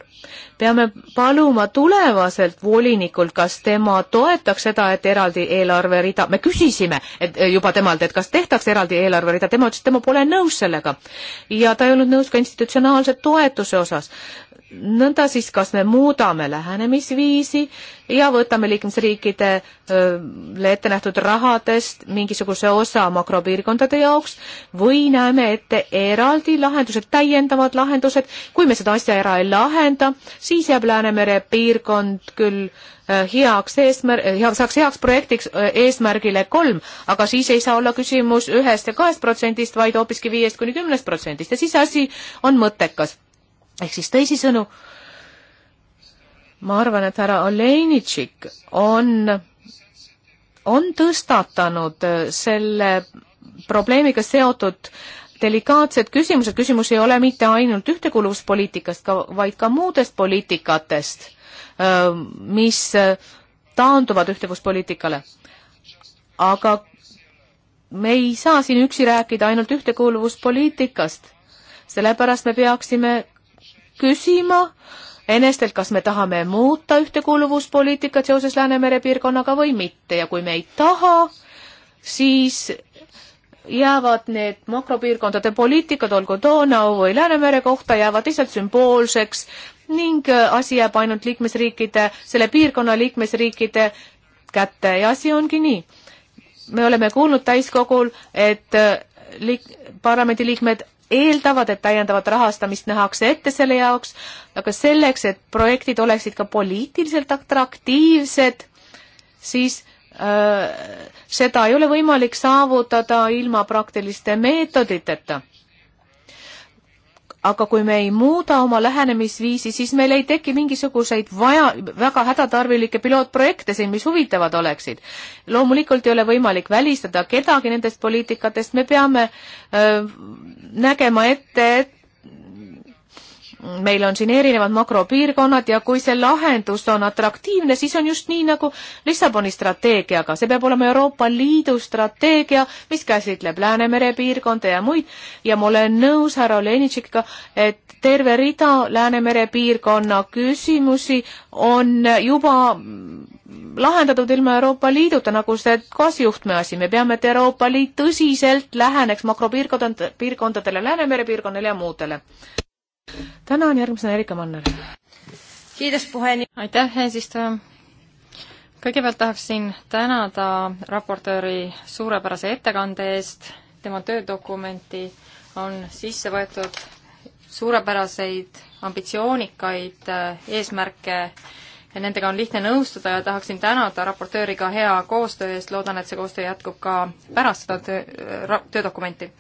peame paluma tulevaselt volinikult, kas tema toetaks seda, et eraldi eelarverida, me küsisime et, eh, juba temalt, et kas tehtakse eraldi eelarverida, tema ütles, et tema pole nõus sellega. ja ta ei olnud nõus ka institutsionaalse toetuse osas nõnda siis, kas me muudame lähenemisviisi ja võtame liikmesriikidele ette nähtud rahadest mingisuguse osa makropiirkondade jaoks või näeme ette eraldi lahendused, täiendavad lahendused. kui me seda asja ära ei lahenda, siis jääb Läänemere piirkond küll heaks eesmär-, heaks, saaks heaks projektiks eesmärgile kolm, aga siis ei saa olla küsimus ühest ja kahest protsendist, vaid hoopiski viiest kuni kümnest protsendist ja siis asi on mõttekas ehk siis teisisõnu, ma arvan, et härra Olenitšik on, on tõstatanud äh, selle probleemiga seotud delikaatsed küsimused, küsimus ei ole mitte ainult ühtekuuluvuspoliitikast, vaid ka muudest poliitikatest, äh, mis äh, taanduvad ühtekuuluvuspoliitikale. aga me ei saa siin üksi rääkida ainult ühtekuuluvuspoliitikast, sellepärast me peaksime küsima enestelt, kas me tahame muuta ühtekuuluvuspoliitikat seoses Läänemere piirkonnaga või mitte ja kui me ei taha, siis jäävad need makropiirkondade poliitikad, olgu Donau või Läänemere kohta, jäävad lihtsalt sümboolseks ning asi jääb ainult liikmesriikide, selle piirkonna liikmesriikide kätte ja asi ongi nii. me oleme kuulnud täiskogul, et liik-, parlamendiliikmed eeldavad, et täiendavat rahastamist nähakse ette selle jaoks, aga selleks, et projektid oleksid ka poliitiliselt atraktiivsed, siis äh, seda ei ole võimalik saavutada ilma praktiliste meetoditeta aga kui me ei muuda oma lähenemisviisi, siis meil ei teki mingisuguseid vaja, väga hädatarvilikke pilootprojekte siin, mis huvitavad oleksid. loomulikult ei ole võimalik välistada kedagi nendest poliitikatest, me peame öö, äh, nägema ette, et meil on siin erinevad makropiirkonnad ja kui see lahendus on atraktiivne, siis on just nii nagu Lissaboni strateegiaga, see peab olema Euroopa Liidu strateegia, mis käsitleb Läänemere piirkonda ja muid ja ma olen nõus härra Lenitšikiga, et terve rida Läänemere piirkonna küsimusi on juba lahendatud ilma Euroopa Liiduta, nagu see gaasijuhtme asi, me peame, et Euroopa Liit tõsiselt läheneks makropiirkondadele, piirkondadele, Läänemere piirkonnale ja muudele tänan, järgmisena Erika Manner. aitäh, eesistuja kõigepealt tahaksin tänada raportööri suurepärase ettekande eest, tema töödokumenti on sisse võetud suurepäraseid ambitsioonikaid äh, eesmärke ja nendega on lihtne nõustuda ja tahaksin tänada raportööri ka hea koostöö eest, loodan, et see koostöö jätkub ka pärast seda töö, äh, töödokumenti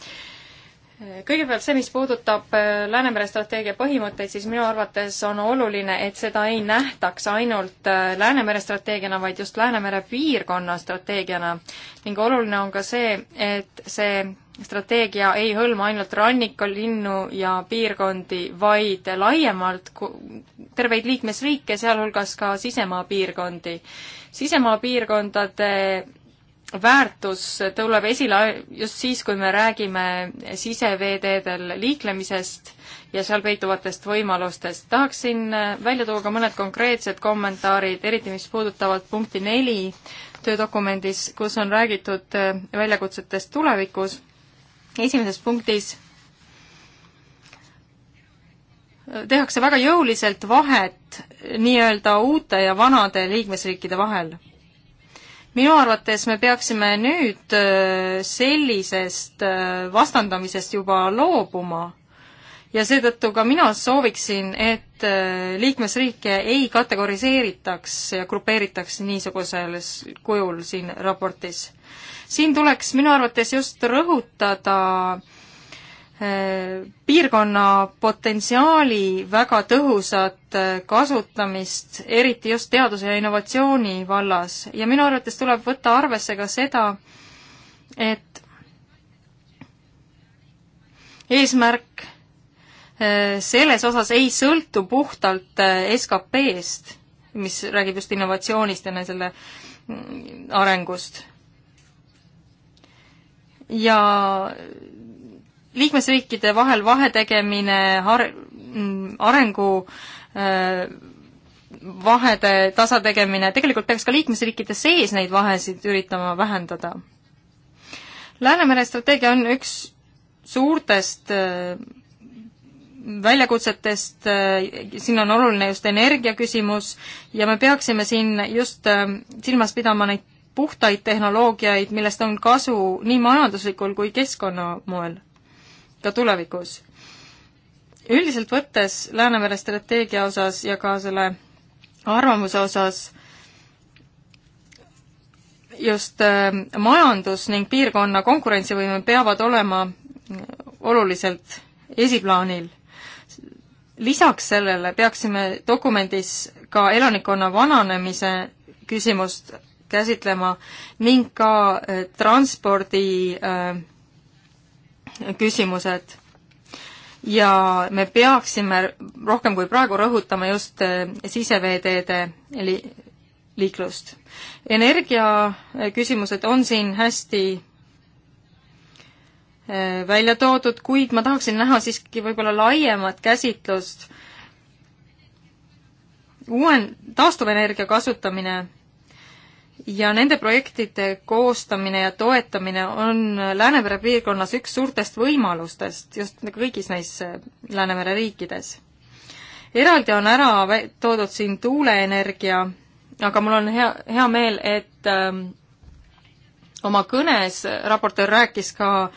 kõigepealt see, mis puudutab äh, Läänemere strateegia põhimõtteid, siis minu arvates on oluline, et seda ei nähtaks ainult äh, Läänemere strateegiana, vaid just Läänemere piirkonna strateegiana. ning oluline on ka see, et see strateegia ei hõlma ainult rannikulinnu ja piirkondi, vaid laiemalt terveid liikmesriike, sealhulgas ka sisemaa piirkondi. sisemaa piirkondade väärtus tuleb esile just siis, kui me räägime siseveeteedel liiklemisest ja seal peituvatest võimalustest. tahaksin välja tuua ka mõned konkreetsed kommentaarid, eriti mis puudutavad punkti neli töödokumendis, kus on räägitud väljakutsetest tulevikus. esimeses punktis tehakse väga jõuliselt vahet nii-öelda uute ja vanade liikmesriikide vahel minu arvates me peaksime nüüd äh, sellisest äh, vastandamisest juba loobuma ja seetõttu ka mina sooviksin, et äh, liikmesriike ei kategoriseeritaks ja grupeeritaks niisugusel kujul siin raportis. siin tuleks minu arvates just rõhutada piirkonna potentsiaali väga tõhusat kasutamist, eriti just teaduse ja innovatsiooni vallas. ja minu arvates tuleb võtta arvesse ka seda, et eesmärk äh, selles osas ei sõltu puhtalt äh, SKP-st, mis räägib just innovatsioonist ja selle mm, arengust. ja liikmesriikide vahel vahe tegemine har-, mm, arengu vahede tasategemine, tegelikult peaks ka liikmesriikide sees neid vahesid üritama vähendada. Läänemere strateegia on üks suurtest väljakutsetest, siin on oluline just energiaküsimus ja me peaksime siin just silmas pidama neid puhtaid tehnoloogiaid, millest on kasu nii majanduslikul kui keskkonna moel ka tulevikus. üldiselt võttes Läänemere strateegia osas ja ka selle arvamuse osas just äh, majandus ning piirkonna konkurentsivõime peavad olema äh, oluliselt esiplaanil. lisaks sellele peaksime dokumendis ka elanikkonna vananemise küsimust käsitlema ning ka äh, transpordi äh, küsimused ja me peaksime rohkem kui praegu rõhutama just eh, siseveeteede li liiklust. energia eh, küsimused on siin hästi eh, välja toodud, kuid ma tahaksin näha siiski võib-olla laiemat käsitlust. uuen, taastuvenergia kasutamine ja nende projektide koostamine ja toetamine on Läänemere piirkonnas üks suurtest võimalustest just nagu kõigis neis äh, Läänemere riikides. eraldi on ära toodud siin tuuleenergia, aga mul on hea, hea meel, et ähm, oma kõnes raportöör rääkis ka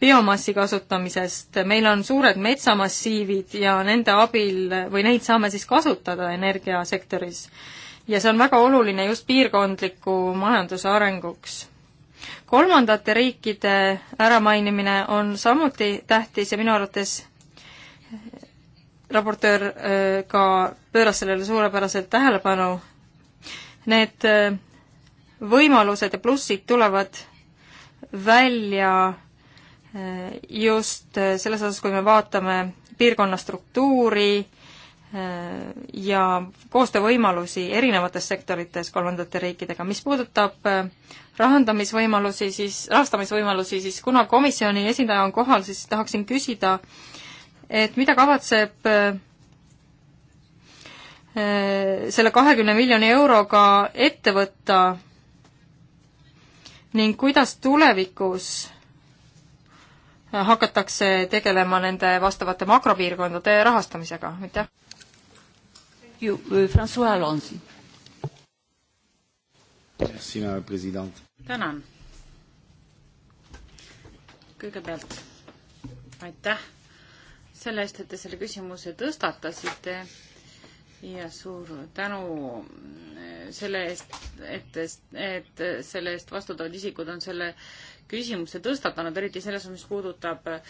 biomassi kasutamisest, meil on suured metsamassiivid ja nende abil või neid saame siis kasutada energiasektoris ja see on väga oluline just piirkondliku majanduse arenguks. kolmandate riikide äramainimine on samuti tähtis ja minu arvates raportöör äh, ka pööras sellele suurepäraselt tähelepanu. Need äh, võimalused ja plussid tulevad välja äh, just selles osas, kui me vaatame piirkonna struktuuri, ja koostöövõimalusi erinevates sektorites kolmandate riikidega. mis puudutab äh, rahandamisvõimalusi, siis, rahastamisvõimalusi, siis kuna komisjoni esindaja on kohal, siis tahaksin küsida, et mida kavatseb äh, äh, selle kahekümne miljoni euroga ette võtta ning kuidas tulevikus hakatakse tegelema nende vastavate makropiirkondade rahastamisega, aitäh! You, uh, François Alonsi. Merci, madame president. tänan. kõigepealt aitäh selle eest, et te selle küsimuse tõstatasite ja suur tänu äh, selle eest, et, et selle eest vastutavad isikud on selle äh, küsimuse tõstatanud, eriti selles, mis puudutab eh,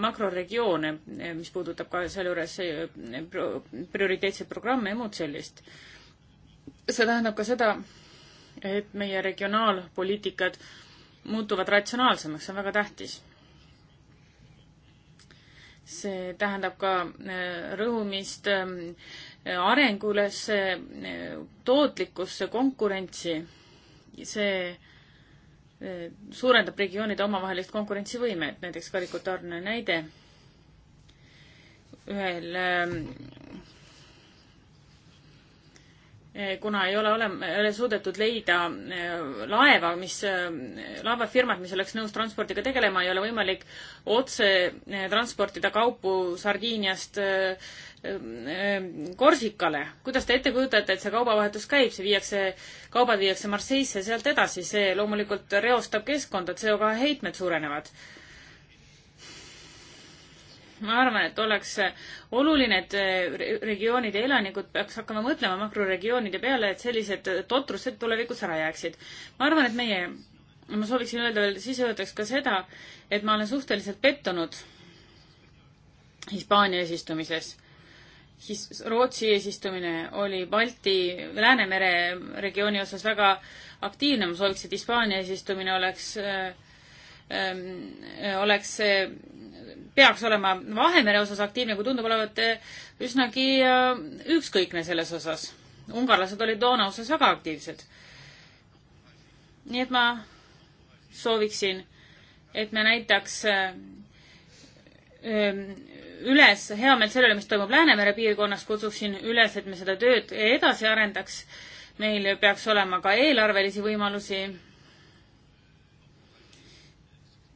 makroregioone, eh, mis puudutab ka sealjuures eh, prioriteetseid programme ja muud sellist. see tähendab ka seda, et meie regionaalpoliitikad muutuvad ratsionaalsemaks, see on väga tähtis see tähendab ka rõhumist arengulesse, tootlikkusse, konkurentsi. see suurendab regioonide omavahelist konkurentsivõimet, näiteks karikutaarne näide. ühel ähm, Eh, kuna ei ole olema, ei ole suudetud leida eh, laeva, mis, eh, laevafirmat, mis oleks nõus transpordiga tegelema, ei ole võimalik otse transportida kaupu Sardiiniast Korsikale. kuidas te ette kujutate, et see kaubavahetus käib, see viiakse, kaubad viiakse Marseille'sse, sealt edasi, see loomulikult reostab keskkonda, CO2 heitmed suurenevad ma arvan, et oleks oluline, et äh, regioonide elanikud peaks hakkama mõtlema makroregioonide peale, et sellised äh, totrused tulevikus ära jääksid. ma arvan, et meie, ma sooviksin öelda veel sissejuhatuseks ka seda, et ma olen suhteliselt pettunud Hispaania eesistumises siis Rootsi eesistumine oli Balti, Läänemere regiooni osas väga aktiivne, ma sooviks, et Hispaania eesistumine oleks äh,, ähm, äh, oleks see äh, peaks olema Vahemere osas aktiivne, kui tundub olevat eh, üsnagi eh, ükskõikne selles osas. ungarlased olid toona osas väga aktiivsed. nii et ma sooviksin, et me näitaks eh, üles heameelt selle üle, mis toimub Läänemere piirkonnas, kutsuksin üles, et me seda tööd edasi arendaks. meil peaks olema ka eelarvelisi võimalusi.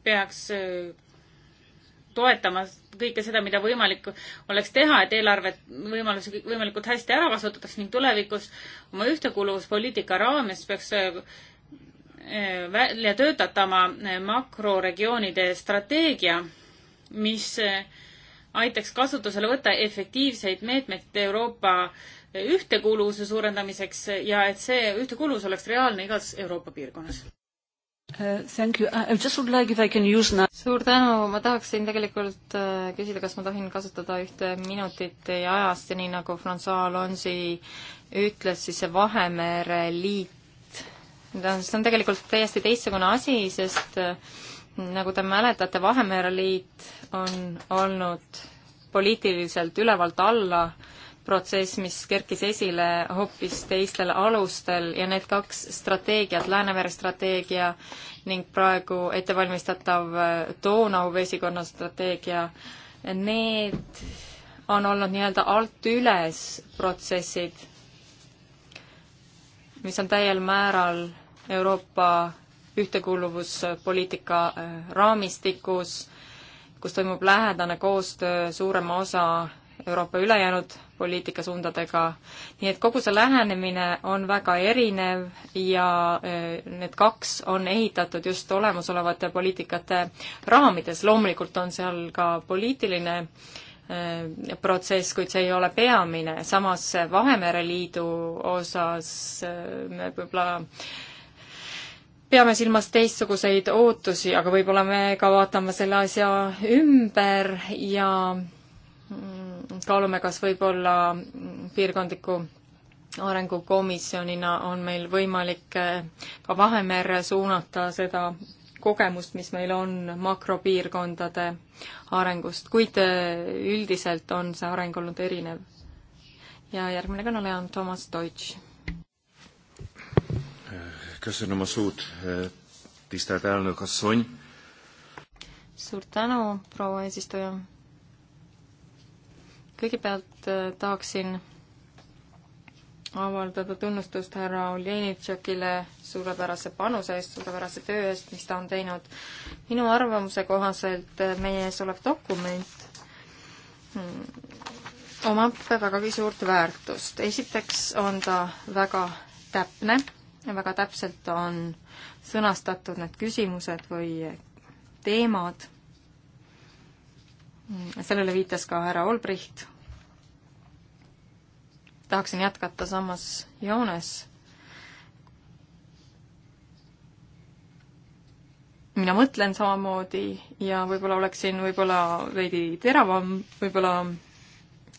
peaks toetama kõike seda, mida võimalik oleks teha, et eelarvet võimalusi võimalikult hästi ära kasutataks ning tulevikus oma ühtekuuluvuspoliitika raames peaks eh, välja töötatama eh, makroregioonide strateegia, mis eh, aitaks kasutusele võtta efektiivseid meetmeid Euroopa ühtekuuluvuse suurendamiseks ja et see ühtekuuluvus oleks reaalne igas Euroopa piirkonnas. Uh, like suur tänu, ma tahaksin tegelikult uh, küsida, kas ma tohin kasutada ühte minutit teie ajast ja nii nagu Francois Alonsi ütles, siis see Vahemere liit, see on tegelikult täiesti teistsugune asi, sest uh, nagu te mäletate, Vahemere liit on olnud poliitiliselt ülevalt alla äh, protsess, mis kerkis esile hoopis teistel alustel ja need kaks strateegiat, Läänemere strateegia ning praegu ettevalmistatav äh, Donau vesikonna strateegia, need on olnud nii-öelda alt üles protsessid, mis on täiel määral Euroopa ühtekuuluvuspoliitika äh, raamistikus, kus toimub lähedane koostöö suurema osa Euroopa ülejäänud poliitikasuundadega. nii et kogu see lähenemine on väga erinev ja e, need kaks on ehitatud just olemasolevate poliitikate raamides. loomulikult on seal ka poliitiline e, protsess, kuid see ei ole peamine, samas Vahemere Liidu osas e, me võib-olla peame silmas teistsuguseid ootusi, aga võib-olla me ka vaatame selle asja ümber ja mm, kaalume, kas võib-olla piirkondliku arengukomisjonina on meil võimalik eh, ka Vahemere suunata seda kogemust, mis meil on makropiirkondade arengust, kuid eh, üldiselt on see areng olnud erinev. ja järgmine kõneleja on Toomas Deutsch. köszönöm a szót, eh, tisztelt elnök asszony! suur tänu, proua eesistuja! kõigepealt äh, tahaksin avaldada tunnustust härra Oljenitšakile suurepärase panuse eest, suurepärase töö eest, mis ta on teinud. minu arvamuse kohaselt äh, meie ees olev dokument hmm, omab vägagi suurt väärtust. esiteks on ta väga täpne ja väga täpselt on sõnastatud need küsimused või teemad, hmm, sellele viitas ka härra Olbricht tahaksin jätkata samas joones. mina mõtlen samamoodi ja võib-olla oleksin võib-olla veidi teravam, võib-olla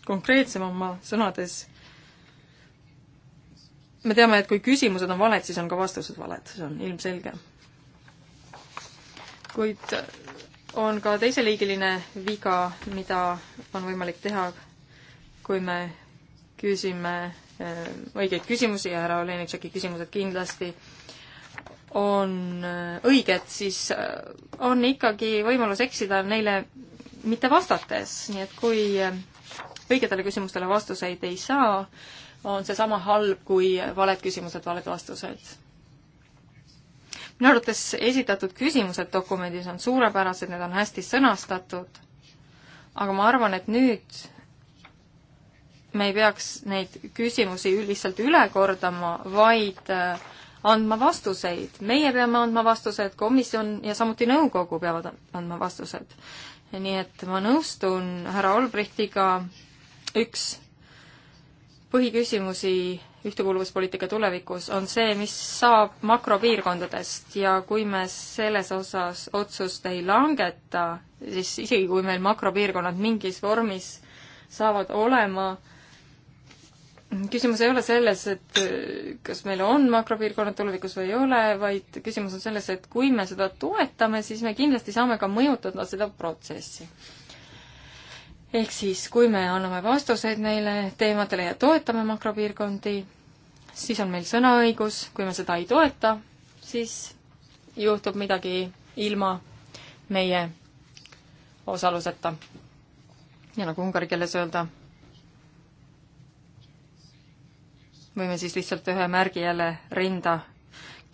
konkreetsem oma sõnades. me teame, et kui küsimused on valed, siis on ka vastused valed, see on ilmselge. kuid on ka teiseliigiline viga, mida on võimalik teha, kui me küsime äh, õigeid küsimusi ja härra Olenitšeki küsimused kindlasti on äh, õiged, siis äh, on ikkagi võimalus eksida neile mitte vastates, nii et kui õigetele küsimustele vastuseid ei saa, on seesama halb kui valed küsimused, valed vastused. minu arvates esitatud küsimused dokumendis on suurepärased, need on hästi sõnastatud, aga ma arvan, et nüüd me ei peaks neid küsimusi lihtsalt üle kordama, vaid äh, andma vastuseid. meie peame andma vastused, komisjon ja samuti nõukogu peavad andma vastused. nii et ma nõustun härra Olbrichtiga, üks põhiküsimusi ühtekuuluvuspoliitika tulevikus on see, mis saab makropiirkondadest ja kui me selles osas otsust ei langeta, siis isegi kui meil makropiirkonnad mingis vormis saavad olema, küsimus ei ole selles, et äh, kas meil on makropiirkonnad tulevikus või ei ole, vaid küsimus on selles, et kui me seda toetame, siis me kindlasti saame ka mõjutada seda protsessi. ehk siis, kui me anname vastuseid neile teemadele ja toetame makropiirkondi, siis on meil sõnaõigus, kui me seda ei toeta, siis juhtub midagi ilma meie osaluseta. ja nagu ungari keeles öelda võime siis lihtsalt ühe märgi jälle rinda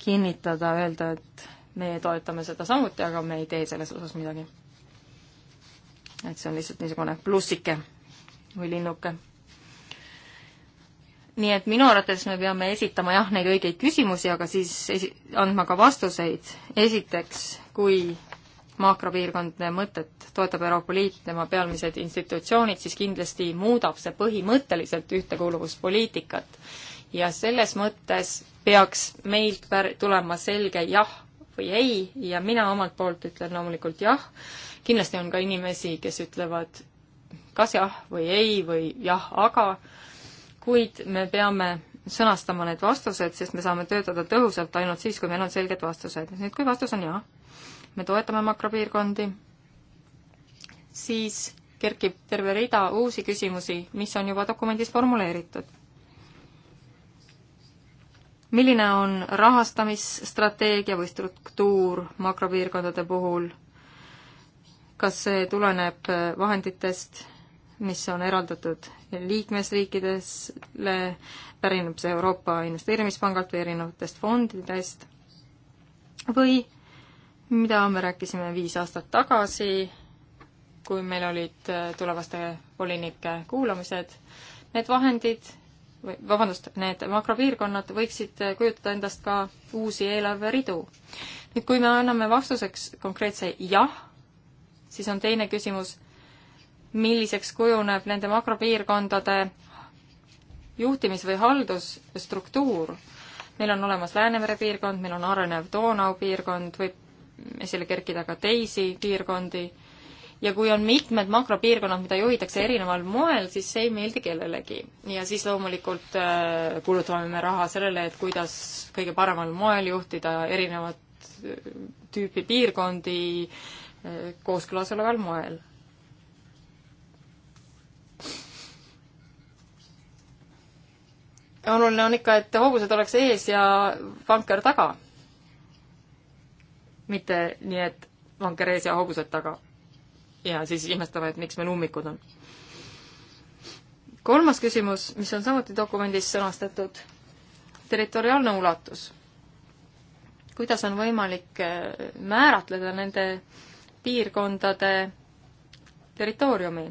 kinnitada, öelda, et meie toetame seda samuti, aga me ei tee selles osas midagi. et see on lihtsalt niisugune plussike või linnuke. nii et minu arvates me peame esitama jah, neid õigeid küsimusi, aga siis esi-, andma ka vastuseid. esiteks, kui makropiirkondade mõtet toetab Euroopa Liit, tema pealmised institutsioonid, siis kindlasti muudab see põhimõtteliselt ühtekuuluvuspoliitikat ja selles mõttes peaks meilt tulema selge jah või ei ja mina omalt poolt ütlen loomulikult jah. kindlasti on ka inimesi, kes ütlevad kas jah või ei või jah, aga, kuid me peame sõnastama need vastused, sest me saame töötada tõhusalt ainult siis, kui meil on selged vastused. nüüd, kui vastus on jah, me toetame makropiirkondi, siis kerkib terve rida uusi küsimusi, mis on juba dokumendis formuleeritud milline on rahastamisstrateegia või struktuur makropiirkondade puhul, kas see tuleneb vahenditest, mis on eraldatud liikmesriikidesle, pärineb see Euroopa Investeerimispangalt või erinevatest fondidest või mida me rääkisime viis aastat tagasi, kui meil olid tulevaste volinike kuulamised, need vahendid või vabandust, need makropiirkonnad võiksid kujutada endast ka uusi eelarveridu. nüüd, kui me anname vastuseks konkreetse jah, siis on teine küsimus, milliseks kujuneb nende makropiirkondade juhtimis- või haldusstruktuur. meil on olemas Läänemere piirkond, meil on arenev Donau piirkond, võib esile kerkida ka teisi piirkondi ja kui on mitmed makropiirkonnad, mida juhitakse erineval moel, siis see ei meeldi kellelegi. ja siis loomulikult äh, kulutame me raha sellele, et kuidas kõige paremal moel juhtida erinevat äh, tüüpi piirkondi äh, kooskõlas oleval moel. oluline on ikka, et hoovused oleks ees ja vanker taga. mitte nii, et vanker ees ja hoovused taga ja siis imestavad, et miks meil ummikud on. kolmas küsimus, mis on samuti dokumendis sõnastatud, territoriaalne ulatus. kuidas on võimalik äh, määratleda nende piirkondade territooriumi?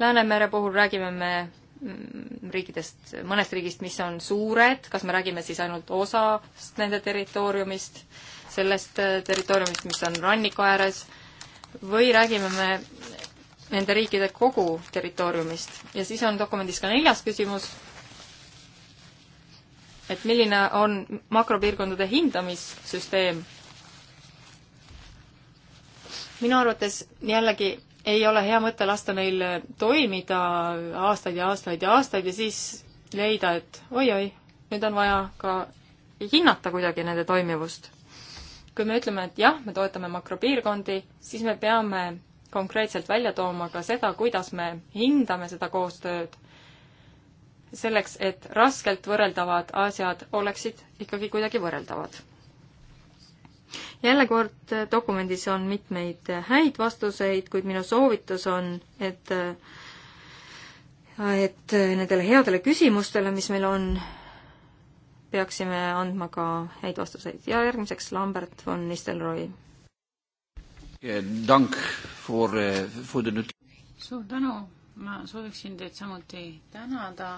Läänemere puhul räägime me mm, riikidest, mõnest riigist, mis on suured, kas me räägime siis ainult osast nende territooriumist, sellest äh, territooriumist, mis on ranniku ääres, või räägime me nende riikide kogu territooriumist ja siis on dokumendis ka neljas küsimus, et milline on makropiirkondade hindamissüsteem. minu arvates jällegi ei ole hea mõte lasta neil toimida aastaid ja aastaid ja aastaid ja siis leida, et oi-oi, nüüd on vaja ka hinnata kuidagi nende toimivust kui me ütleme, et jah, me toetame makropiirkondi, siis me peame konkreetselt välja tooma ka seda, kuidas me hindame seda koostööd, selleks et raskelt võrreldavad asjad oleksid ikkagi kuidagi võrreldavad. jälle kord, eh, dokumendis on mitmeid eh, häid vastuseid, kuid minu soovitus on, et eh, et nendele headele küsimustele, mis meil on, peaksime andma ka häid vastuseid. ja järgmiseks Lambert von Nistelrooy. Eh, suur tänu, ma sooviksin teid samuti tänada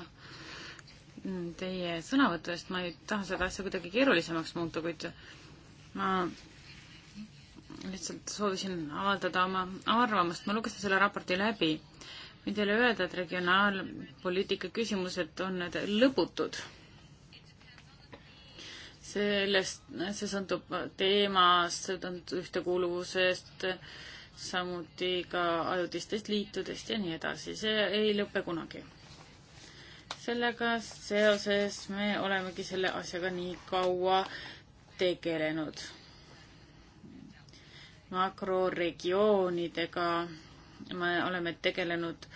teie sõnavõtu eest, ma ei taha seda asja kuidagi keerulisemaks muuta, kuid ma lihtsalt soovisin avaldada oma arvamust, ma lugesin selle raporti läbi. võin teile öelda, et regionaalpoliitika küsimused on lõputud sellest, see sõltub teemast, sõltub ühtekuuluvusest, samuti ka ajutistest liitudest ja nii edasi, see ei lõpe kunagi. sellega seoses me olemegi selle asjaga nii kaua tegelenud. makroregioonidega me oleme tegelenud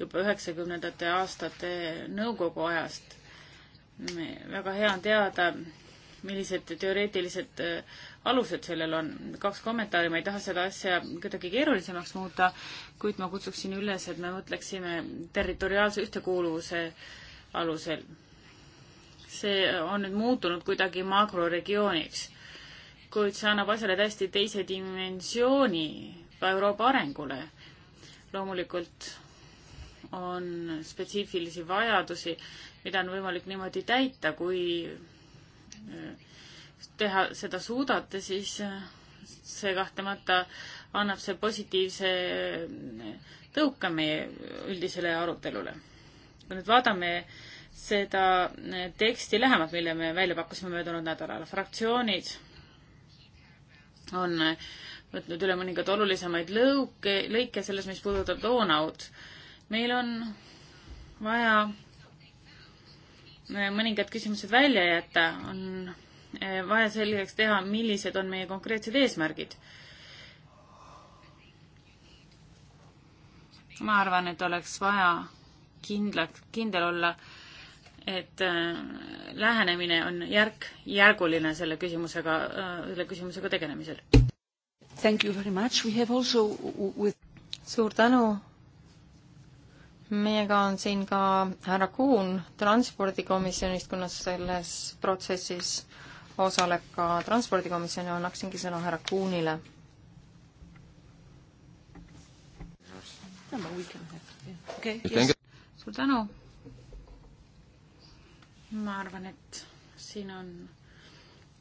juba üheksakümnendate aastate nõukogu ajast. väga hea on teada, millised teoreetilised äh, alused sellel on. kaks kommentaari, ma ei taha seda asja kuidagi keerulisemaks muuta, kuid ma kutsuksin üles, et me mõtleksime territoriaalse ühtekuuluvuse alusel. see on nüüd muutunud kuidagi makroregiooniks, kuid see annab asjale täiesti teise dimensiooni ka Euroopa arengule. loomulikult on spetsiifilisi vajadusi, mida on võimalik niimoodi täita, kui teha, seda suudate, siis äh, see kahtlemata annab see positiivse äh, tõuke meie üldisele arutelule. kui nüüd vaatame seda äh, teksti lähemalt, mille me välja pakkusime möödunud nädalal, fraktsioonid on võtnud üle mõningaid olulisemaid lõuke, lõike selles, mis puudutab Donaut. meil on vaja Äh, mõningad küsimused välja jätta, on äh, vaja selgeks teha, millised on meie konkreetsed eesmärgid. ma arvan, et oleks vaja kindlalt, kindel olla, et äh, lähenemine on järk-järguline selle küsimusega, selle küsimusega tegelemisel. Thank you very much, we have also with suur tänu meiega on siin ka härra Kuhn transpordikomisjonist, kuna selles protsessis osaleb ka transpordikomisjon ja annaksingi sõna härra Kuhnile. suur tänu. ma arvan, et siin on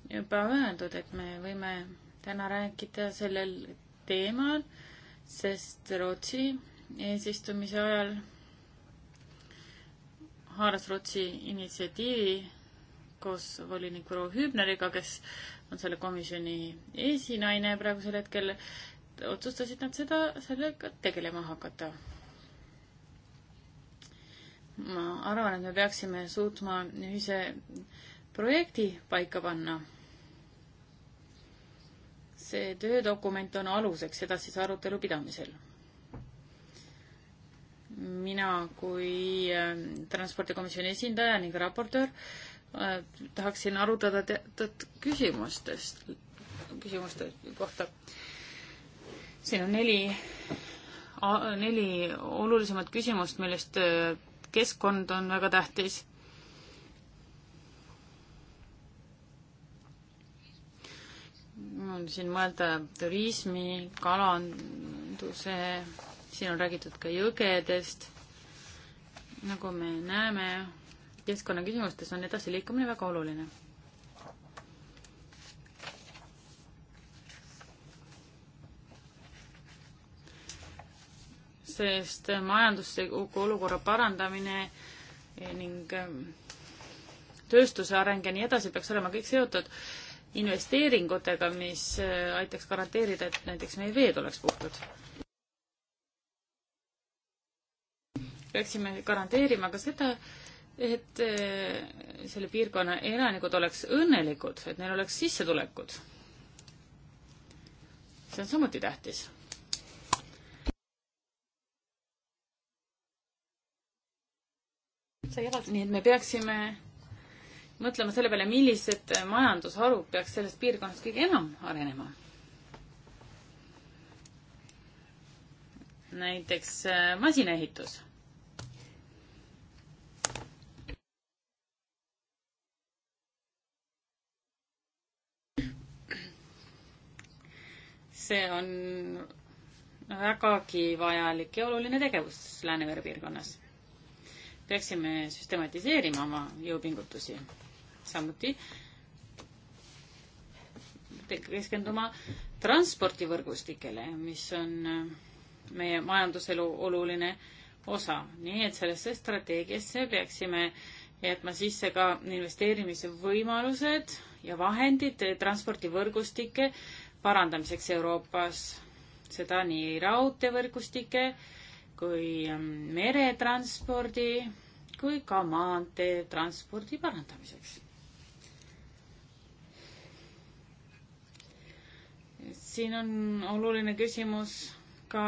juba öeldud, et me võime täna rääkida sellel teemal, sest Rootsi eesistumise ajal haaras Rootsi initsiatiivi koos volinik proua Hübneriga, kes on selle komisjoni esinaine praegusel hetkel, otsustasid nad seda, sellega tegelema hakata. ma arvan, et me peaksime suutma ühise projekti paika panna. see töödokument on aluseks edasise arutelu pidamisel mina kui ähm, transpordikomisjoni esindaja ning raportöör äh, tahaksin arutada teatud küsimustest, küsimuste kohta. siin on neli, neli olulisemat küsimust, millest äh, keskkond on väga tähtis. mul siin mõelda turismi, kalanduse siin on räägitud ka jõgedest. nagu me näeme, keskkonnaküsimustes on edasiliikumine väga oluline. sest majandusliku olukorra parandamine ning ähm, tööstuse areng ja nii edasi peaks olema kõik seotud investeeringutega, mis äh, aitaks garanteerida, et näiteks meie veed oleks puhtad. peaksime garanteerima ka seda, et eh, selle piirkonna elanikud oleks õnnelikud, et neil oleks sissetulekud. see on samuti tähtis. nii et me peaksime mõtlema selle peale, millised majandusharud peaks selles piirkonnas kõige enam arenema. näiteks eh, masinaehitus see on vägagi vajalik ja oluline tegevus Läänemere piirkonnas. peaksime süstematiseerima oma jõupingutusi. samuti keskenduma transpordivõrgustikele, mis on meie majanduselu oluline osa, nii et sellesse strateegiasse peaksime jätma sisse ka investeerimise võimalused ja vahendid transpordivõrgustike parandamiseks Euroopas, seda nii raudteevõrgustike kui ähm, meretranspordi kui ka maanteetranspordi parandamiseks. siin on oluline küsimus ka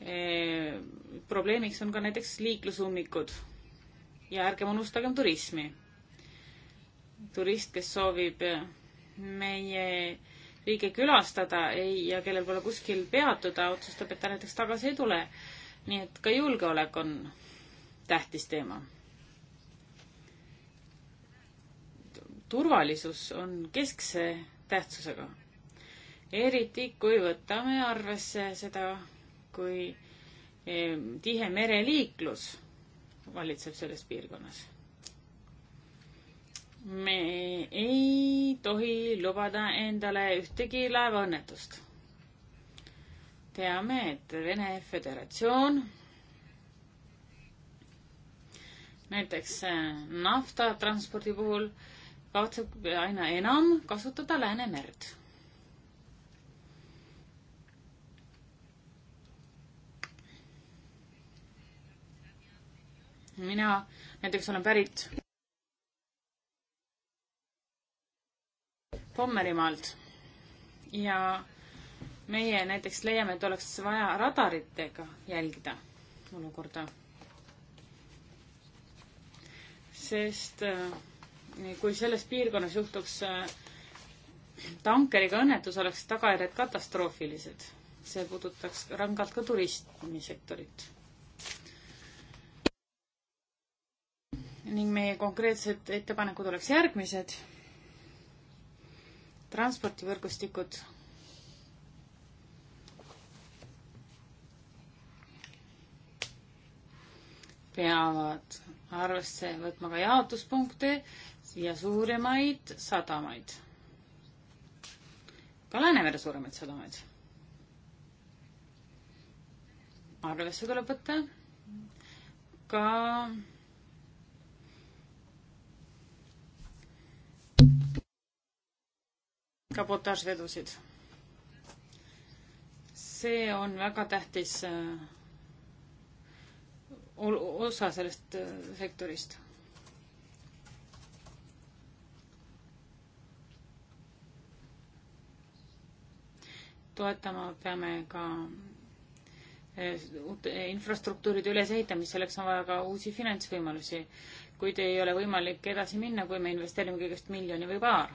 eh,, probleemiks on ka näiteks liiklusummikud ja ärgem unustagem turismi. turist, kes soovib meie eh, riike külastada ei, ja kellel pole kuskil peatuda, otsustab, et ta näiteks tagasi ei tule. nii et ka julgeolek on tähtis teema. turvalisus on keskse tähtsusega. eriti, kui võtame arvesse seda, kui eh, tihe mereliiklus valitseb selles piirkonnas me ei tohi lubada endale ühtegi laevaõnnetust. teame, et Vene Föderatsioon näiteks äh, naftatranspordi puhul kavatseb aina enam kasutada Läänemerd. mina näiteks olen pärit Pommerimaalt ja meie näiteks leiame, et oleks vaja radaritega jälgida olukorda. sest äh, kui selles piirkonnas juhtuks äh, tankeriga õnnetus, oleks tagajärjed katastroofilised. see puudutaks rangalt ka turismisektorit. ning meie konkreetsed ettepanekud oleks järgmised transpordivõrgustikud. peavad arvesse võtma ka jaotuspunkte ja suuremaid sadamaid. ka Läänemere suuremaid sadamaid. arvesse tuleb võtta ka kabotaažvedusid. see on väga tähtis äh, osa sellest äh, sektorist. toetama peame ka äh, uute infrastruktuuride ülesehitamist, selleks on vaja ka uusi finantsvõimalusi. kuid ei ole võimalik edasi minna, kui me investeerime kõigest miljoni või paar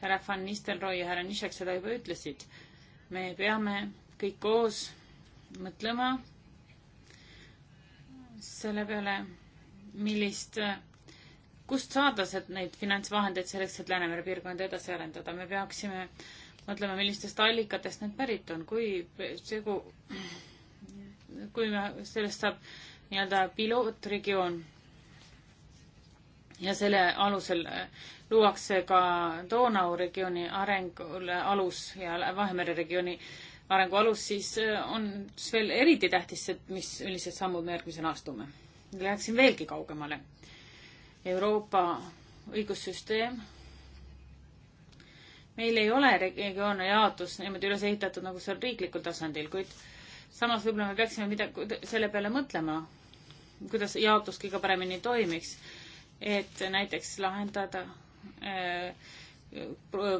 härra Van Nistelrooy ja härra Nišek seda juba ütlesid. me peame kõik koos mõtlema selle peale, millist, kust saada neid finantsvahendeid selleks, et Läänemere piirkonda edasi arendada. me peaksime mõtlema, millistest allikatest need pärit on, kui segu, kui me, sellest saab nii-öelda pilootregioon ja selle alusel äh, luuakse ka Donau regiooni arengule alus ja Vahemere regiooni arengu alus, siis äh, on veel eriti tähtis, et mis, millised sammud me järgmisena astume. Läheksin veelgi kaugemale. Euroopa õigussüsteem, meil ei ole regioone jaotus niimoodi üles ehitatud, nagu see on riiklikul tasandil, kuid samas võib-olla me peaksime midagi selle peale mõtlema, kuidas jaotus kõige paremini toimiks, et näiteks lahendada Äh,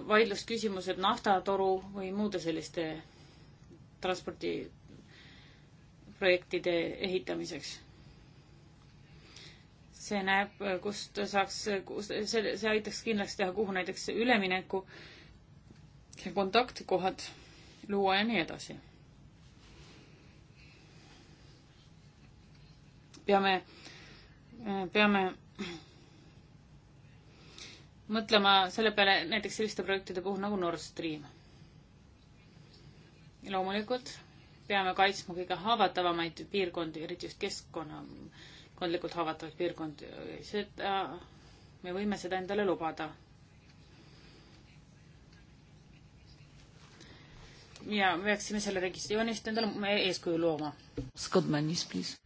vaidlusküsimused naftatoru või muude selliste transpordiprojektide ehitamiseks. see näeb, kust saaks, kus, see, see aitaks kindlasti teha, kuhu näiteks ülemineku kontaktkohad luua ja nii edasi. peame, peame mõtlema selle peale näiteks selliste projektide puhul nagu Nord Stream. loomulikult peame kaitsma kõige haavatavamaid piirkondi, eriti just keskkonnakondlikult haavatavaid piirkondi. seda, me võime seda endale lubada. ja me peaksime selle registreerimist endale eeskuju looma. Skodmanis, please.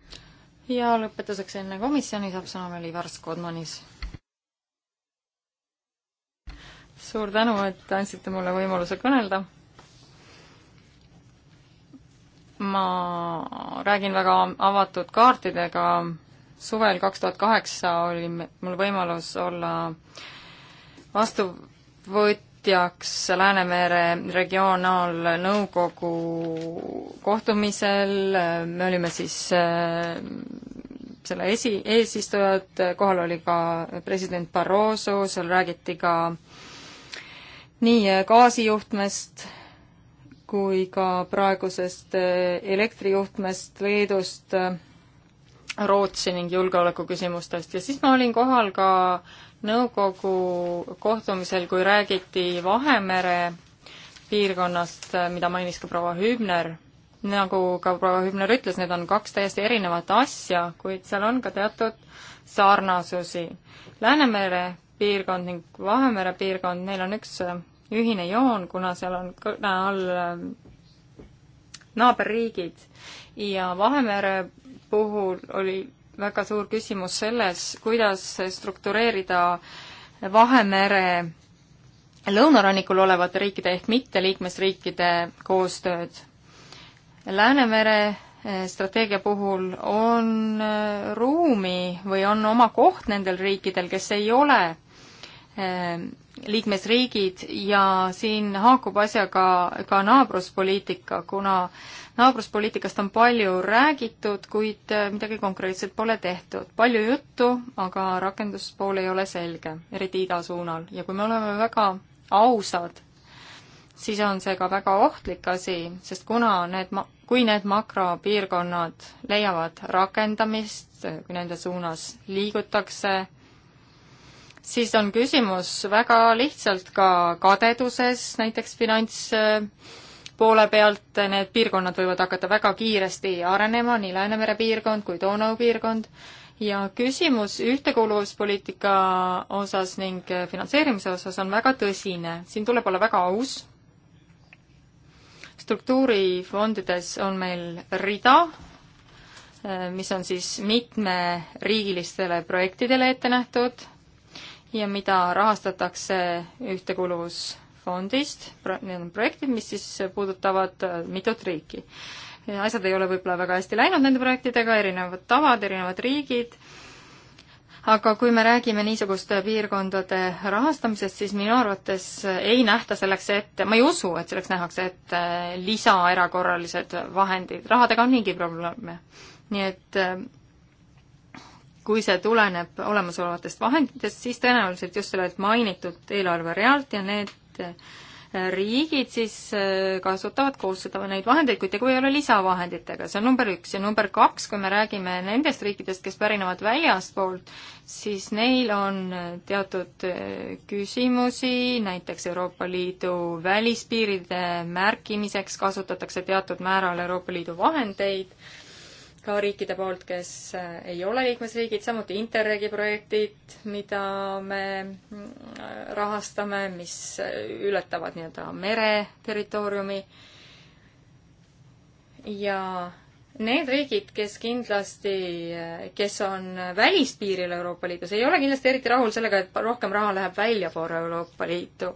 ja lõpetuseks enne komisjoni saab sõna veel Ivar Skodmanis suur tänu, et andsite mulle võimaluse kõnelda. ma räägin väga avatud kaartidega, suvel kaks tuhat kaheksa oli mul võimalus olla vastuvõtjaks Läänemere regionaalnõukogu kohtumisel, me olime siis äh, selle esi, eesistujad, kohal oli ka president Barroso, seal räägiti ka äh, nii äh, gaasijuhtmest kui ka praegusest äh, elektrijuhtmest Leedust äh, Rootsi ning julgeolekuküsimustest ja siis ma olin kohal ka nõukogu kohtumisel, kui räägiti Vahemere piirkonnast, mida mainis ka proua Hübner, nagu ka proua Hübner ütles, need on kaks täiesti erinevat asja, kuid seal on ka teatud sarnasusi. Läänemere piirkond ning Vahemere piirkond, neil on üks ühine joon, kuna seal on kõne all ähm, naaberriigid ja Vahemere puhul oli väga suur küsimus selles, kuidas struktureerida Vahemere lõunarannikul olevate riikide ehk mitte liikmesriikide koostööd. Läänemere äh, strateegia puhul on äh, ruumi või on oma koht nendel riikidel, kes ei ole äh, liikmesriigid ja siin haakub asjaga ka naabruspoliitika, kuna naabruspoliitikast on palju räägitud, kuid äh, midagi konkreetset pole tehtud. palju juttu, aga rakenduspool ei ole selge, eriti ida suunal. ja kui me oleme väga ausad, siis on see ka väga ohtlik asi, sest kuna need ma-, kui need makropiirkonnad leiavad rakendamist, kui nende suunas liigutakse, siis on küsimus väga lihtsalt ka kadeduses, näiteks finantspoole äh, pealt, äh, need piirkonnad võivad hakata väga kiiresti arenema, nii Läänemere piirkond kui Donau piirkond, ja küsimus ühtekuuluvuspoliitika osas ning äh, finantseerimise osas on väga tõsine, siin tuleb olla väga aus, struktuurifondides on meil rida, mis on siis mitmeriigilistele projektidele ette nähtud ja mida rahastatakse ühtekuuluvusfondist, need on projektid, mis siis puudutavad äh, mitut riiki. asjad ei ole võib-olla väga hästi läinud nende projektidega, erinevad tavad, erinevad riigid, aga kui me räägime niisuguste piirkondade rahastamisest, siis minu arvates ei nähta selleks ette, ma ei usu, et selleks nähakse ette lisaerakorralised vahendid, rahadega on niigi probleeme. nii et äh, kui see tuleneb olemasolevatest vahenditest, siis tõenäoliselt just sellelt mainitud eelarverealt ja need äh, riigid siis äh, kasutavad koos seda, neid vahendeid, kui tegu ei ole lisavahenditega, see on number üks. ja number kaks, kui me räägime nendest riikidest, kes pärinevad väljaspoolt, siis neil on äh, teatud küsimusi, näiteks Euroopa Liidu välispiiride märkimiseks kasutatakse teatud määral Euroopa Liidu vahendeid ka riikide poolt, kes äh, ei ole liikmesriigid, samuti Interregi projektid, mida me mm, rahastame, mis äh, ületavad nii-öelda mereterritooriumi. ja need riigid, kes kindlasti, äh, kes on välispiiril Euroopa Liidus, ei ole kindlasti eriti rahul sellega, et rohkem raha läheb väljapoole Euroopa Liitu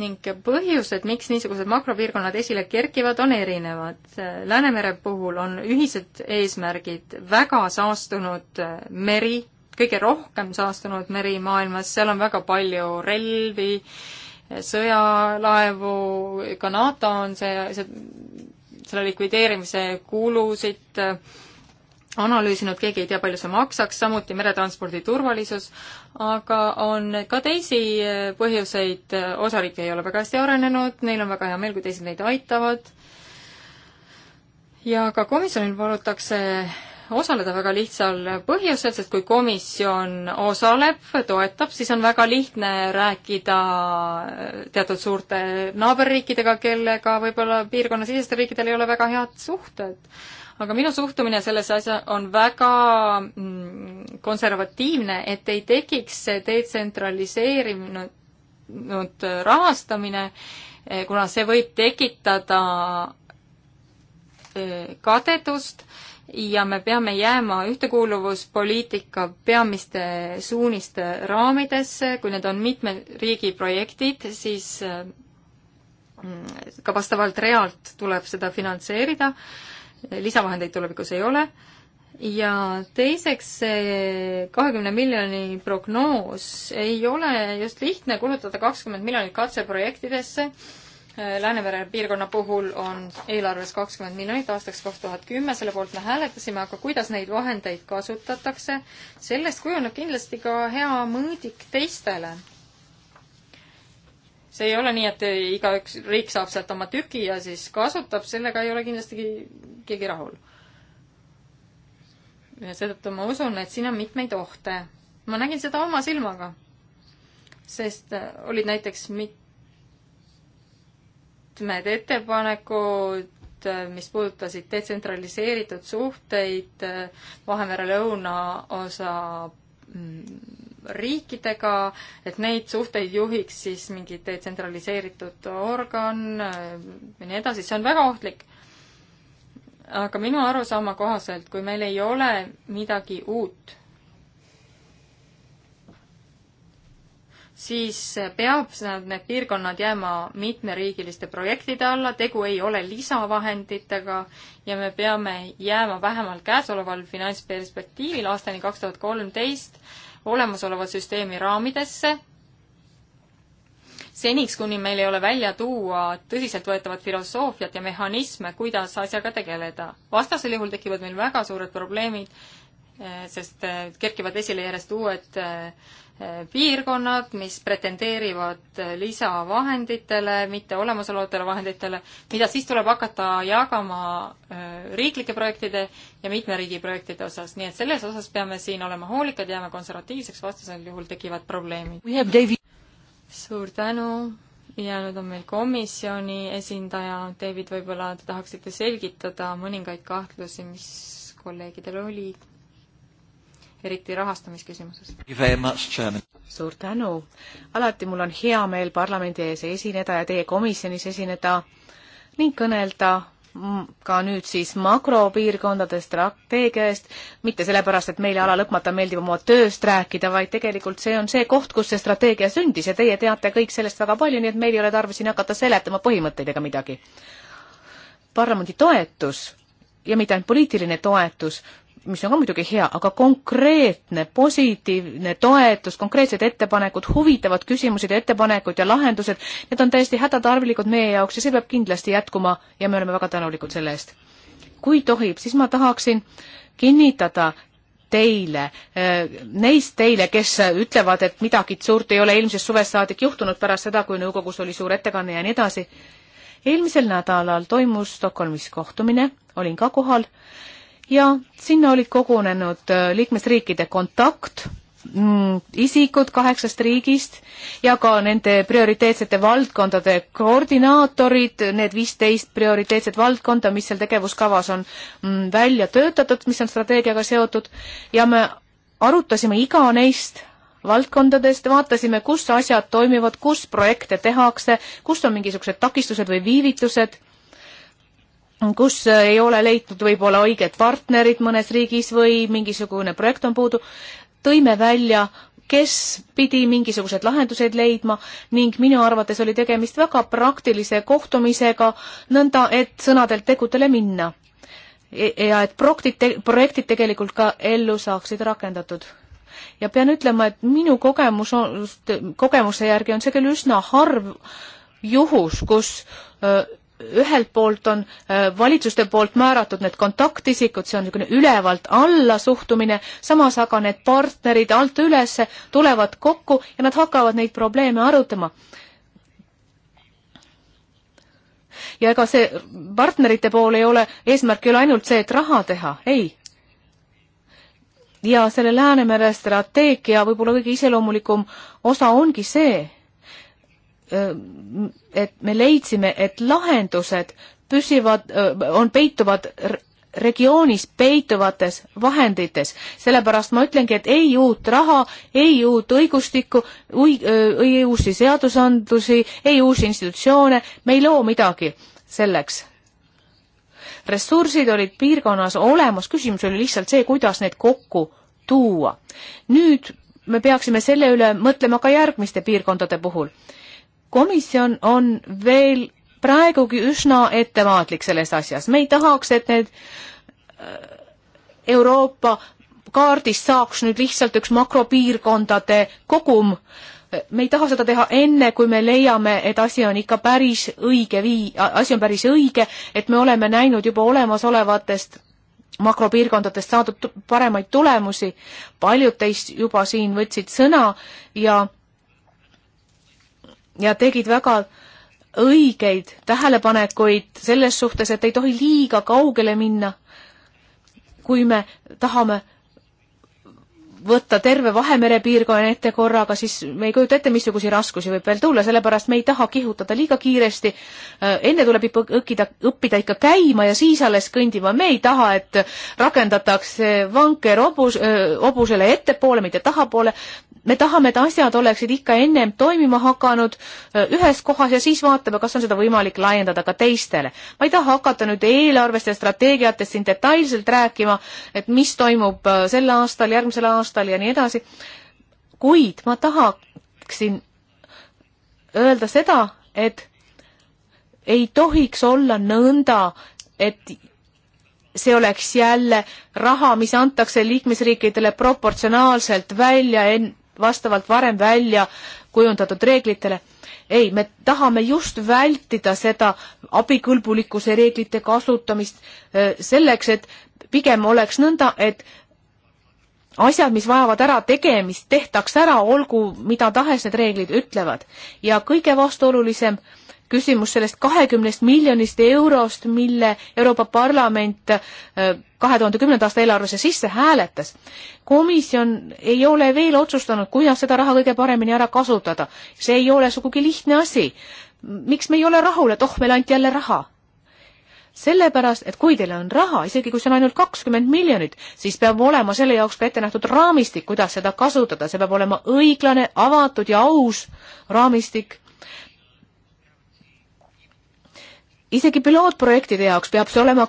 ning põhjused, miks niisugused makropiirkonnad esile kerkivad, on erinevad. Läänemere puhul on ühised eesmärgid väga saastunud äh, meri, kõige rohkem saastunud meri maailmas, seal on väga palju relvi, äh, sõjalaevu, ka NATO on see, see, selle likvideerimise kulusid äh, analüüsinud, keegi ei tea, palju see maksaks, samuti meretranspordi turvalisus, aga on ka teisi eh, põhjuseid, eh, osariike ei ole väga hästi arenenud, neil on väga hea meel, kui teised neid aitavad, ja ka komisjonil palutakse osaleda väga lihtsal põhjusel, sest kui komisjon osaleb, toetab, siis on väga lihtne rääkida eh, teatud suurte naaberriikidega, kellega võib-olla piirkonnasisestel riikidel ei ole väga head suhted aga minu suhtumine sellesse asja on väga mm, konservatiivne, et ei tekiks detsentraliseerinud rahastamine, eh, kuna see võib tekitada eh, kadedust ja me peame jääma ühtekuuluvuspoliitika peamiste suuniste raamidesse, kui need on mitme riigi projektid, siis mm, ka vastavalt realt tuleb seda finantseerida lisavahendeid tulevikus ei ole ja teiseks, see kahekümne miljoni prognoos ei ole just lihtne kulutada kakskümmend miljonit katseprojektidesse. Läänemere piirkonna puhul on eelarves kakskümmend miljonit aastaks kaks tuhat kümme, selle poolt me hääletasime, aga kuidas neid vahendeid kasutatakse, sellest kujuneb kindlasti ka hea mõõdik teistele see ei ole nii, et igaüks riik saab sealt oma tüki ja siis kasutab, sellega ei ole kindlasti keegi rahul. ja seetõttu ma usun, et siin on mitmeid ohte. ma nägin seda oma silmaga. sest äh, olid näiteks mitmed ettepanekud, äh, mis puudutasid detsentraliseeritud suhteid äh, Vahemere lõunaosa mm, riikidega, et neid suhteid juhiks siis mingi detsentraliseeritud organ äh, ja nii edasi, see on väga ohtlik. aga minu arusaama kohaselt, kui meil ei ole midagi uut, siis peab nad, need piirkonnad jääma mitmeriigiliste projektide alla, tegu ei ole lisavahenditega ja me peame jääma vähemalt käesoleval finantsperspektiivil aastani kaks tuhat kolmteist olemasoleva süsteemi raamidesse, seniks, kuni meil ei ole välja tuua tõsiseltvõetavat filosoofiat ja mehhanisme, kuidas asjaga tegeleda. vastasel juhul tekivad meil väga suured probleemid, eh, sest eh, kerkivad esile järjest uued eh, piirkonnad, mis pretendeerivad lisavahenditele, mitte olemasolevatele vahenditele, mida siis tuleb hakata jagama äh, riiklike projektide ja mitme riigi projektide osas. nii et selles osas peame siin olema hoolikad, jääme konservatiivseks, vastasel juhul tekivad probleemid. suur tänu ja nüüd on meil komisjoni esindaja, David, võib-olla te tahaksite selgitada mõningaid kahtlusi, mis kolleegidel olid eriti rahastamisküsimuses. suur tänu! alati mul on hea meel parlamendi ees esineda ja teie komisjonis esineda ning kõnelda ka nüüd siis makropiirkondade strateegiast, mitte sellepärast, et meile ala lõpmata meeldib oma tööst rääkida, vaid tegelikult see on see koht, kus see strateegia sündis ja teie teate kõik sellest väga palju, nii et meil ei ole tarvis siin hakata seletama põhimõtteid ega midagi. parlamendi toetus ja mitte ainult poliitiline toetus, mis on ka muidugi hea, aga konkreetne, positiivne toetus, konkreetsed ettepanekud, huvitavad küsimused ja ettepanekud ja lahendused, need on täiesti hädatarvilikud meie jaoks ja see peab kindlasti jätkuma ja me oleme väga tänulikud selle eest. kui tohib, siis ma tahaksin kinnitada teile, eh, neist teile, kes ütlevad, et midagi suurt ei ole eelmisest suvest saadik juhtunud pärast seda, kui nõukogus oli suur ettekanne ja nii edasi. eelmisel nädalal toimus Stockholmis kohtumine, olin ka kohal ja sinna olid kogunenud äh, liikmesriikide kontakt, mm, isikud kaheksast riigist ja ka nende prioriteetsete valdkondade koordinaatorid, need viisteist prioriteetset valdkonda, mis seal tegevuskavas on mm, välja töötatud, mis on strateegiaga seotud ja me arutasime iga neist valdkondadest, vaatasime, kus asjad toimivad, kus projekte tehakse, kus on mingisugused takistused või viivitused kus äh, ei ole leitud võib-olla õiget partnerit mõnes riigis või mingisugune projekt on puudu, tõime välja, kes pidi mingisuguseid lahenduseid leidma ning minu arvates oli tegemist väga praktilise kohtumisega, nõnda et sõnadelt tegudele minna. E-, e-, ja et proktid, projektid tegelikult ka ellu saaksid rakendatud ja pean ütlema, et minu kogemus, kogemuse järgi on see küll üsna harv juhus, kus äh, ühelt poolt on äh, valitsuste poolt määratud need kontaktisikud, see on niisugune ülevalt alla suhtumine, samas aga need partnerid alt üles tulevad kokku ja nad hakkavad neid probleeme arutama. ja ega see partnerite pool ei ole, eesmärk ei ole ainult see, et raha teha, ei. ja selle Läänemere strateegia võib-olla kõige iseloomulikum osa ongi see, Äh, et me leidsime, et lahendused püsivad, äh, on, peituvad regioonis peituvates vahendites, sellepärast ma ütlengi, et ei uut raha, ei uut õigustikku, äh, ei uusi seadusandlusi, ei uusi institutsioone, me ei loo midagi selleks. ressursid olid piirkonnas olemas, küsimus oli lihtsalt see, kuidas need kokku tuua. nüüd me peaksime selle üle mõtlema ka järgmiste piirkondade puhul komisjon on veel praegugi üsna ettevaatlik selles asjas. me ei tahaks, et need äh, Euroopa kaardist saaks nüüd lihtsalt üks makropiirkondade kogum. me ei taha seda teha enne, kui me leiame, et asi on ikka päris õige vii-, asi on päris õige, et me oleme näinud juba olemasolevatest makropiirkondadest saadud paremaid tulemusi. paljud teist juba siin võtsid sõna ja ja tegid väga õigeid tähelepanekuid selles suhtes, et ei tohi liiga kaugele minna, kui me tahame võtta terve Vahemere piirkonna ette korraga, siis me ei kujuta ette, missuguseid raskusi võib veel tulla, sellepärast me ei taha kihutada liiga kiiresti. Äh, enne tuleb õppida, õppida ikka käima ja siis alles kõndima, me ei taha, et rakendatakse vanker hobus, hobusele ettepoole, mitte tahapoole. me tahame, et asjad oleksid ikka ennem toimima hakanud ühes kohas ja siis vaatame, kas on seda võimalik laiendada ka teistele. ma ei taha hakata nüüd eelarvest ja strateegiatest siin detailselt rääkima, et mis toimub sel aastal, järgmisel aastal, taustal ja nii edasi, kuid ma tahaksin öelda seda, et ei tohiks olla nõnda, et see oleks jälle raha, mis antakse liikmesriikidele proportsionaalselt välja en-, vastavalt varem välja kujundatud reeglitele. ei, me tahame just vältida seda abikõlbulikkuse reeglite kasutamist äh, selleks, et pigem oleks nõnda, et asjad, mis vajavad ära tegemist, tehtaks ära, olgu mida tahes need reeglid ütlevad. ja kõige vastuolulisem küsimus sellest kahekümnest miljonist eurost, mille Euroopa Parlament äh, kahe tuhande kümnenda aasta eelarvesse sisse hääletas. komisjon ei ole veel otsustanud, kuidas seda raha kõige paremini ära kasutada. see ei ole sugugi lihtne asi. miks me ei ole rahul, et oh, meile anti jälle raha? sellepärast, et kui teil on raha, isegi kui see on ainult kakskümmend miljonit, siis peab olema selle jaoks ka ette nähtud raamistik, kuidas seda kasutada, see peab olema õiglane, avatud ja aus raamistik. isegi pilootprojektide jaoks peab see olema,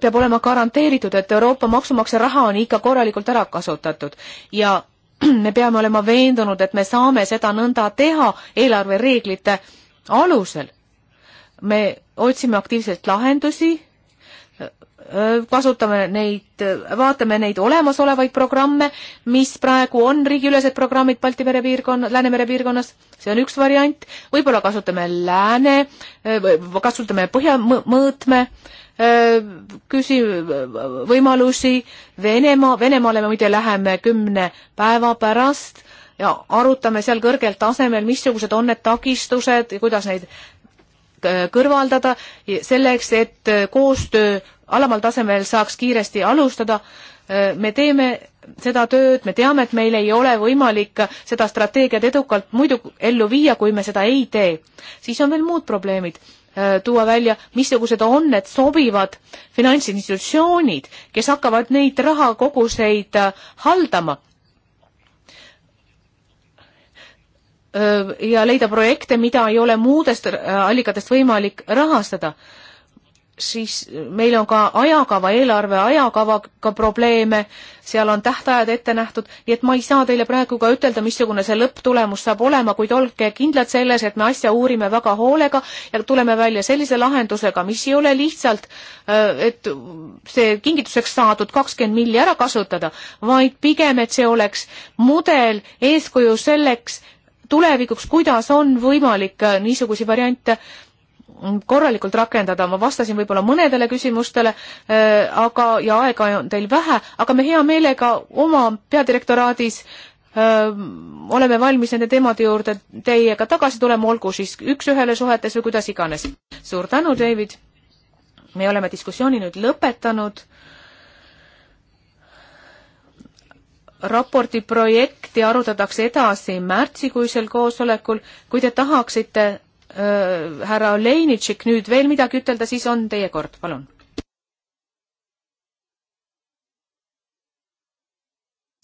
peab olema garanteeritud, et Euroopa maksumaksja raha on ikka korralikult ära kasutatud ja me peame olema veendunud, et me saame seda nõnda teha eelarvereeglite alusel me otsime aktiivselt lahendusi, kasutame neid, vaatame neid olemasolevaid programme, mis praegu on riigiülesed programmid Balti mere piirkonna, Läänemere piirkonnas, see on üks variant, võib-olla kasutame lääne, kasutame põhja mõõtme küsi-, võimalusi, Venemaa, Venemaale me muide läheme kümne päeva pärast ja arutame seal kõrgel tasemel, missugused on need takistused ja kuidas neid Äh, kõrvaldada, selleks et äh, koostöö alamal tasemel saaks kiiresti alustada. Äh, me teeme seda tööd, me teame, et meil ei ole võimalik seda strateegiat edukalt muidu ellu viia, kui me seda ei tee. siis on veel muud probleemid tuua välja, missugused on need sobivad finantsinstitutsioonid, kes hakkavad neid rahakoguseid haldama ja leida projekte, mida ei ole muudest äh, allikatest võimalik rahastada, siis meil on ka ajakava, eelarve ajakavaga probleeme, seal on tähtajad ette nähtud, nii et ma ei saa teile praegu ka ütelda, missugune see lõpptulemus saab olema, kuid olge kindlad selles, et me asja uurime väga hoolega ja tuleme välja sellise lahendusega, mis ei ole lihtsalt, äh, et see kingituseks saadud kakskümmend milli ära kasutada, vaid pigem, et see oleks mudel, eeskuju selleks, tulevikuks, kuidas on võimalik äh, niisuguseid variante mm, korralikult rakendada, ma vastasin võib-olla mõnedele küsimustele äh,, aga, ja aega on teil vähe, aga me hea meelega oma peadirektoraadis Öö, äh, oleme valmis nende teemade juurde teiega tagasi tulema, olgu siis üks-ühele suhetes või kuidas iganes. suur tänu, David! me oleme diskussiooni nüüd lõpetanud raporti projekti arutatakse edasi märtsikuisel koosolekul. kui te tahaksite äh, härra Olenitšik nüüd veel midagi ütelda, siis on teie kord, palun.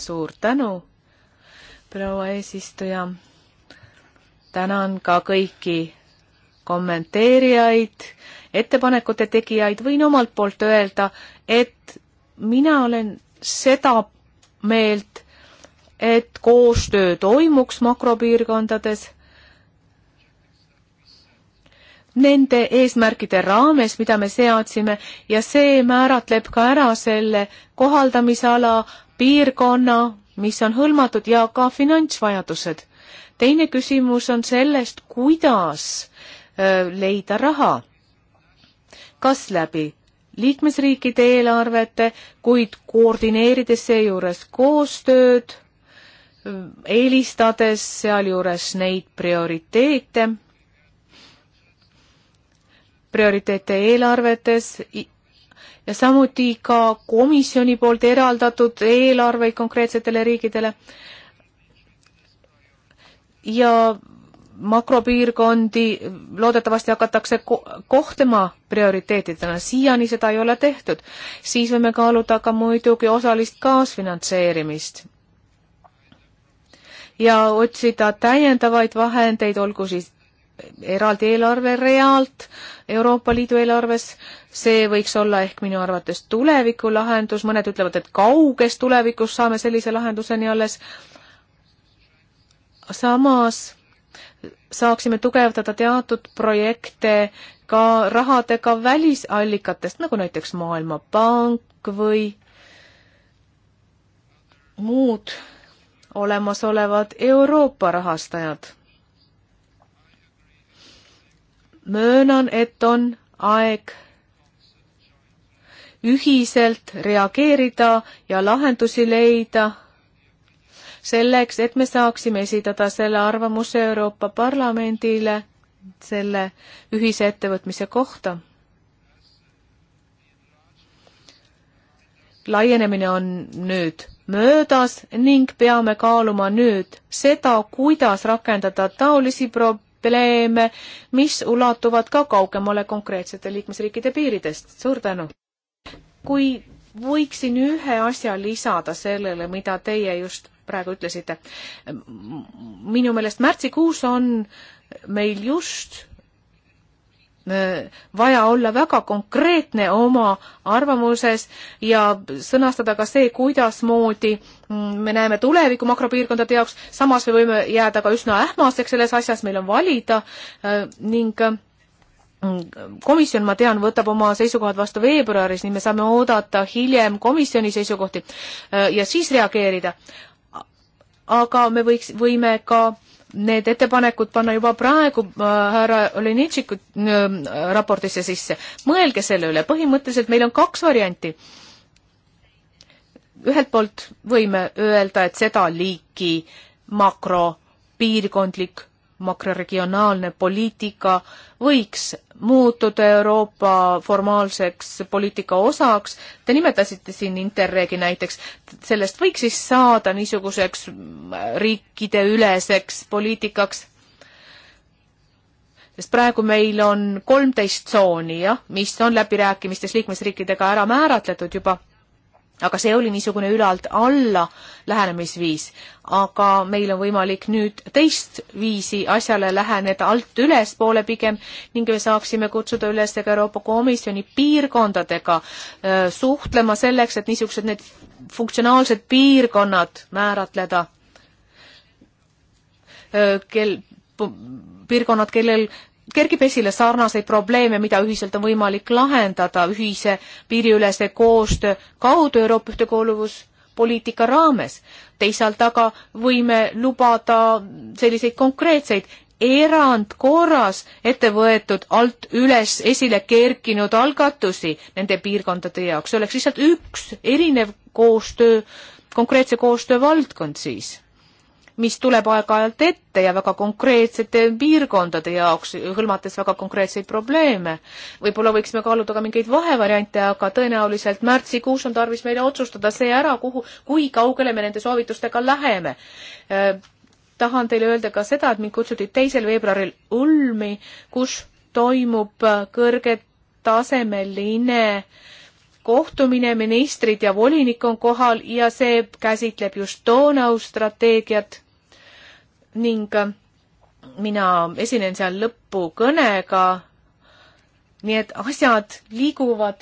suur tänu, proua eesistuja. tänan ka kõiki kommenteerijaid, ettepanekute tegijaid, võin omalt poolt öelda, et mina olen seda meelt, et koostöö toimuks makropiirkondades nende eesmärkide raames, mida me seadsime ja see määratleb ka ära selle kohaldamisala, piirkonna, mis on hõlmatud ja ka finantsvajadused. teine küsimus on sellest, kuidas öö, äh, leida raha. kas läbi liikmesriikide eelarvete, kuid koordineerides seejuures koostööd, eelistades sealjuures neid prioriteete, prioriteete eelarvetes ja samuti ka komisjoni poolt eraldatud eelarveid konkreetsetele riikidele ja makropiirkondi loodetavasti hakatakse ko kohtlema prioriteetidena, siiani seda ei ole tehtud, siis võime kaaluda ka muidugi osalist kaasfinantseerimist ja otsida täiendavaid vahendeid, olgu siis eraldi eelarverealt Euroopa Liidu eelarves, see võiks olla ehk minu arvates tulevikulahendus, mõned ütlevad, et kauges tulevikus saame sellise lahenduseni alles, samas saaksime tugevdada teatud projekte ka rahadega välisallikatest, nagu näiteks Maailmapank või muud olemasolevad Euroopa rahastajad. möönan, et on aeg ühiselt reageerida ja lahendusi leida selleks, et me saaksime esitada selle arvamuse Euroopa Parlamendile selle ühise ettevõtmise kohta. laienemine on nüüd möödas ning peame kaaluma nüüd seda, kuidas rakendada taolisi probleeme, mis ulatuvad ka kaugemale konkreetsete liikmesriikide piiridest. suur tänu! kui võiksin ühe asja lisada sellele, mida teie just praegu ütlesite. minu meelest märtsikuus on meil just äh, vaja olla väga konkreetne oma arvamuses ja sõnastada ka see, kuidasmoodi mm, me näeme tulevikku makropiirkondade jaoks, samas me võime jääda ka üsna ähmaseks selles asjas, meil on valida äh, ning äh, komisjon, ma tean, võtab oma seisukohad vastu veebruaris, nii me saame oodata hiljem komisjoni seisukohti äh, ja siis reageerida. aga me võiks, võime ka need ettepanekud panna juba praegu äh, härra Olenitšiku äh, raportisse sisse. mõelge selle üle, põhimõtteliselt meil on kaks varianti. ühelt poolt võime öelda, et seda liiki makropiirkondlik makroregionaalne poliitika võiks muutuda Euroopa formaalseks poliitika osaks. Te nimetasite siin Interregi näiteks, sellest võiks siis saada niisuguseks äh, riikideüleseks poliitikaks. sest praegu meil on kolmteist tsooni, jah, mis on läbirääkimistes liikmesriikidega ära määratletud juba aga see oli niisugune ülalt alla lähenemisviis, aga meil on võimalik nüüd teist viisi asjale läheneda alt ülespoole pigem ning me saaksime kutsuda üles ka Euroopa Komisjoni piirkondadega äh, suhtlema selleks, et niisugused need funktsionaalsed piirkonnad määratleda äh,, kel, piirkonnad, kellel kergib esile sarnaseid probleeme, mida ühiselt on võimalik lahendada ühise piiriülese koostöö kaudu Euroopa ühtekuuluvuspoliitika raames. teisalt aga võime lubada selliseid konkreetseid erandkorras ette võetud alt üles esile kerkinud algatusi nende piirkondade jaoks, see oleks lihtsalt üks erinev koostöö, konkreetse koostöö valdkond siis mis tuleb aeg-ajalt ette ja väga konkreetsete piirkondade jaoks, hõlmates väga konkreetseid probleeme. võib-olla võiksime kaaluda ka mingeid vahevariante, aga tõenäoliselt märtsikuus on tarvis meile otsustada see ära, kuhu, kui kaugele me nende soovitustega läheme äh, tahan teile öelda ka seda, et mind kutsuti teisel veebruaril Ulmi, kus toimub äh, kõrgetasemeline kohtumine, ministrid ja volinik on kohal ja see käsitleb just Donau strateegiat ning äh, mina esinen seal lõpukõnega. nii et asjad liiguvad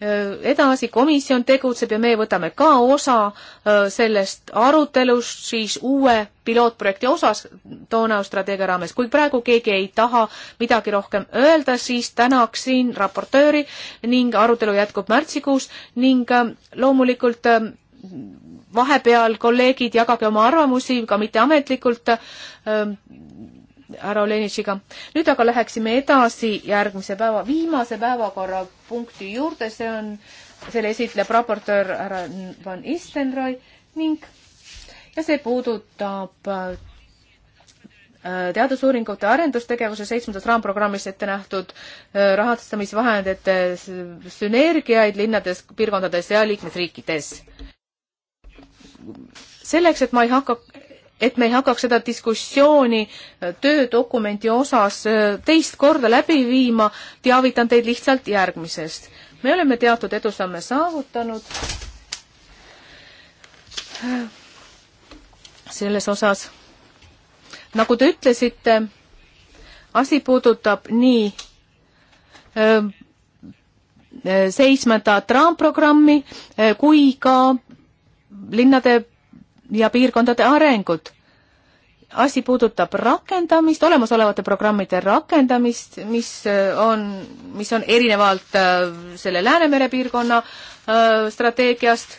äh, edasi, komisjon tegutseb ja me võtame ka osa äh, sellest arutelust siis uue pilootprojekti osas Donau strateegia raames. kui praegu keegi ei taha midagi rohkem öelda, siis tänaksin raportööri ning arutelu jätkub märtsikuus ning loomulikult vahepeal kolleegid, jagage oma arvamusi, ka mitteametlikult ähm, härra Olenitšiga. nüüd aga läheksime edasi järgmise päeva, viimase päevakorrapunkti juurde, see on, selle esitleb raportöör härra Van Istenroy ning ja see puudutab äh, teadusuuringute arendustegevuse seitsmendas raamprogrammis ette nähtud äh, rahastamisvahendite sünergiaid linnades, piirkondades ja liikmesriikides selleks, et ma ei hakka, et me ei hakkaks seda diskussiooni äh, töödokumendi osas äh, teist korda läbi viima, teavitan teid lihtsalt järgmisest. me oleme teatud edusamme saavutanud äh, selles osas. nagu te ütlesite, asi puudutab nii öö, seitsmenda traamprogrammi kui ka linnade ja piirkondade arengut. asi puudutab rakendamist, olemasolevate programmide rakendamist, mis äh, on, mis on erinevalt äh, selle Läänemere piirkonna äh, strateegiast.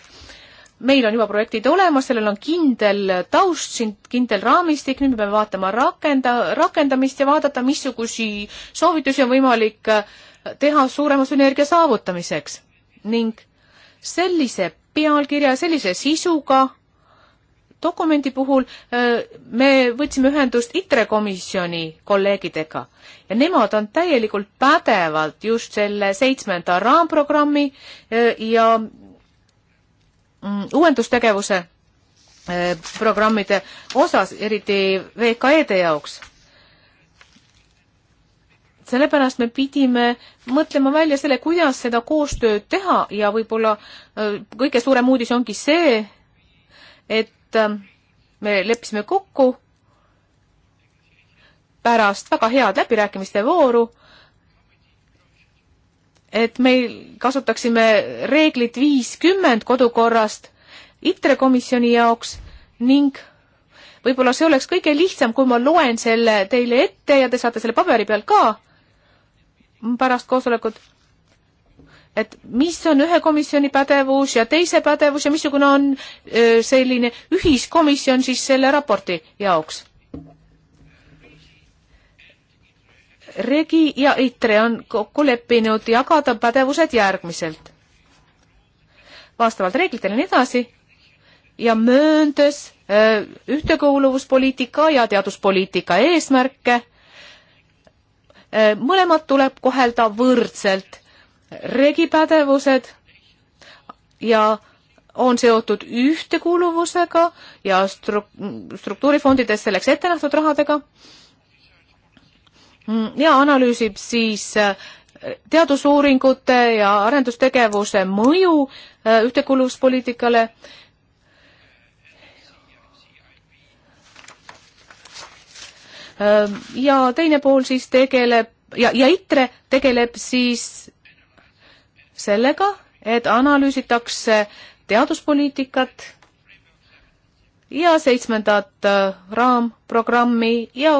meil on juba projektid olemas, sellel on kindel taust siin, kindel raamistik, nüüd me peame vaatama rakenda, rakendamist ja vaadata, missugusi soovitusi on võimalik teha suurema sünergia saavutamiseks ning sellise pealkirja, sellise sisuga dokumendi puhul me võtsime ühendust ITRE komisjoni kolleegidega ja nemad on täielikult pädevalt just selle seitsmenda raamprogrammi ja mm, uuendustegevuse programmide osas, eriti VKE-de jaoks sellepärast me pidime mõtlema välja selle, kuidas seda koostööd teha ja võib-olla äh, kõige suurem uudis ongi see, et äh, me leppisime kokku pärast väga head läbirääkimiste vooru, et meil kasutaksime reeglit viiskümmend kodukorrast ITRE komisjoni jaoks ning võib-olla see oleks kõige lihtsam, kui ma loen selle teile ette ja te saate selle paberi peal ka pärast koosolekut, et mis on ühe komisjoni pädevus ja teise pädevus ja missugune on öö, selline ühiskomisjon siis selle raporti jaoks? Regi ja ITRE on kokku leppinud jagada pädevused järgmiselt, vastavalt reeglitele ja nii edasi, ja mööndes öö, ühtekuuluvuspoliitika ja teaduspoliitika eesmärke Äh, mõlemat tuleb kohelda võrdselt. regipädevused ja on seotud ühtekuuluvusega ja stru-, struktuurifondides selleks ette nähtud rahadega mm, ja analüüsib siis äh, teadusuuringute ja arendustegevuse mõju äh, ühtekuuluvuspoliitikale Ehm, ja teine pool siis tegeleb ja, ja ITRE tegeleb siis sellega, et analüüsitakse teaduspoliitikat ja seitsmendat äh, raamprogrammi ja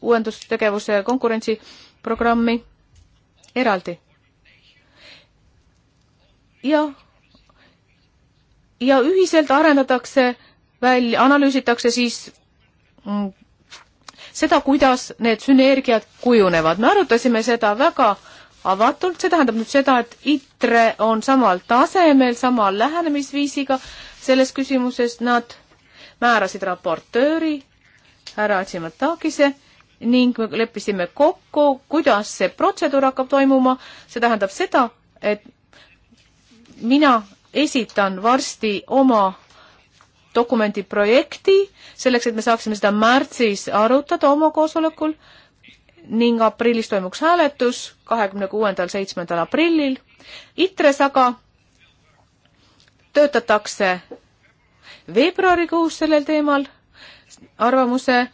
uuendustegevuse konkurentsiprogrammi eraldi. ja, ja ühiselt arendatakse välja, analüüsitakse siis mm, seda, kuidas need sünergiad kujunevad. me arutasime seda väga avatult, see tähendab nüüd seda, et ITRE on samal tasemel, sama lähenemisviisiga selles küsimuses, nad määrasid raportööri härra Atsimatakise ning me leppisime kokku, kuidas see protseduur hakkab toimuma, see tähendab seda, et mina esitan varsti oma dokumendi projekti, selleks et me saaksime seda märtsis arutada oma koosolekul ning aprillis toimuks hääletus, kahekümne kuuendal, seitsmendal aprillil. ITRES aga töötatakse veebruarikuus sellel teemal arvamuse äh,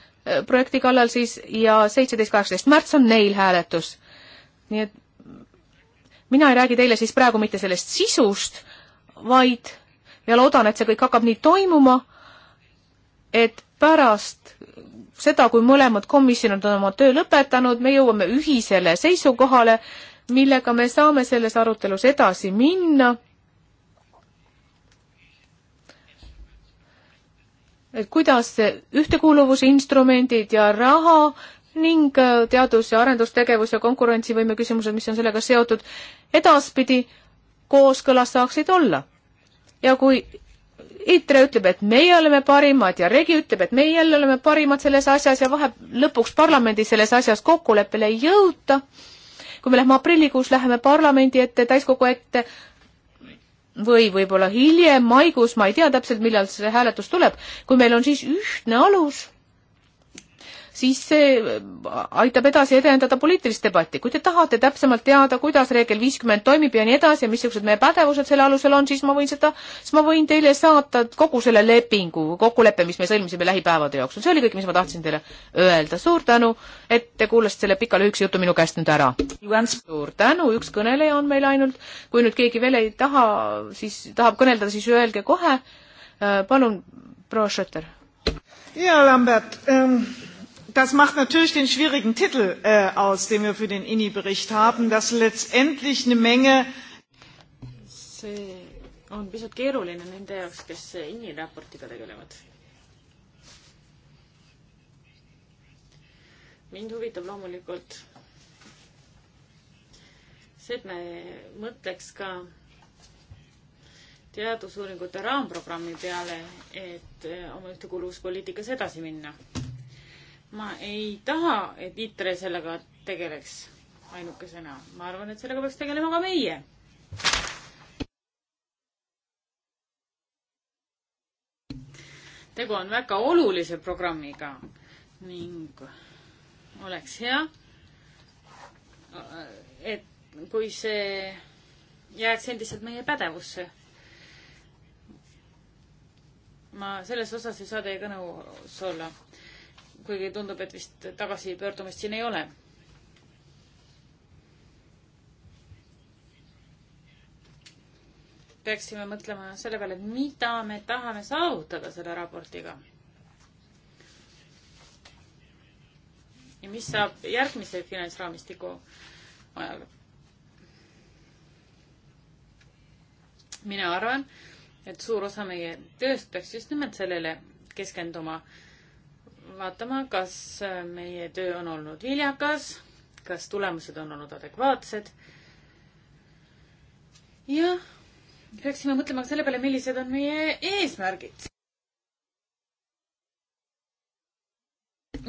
projekti kallal siis ja seitseteist, kaheksateist märts on neil hääletus. nii et mina ei räägi teile siis praegu mitte sellest sisust, vaid ja loodan, et see kõik hakkab nii toimuma, et pärast seda, kui mõlemad komisjonid on oma töö lõpetanud, me jõuame ühisele seisukohale, millega me saame selles arutelus edasi minna. et kuidas ühtekuuluvusinstrumendid ja raha ning äh, teadus- ja arendustegevus ja konkurentsivõime küsimused, mis on sellega seotud, edaspidi kooskõlas saaksid olla ja kui ITRE ütleb, et meie oleme parimad ja Regi ütleb, et meie jälle oleme parimad selles asjas ja vahe, lõpuks parlamendi selles asjas kokkuleppele ei jõuta, kui me lähme aprillikuus, läheme parlamendi ette, täiskogu ette või võib-olla hiljem, maikuus, ma ei tea täpselt, millal see hääletus tuleb, kui meil on siis ühtne alus siis see aitab edasi edendada poliitilist debatti. kui te tahate täpsemalt teada, kuidas reegel viiskümmend toimib ja nii edasi ja missugused meie pädevused selle alusel on, siis ma võin seda, siis ma võin teile saata kogu selle lepingu, kokkuleppe, mis me sõlmisime lähipäevade jooksul. see oli kõik, mis ma tahtsin teile öelda. suur tänu, et te kuulasite selle pika lühikese jutu minu käest nüüd ära. suur tänu, üks kõneleja on meil ainult. kui nüüd keegi veel ei taha, siis tahab kõneldada, siis öelge kohe. Äh, palun, proua Schröter. jaa, Lambert ähm das macht natürlich den schwierigen Titel äh, aus, den wir für den INI-Bericht haben, dass letztendlich eine Menge. see on pisut keeruline nende jaoks, kes INI raportiga tegelevad. mind huvitab loomulikult see, et me mõtleks ka teadusuuringute raamprogrammi peale, et äh, oma ühtekuuluvuspoliitikas edasi minna ma ei taha, et ITRE sellega tegeleks ainukesena. ma arvan, et sellega peaks tegelema ka meie. tegu on väga olulise programmiga ning oleks hea, et kui see jääks endiselt meie pädevusse. ma selles osas ei saa teiega nõus olla kuigi tundub, et vist tagasipöördumist siin ei ole. peaksime mõtlema selle peale, et mida me tahame saavutada selle raportiga. ja mis saab järgmise finantsraamistiku ajal. mina arvan, et suur osa meie tööst peaks just nimelt sellele keskenduma vaatama, kas äh, meie töö on olnud viljakas, kas tulemused on olnud adekvaatsed. ja peaksime mõtlema ka selle peale, millised on meie eesmärgid.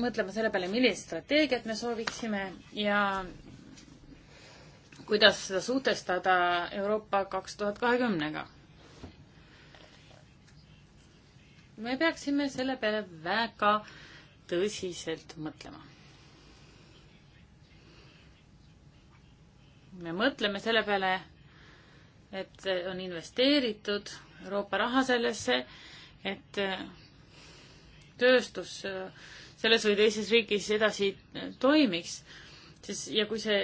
mõtlema selle peale, millist strateegiat me sooviksime ja kuidas seda suhtestada Euroopa kaks tuhat kahekümnega me peaksime selle peale väga tõsiselt mõtlema. me mõtleme selle peale, et on investeeritud Euroopa raha sellesse, et tööstus selles või teises riigis edasi toimiks, siis ja kui see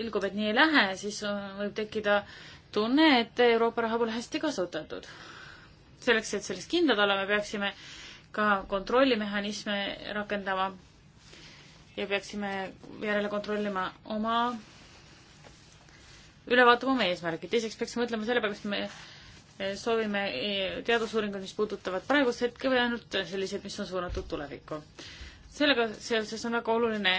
ilgub, et nii ei lähe, siis on, võib tekkida tunne, et Euroopa raha pole hästi kasutatud. selleks, et selles kindlad olla, me peaksime äh, ka kontrollimehhanisme rakendama ja peaksime järele kontrollima oma, üle vaatama oma eesmärgid. teiseks peaksime mõtlema selle peale, kas me eh, soovime eh, teadusuuringuid, mis puudutavad praegust hetke või ainult selliseid, mis on suunatud tulevikku. sellega seoses on väga oluline,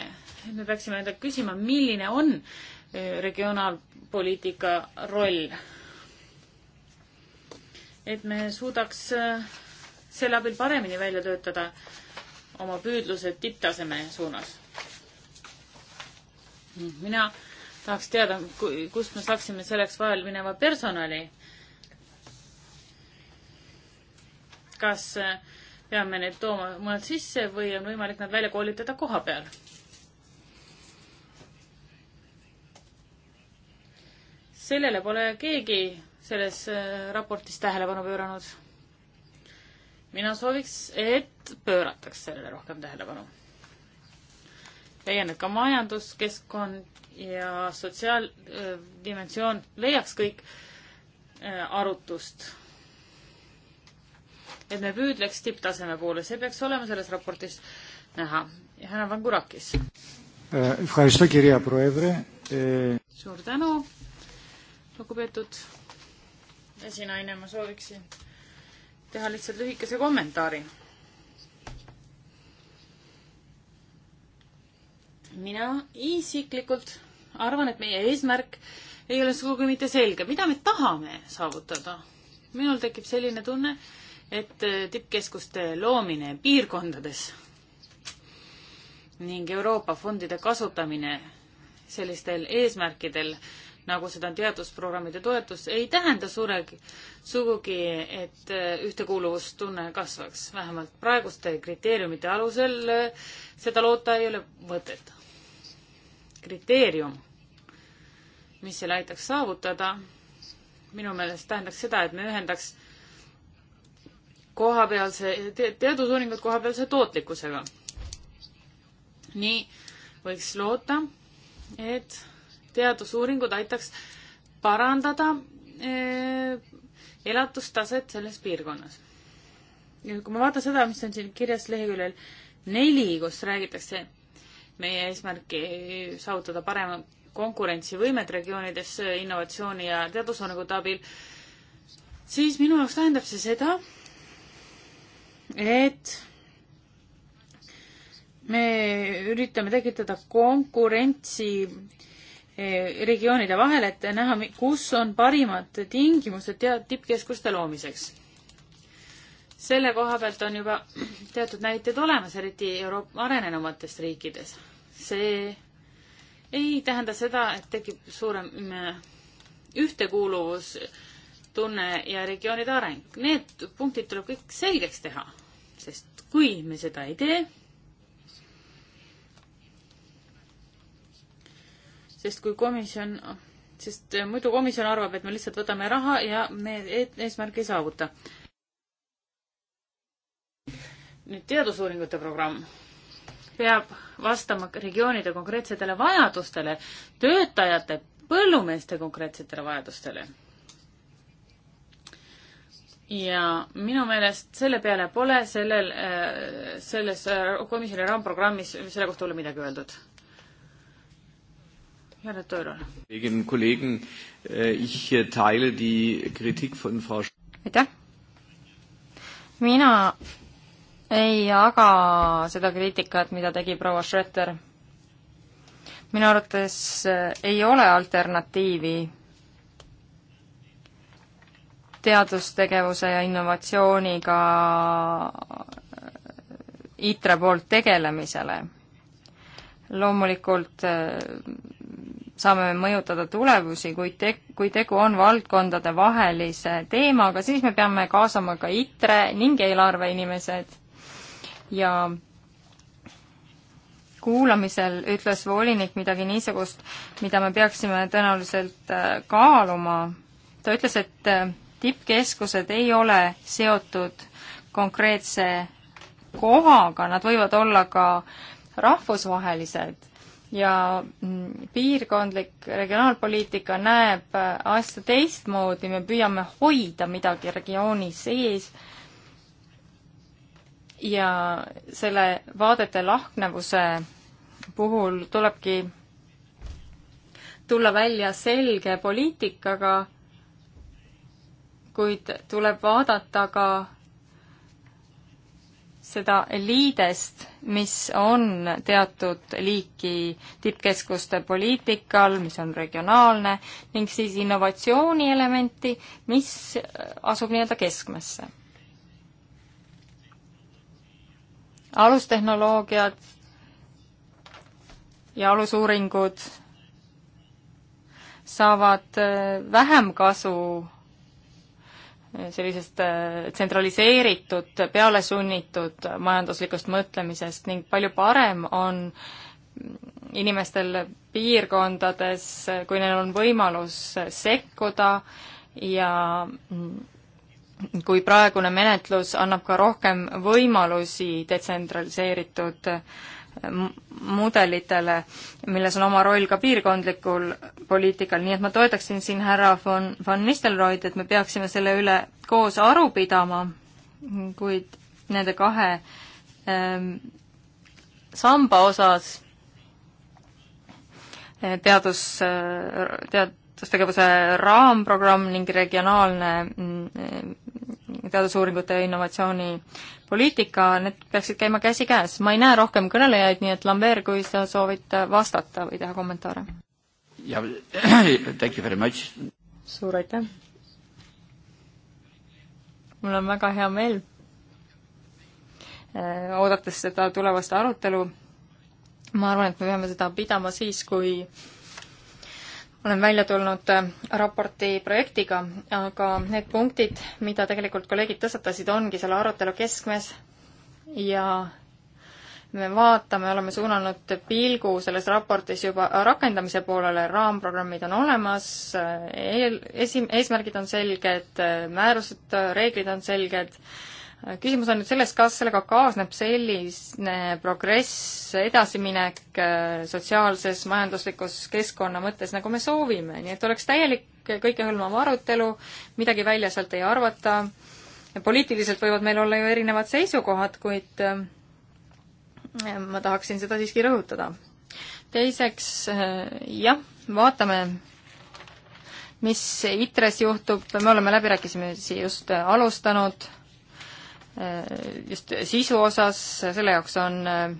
et me peaksime endalt küsima, milline on eh, regionaalpoliitika roll. et me suudaks äh, selle abil paremini välja töötada oma püüdlused tipptaseme suunas. Hm, mina tahaks teada, kust me saaksime selleks vajal mineva personali. kas äh, peame need tooma mujalt sisse või on võimalik nad välja koolitada koha peal? sellele pole keegi selles äh, raportis tähelepanu pööranud mina sooviks, et pöörataks sellele rohkem tähelepanu. leian, et ka majanduskeskkond ja sotsiaaldimensioon äh, leiaks kõik äh, arutust. et me püüdleks tipptaseme poole, see peaks olema selles raportis näha. härra Vangurakis. Äh, suur tänu, lugupeetud esinaine, ma sooviksin teha lihtsalt lühikese kommentaari. mina isiklikult arvan, et meie eesmärk ei ole sugugi mitte selge, mida me tahame saavutada. minul tekib selline tunne, et äh, tippkeskuste loomine piirkondades ning Euroopa fondide kasutamine sellistel eesmärkidel äh, nagu seda on teadusprogrammide toetus, ei tähenda suregi, sugugi, et äh, ühtekuuluvustunne kasvaks. vähemalt praeguste kriteeriumite alusel äh, seda loota ei ole mõtet. kriteerium, mis selle aitaks saavutada, minu meelest tähendaks seda, et me ühendaks kohapealse te,, teadusuuringud kohapealse tootlikkusega. nii võiks loota, et teadusuuringud aitaks parandada eh, elatustaset selles piirkonnas. ja kui ma vaatan seda, mis on siin kirjas leheküljel neli, kus räägitakse meie eesmärki saavutada paremat konkurentsivõimet regioonides innovatsiooni ja teadusuuringute abil, siis minu jaoks tähendab see seda, et me üritame tekitada konkurentsi äh, Eh, regioonide vahel, et näha, kus on parimad tingimused tead-, tippkeskuste loomiseks. selle koha pealt on juba teatud näited olemas, eriti Euroopa arenenumates riikides. see ei tähenda seda, et tekib suurem mm, ühtekuuluvustunne ja regioonide areng. Need punktid tuleb kõik selgeks teha, sest kui me seda ei tee, sest kui komisjon, sest eh, muidu komisjon arvab, et me lihtsalt võtame raha ja me e-, eesmärki ei saavuta. nüüd teadusuuringute programm peab vastama regioonide konkreetsetele vajadustele, töötajate, põllumeeste konkreetsetele vajadustele. ja minu meelest selle peale pole sellel, eh, selles eh, komisjoni raamprogrammis selle kohta pole midagi öeldud härra äh, äh, Toirol. aitäh. mina ei jaga seda kriitikat, mida tegi proua Schröter. minu arvates äh, ei ole alternatiivi teadustegevuse ja innovatsiooniga ITRE poolt tegelemisele. loomulikult saame mõjutada tulevusi, kuid te-, kui tegu on valdkondadevahelise teemaga, siis me peame kaasama ka ITRE ning eelarveinimesed ja kuulamisel ütles volinik midagi niisugust, mida me peaksime tõenäoliselt äh, kaaluma. ta ütles, et äh, tippkeskused ei ole seotud konkreetse kohaga, nad võivad olla ka rahvusvahelised ja mm, piirkondlik regionaalpoliitika näeb äh, asja teistmoodi, me püüame hoida midagi regiooni sees ja selle vaadete lahknevuse puhul tulebki tulla välja selge poliitikaga, kuid tuleb vaadata ka seda liidest, mis on teatud liiki tippkeskuste poliitikal, mis on regionaalne, ning siis innovatsiooni elementi, mis asub nii-öelda keskmesse. alustehnoloogiad ja alusuuringud saavad äh, vähem kasu sellisest äh, tsentraliseeritud, pealesunnitud majanduslikust mõtlemisest ning palju parem on inimestel piirkondades, kui neil on võimalus sekkuda ja kui praegune menetlus annab ka rohkem võimalusi detsentraliseeritud mudelitele, milles on oma roll ka piirkondlikul poliitikal, nii et ma toetaksin siin härra von, von Nistelrooid, et me peaksime selle üle koos aru pidama, kuid nende kahe ähm, samba osas äh, teadus, äh, teadustegevuse raamprogramm ning regionaalne mm, äh, teadusuuringute ja innovatsiooni poliitika, need peaksid käima käsikäes. ma ei näe rohkem kõnelejaid, nii et Lambert, kui sa soovid vastata või teha kommentaare. jaa, thank you very much. suur aitäh. mul on väga hea meel, äh, oodates seda tulevast arutelu, ma arvan, et me peame seda pidama siis, kui äh, olen välja tulnud äh, raporti projektiga, aga need punktid, mida tegelikult kolleegid tõstatasid, ongi selle arutelu keskmes ja me vaatame, oleme suunanud pilgu selles raportis juba rakendamise poolele, raamprogrammid on olemas, äh, eel, esi-, eesmärgid on selged, äh, määrused, reeglid on selged küsimus on nüüd selles, kas sellega kaasneb selline progress, edasiminek äh, sotsiaalses, majanduslikus keskkonna mõttes, nagu me soovime, nii et oleks täielik kõikehõlmav arutelu, midagi välja sealt ei arvata, poliitiliselt võivad meil olla ju erinevad seisukohad, kuid äh, ma tahaksin seda siiski rõhutada. teiseks, äh, jah, vaatame, mis ITRES juhtub, me oleme läbirääkimisi just alustanud Äh, just sisu osas, selle jaoks on äh,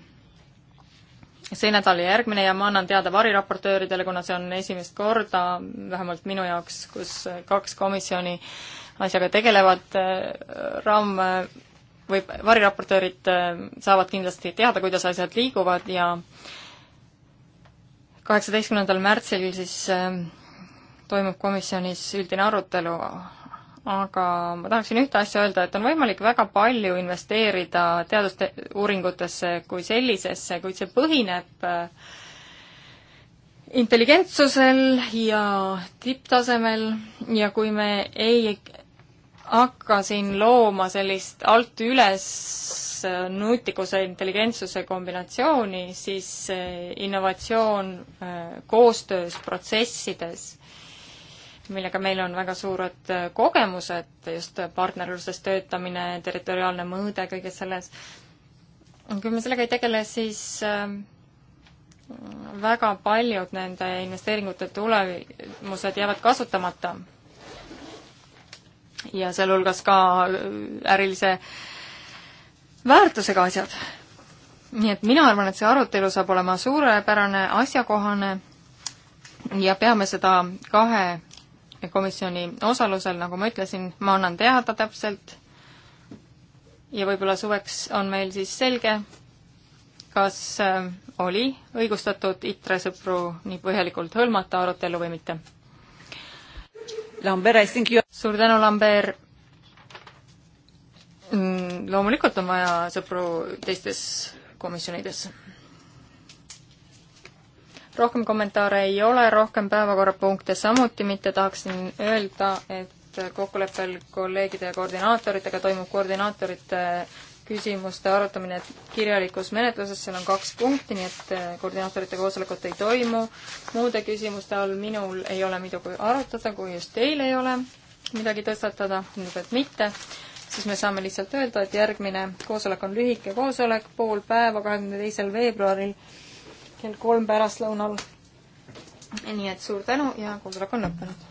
see nädal ja järgmine ja ma annan teada variraportööridele, kuna see on esimest korda vähemalt minu jaoks, kus kaks komisjoni asjaga tegelevad, äh, RAM või variraportöörid saavad kindlasti teada, kuidas asjad liiguvad ja kaheksateistkümnendal märtsil siis toimub komisjonis üldine arutelu aga ma tahaksin ühte asja öelda, et on võimalik väga palju investeerida teaduste, uuringutesse kui sellisesse, kuid see põhineb äh, intelligentsusel ja tipptasemel ja kui me ei hakka siin looma sellist alt üles äh, nutikuse ja intelligentsuse kombinatsiooni, siis äh, innovatsioon koostöös, protsessides millega meil on väga suured äh, kogemused, just partnerluses töötamine, territoriaalne mõõde kõiges selles. kui me sellega ei tegele, siis äh, väga paljud nende investeeringute tulemused jäävad kasutamata. ja sealhulgas ka äh, ärilise väärtusega asjad. nii et mina arvan, et see arutelu saab olema suurepärane, asjakohane ja peame seda kahe komisjoni osalusel, nagu ma ütlesin, ma annan teada täpselt ja võib-olla suveks on meil siis selge, kas äh, oli õigustatud ITRE sõpru nii põhjalikult hõlmata arutellu või mitte. You... suur tänu, Lambert! Mm, loomulikult on vaja sõpru teistes komisjonides rohkem kommentaare ei ole, rohkem päevakorrapunkte samuti mitte, tahaksin öelda, et kokkuleppel kolleegide ja koordinaatoritega toimub koordinaatorite küsimuste arutamine kirjalikus menetluses, seal on kaks punkti, nii et koordinaatorite koosolekut ei toimu. muude küsimuste all minul ei ole midagi arutada, kui just teil ei ole midagi tõstatada, tundub, et mitte, siis me saame lihtsalt öelda, et järgmine koosolek on lühike koosolek, pool päeva, kahekümne teisel veebruaril kell kolm pärastlõunal. nii et suur tänu ja koosolek on lõppenud.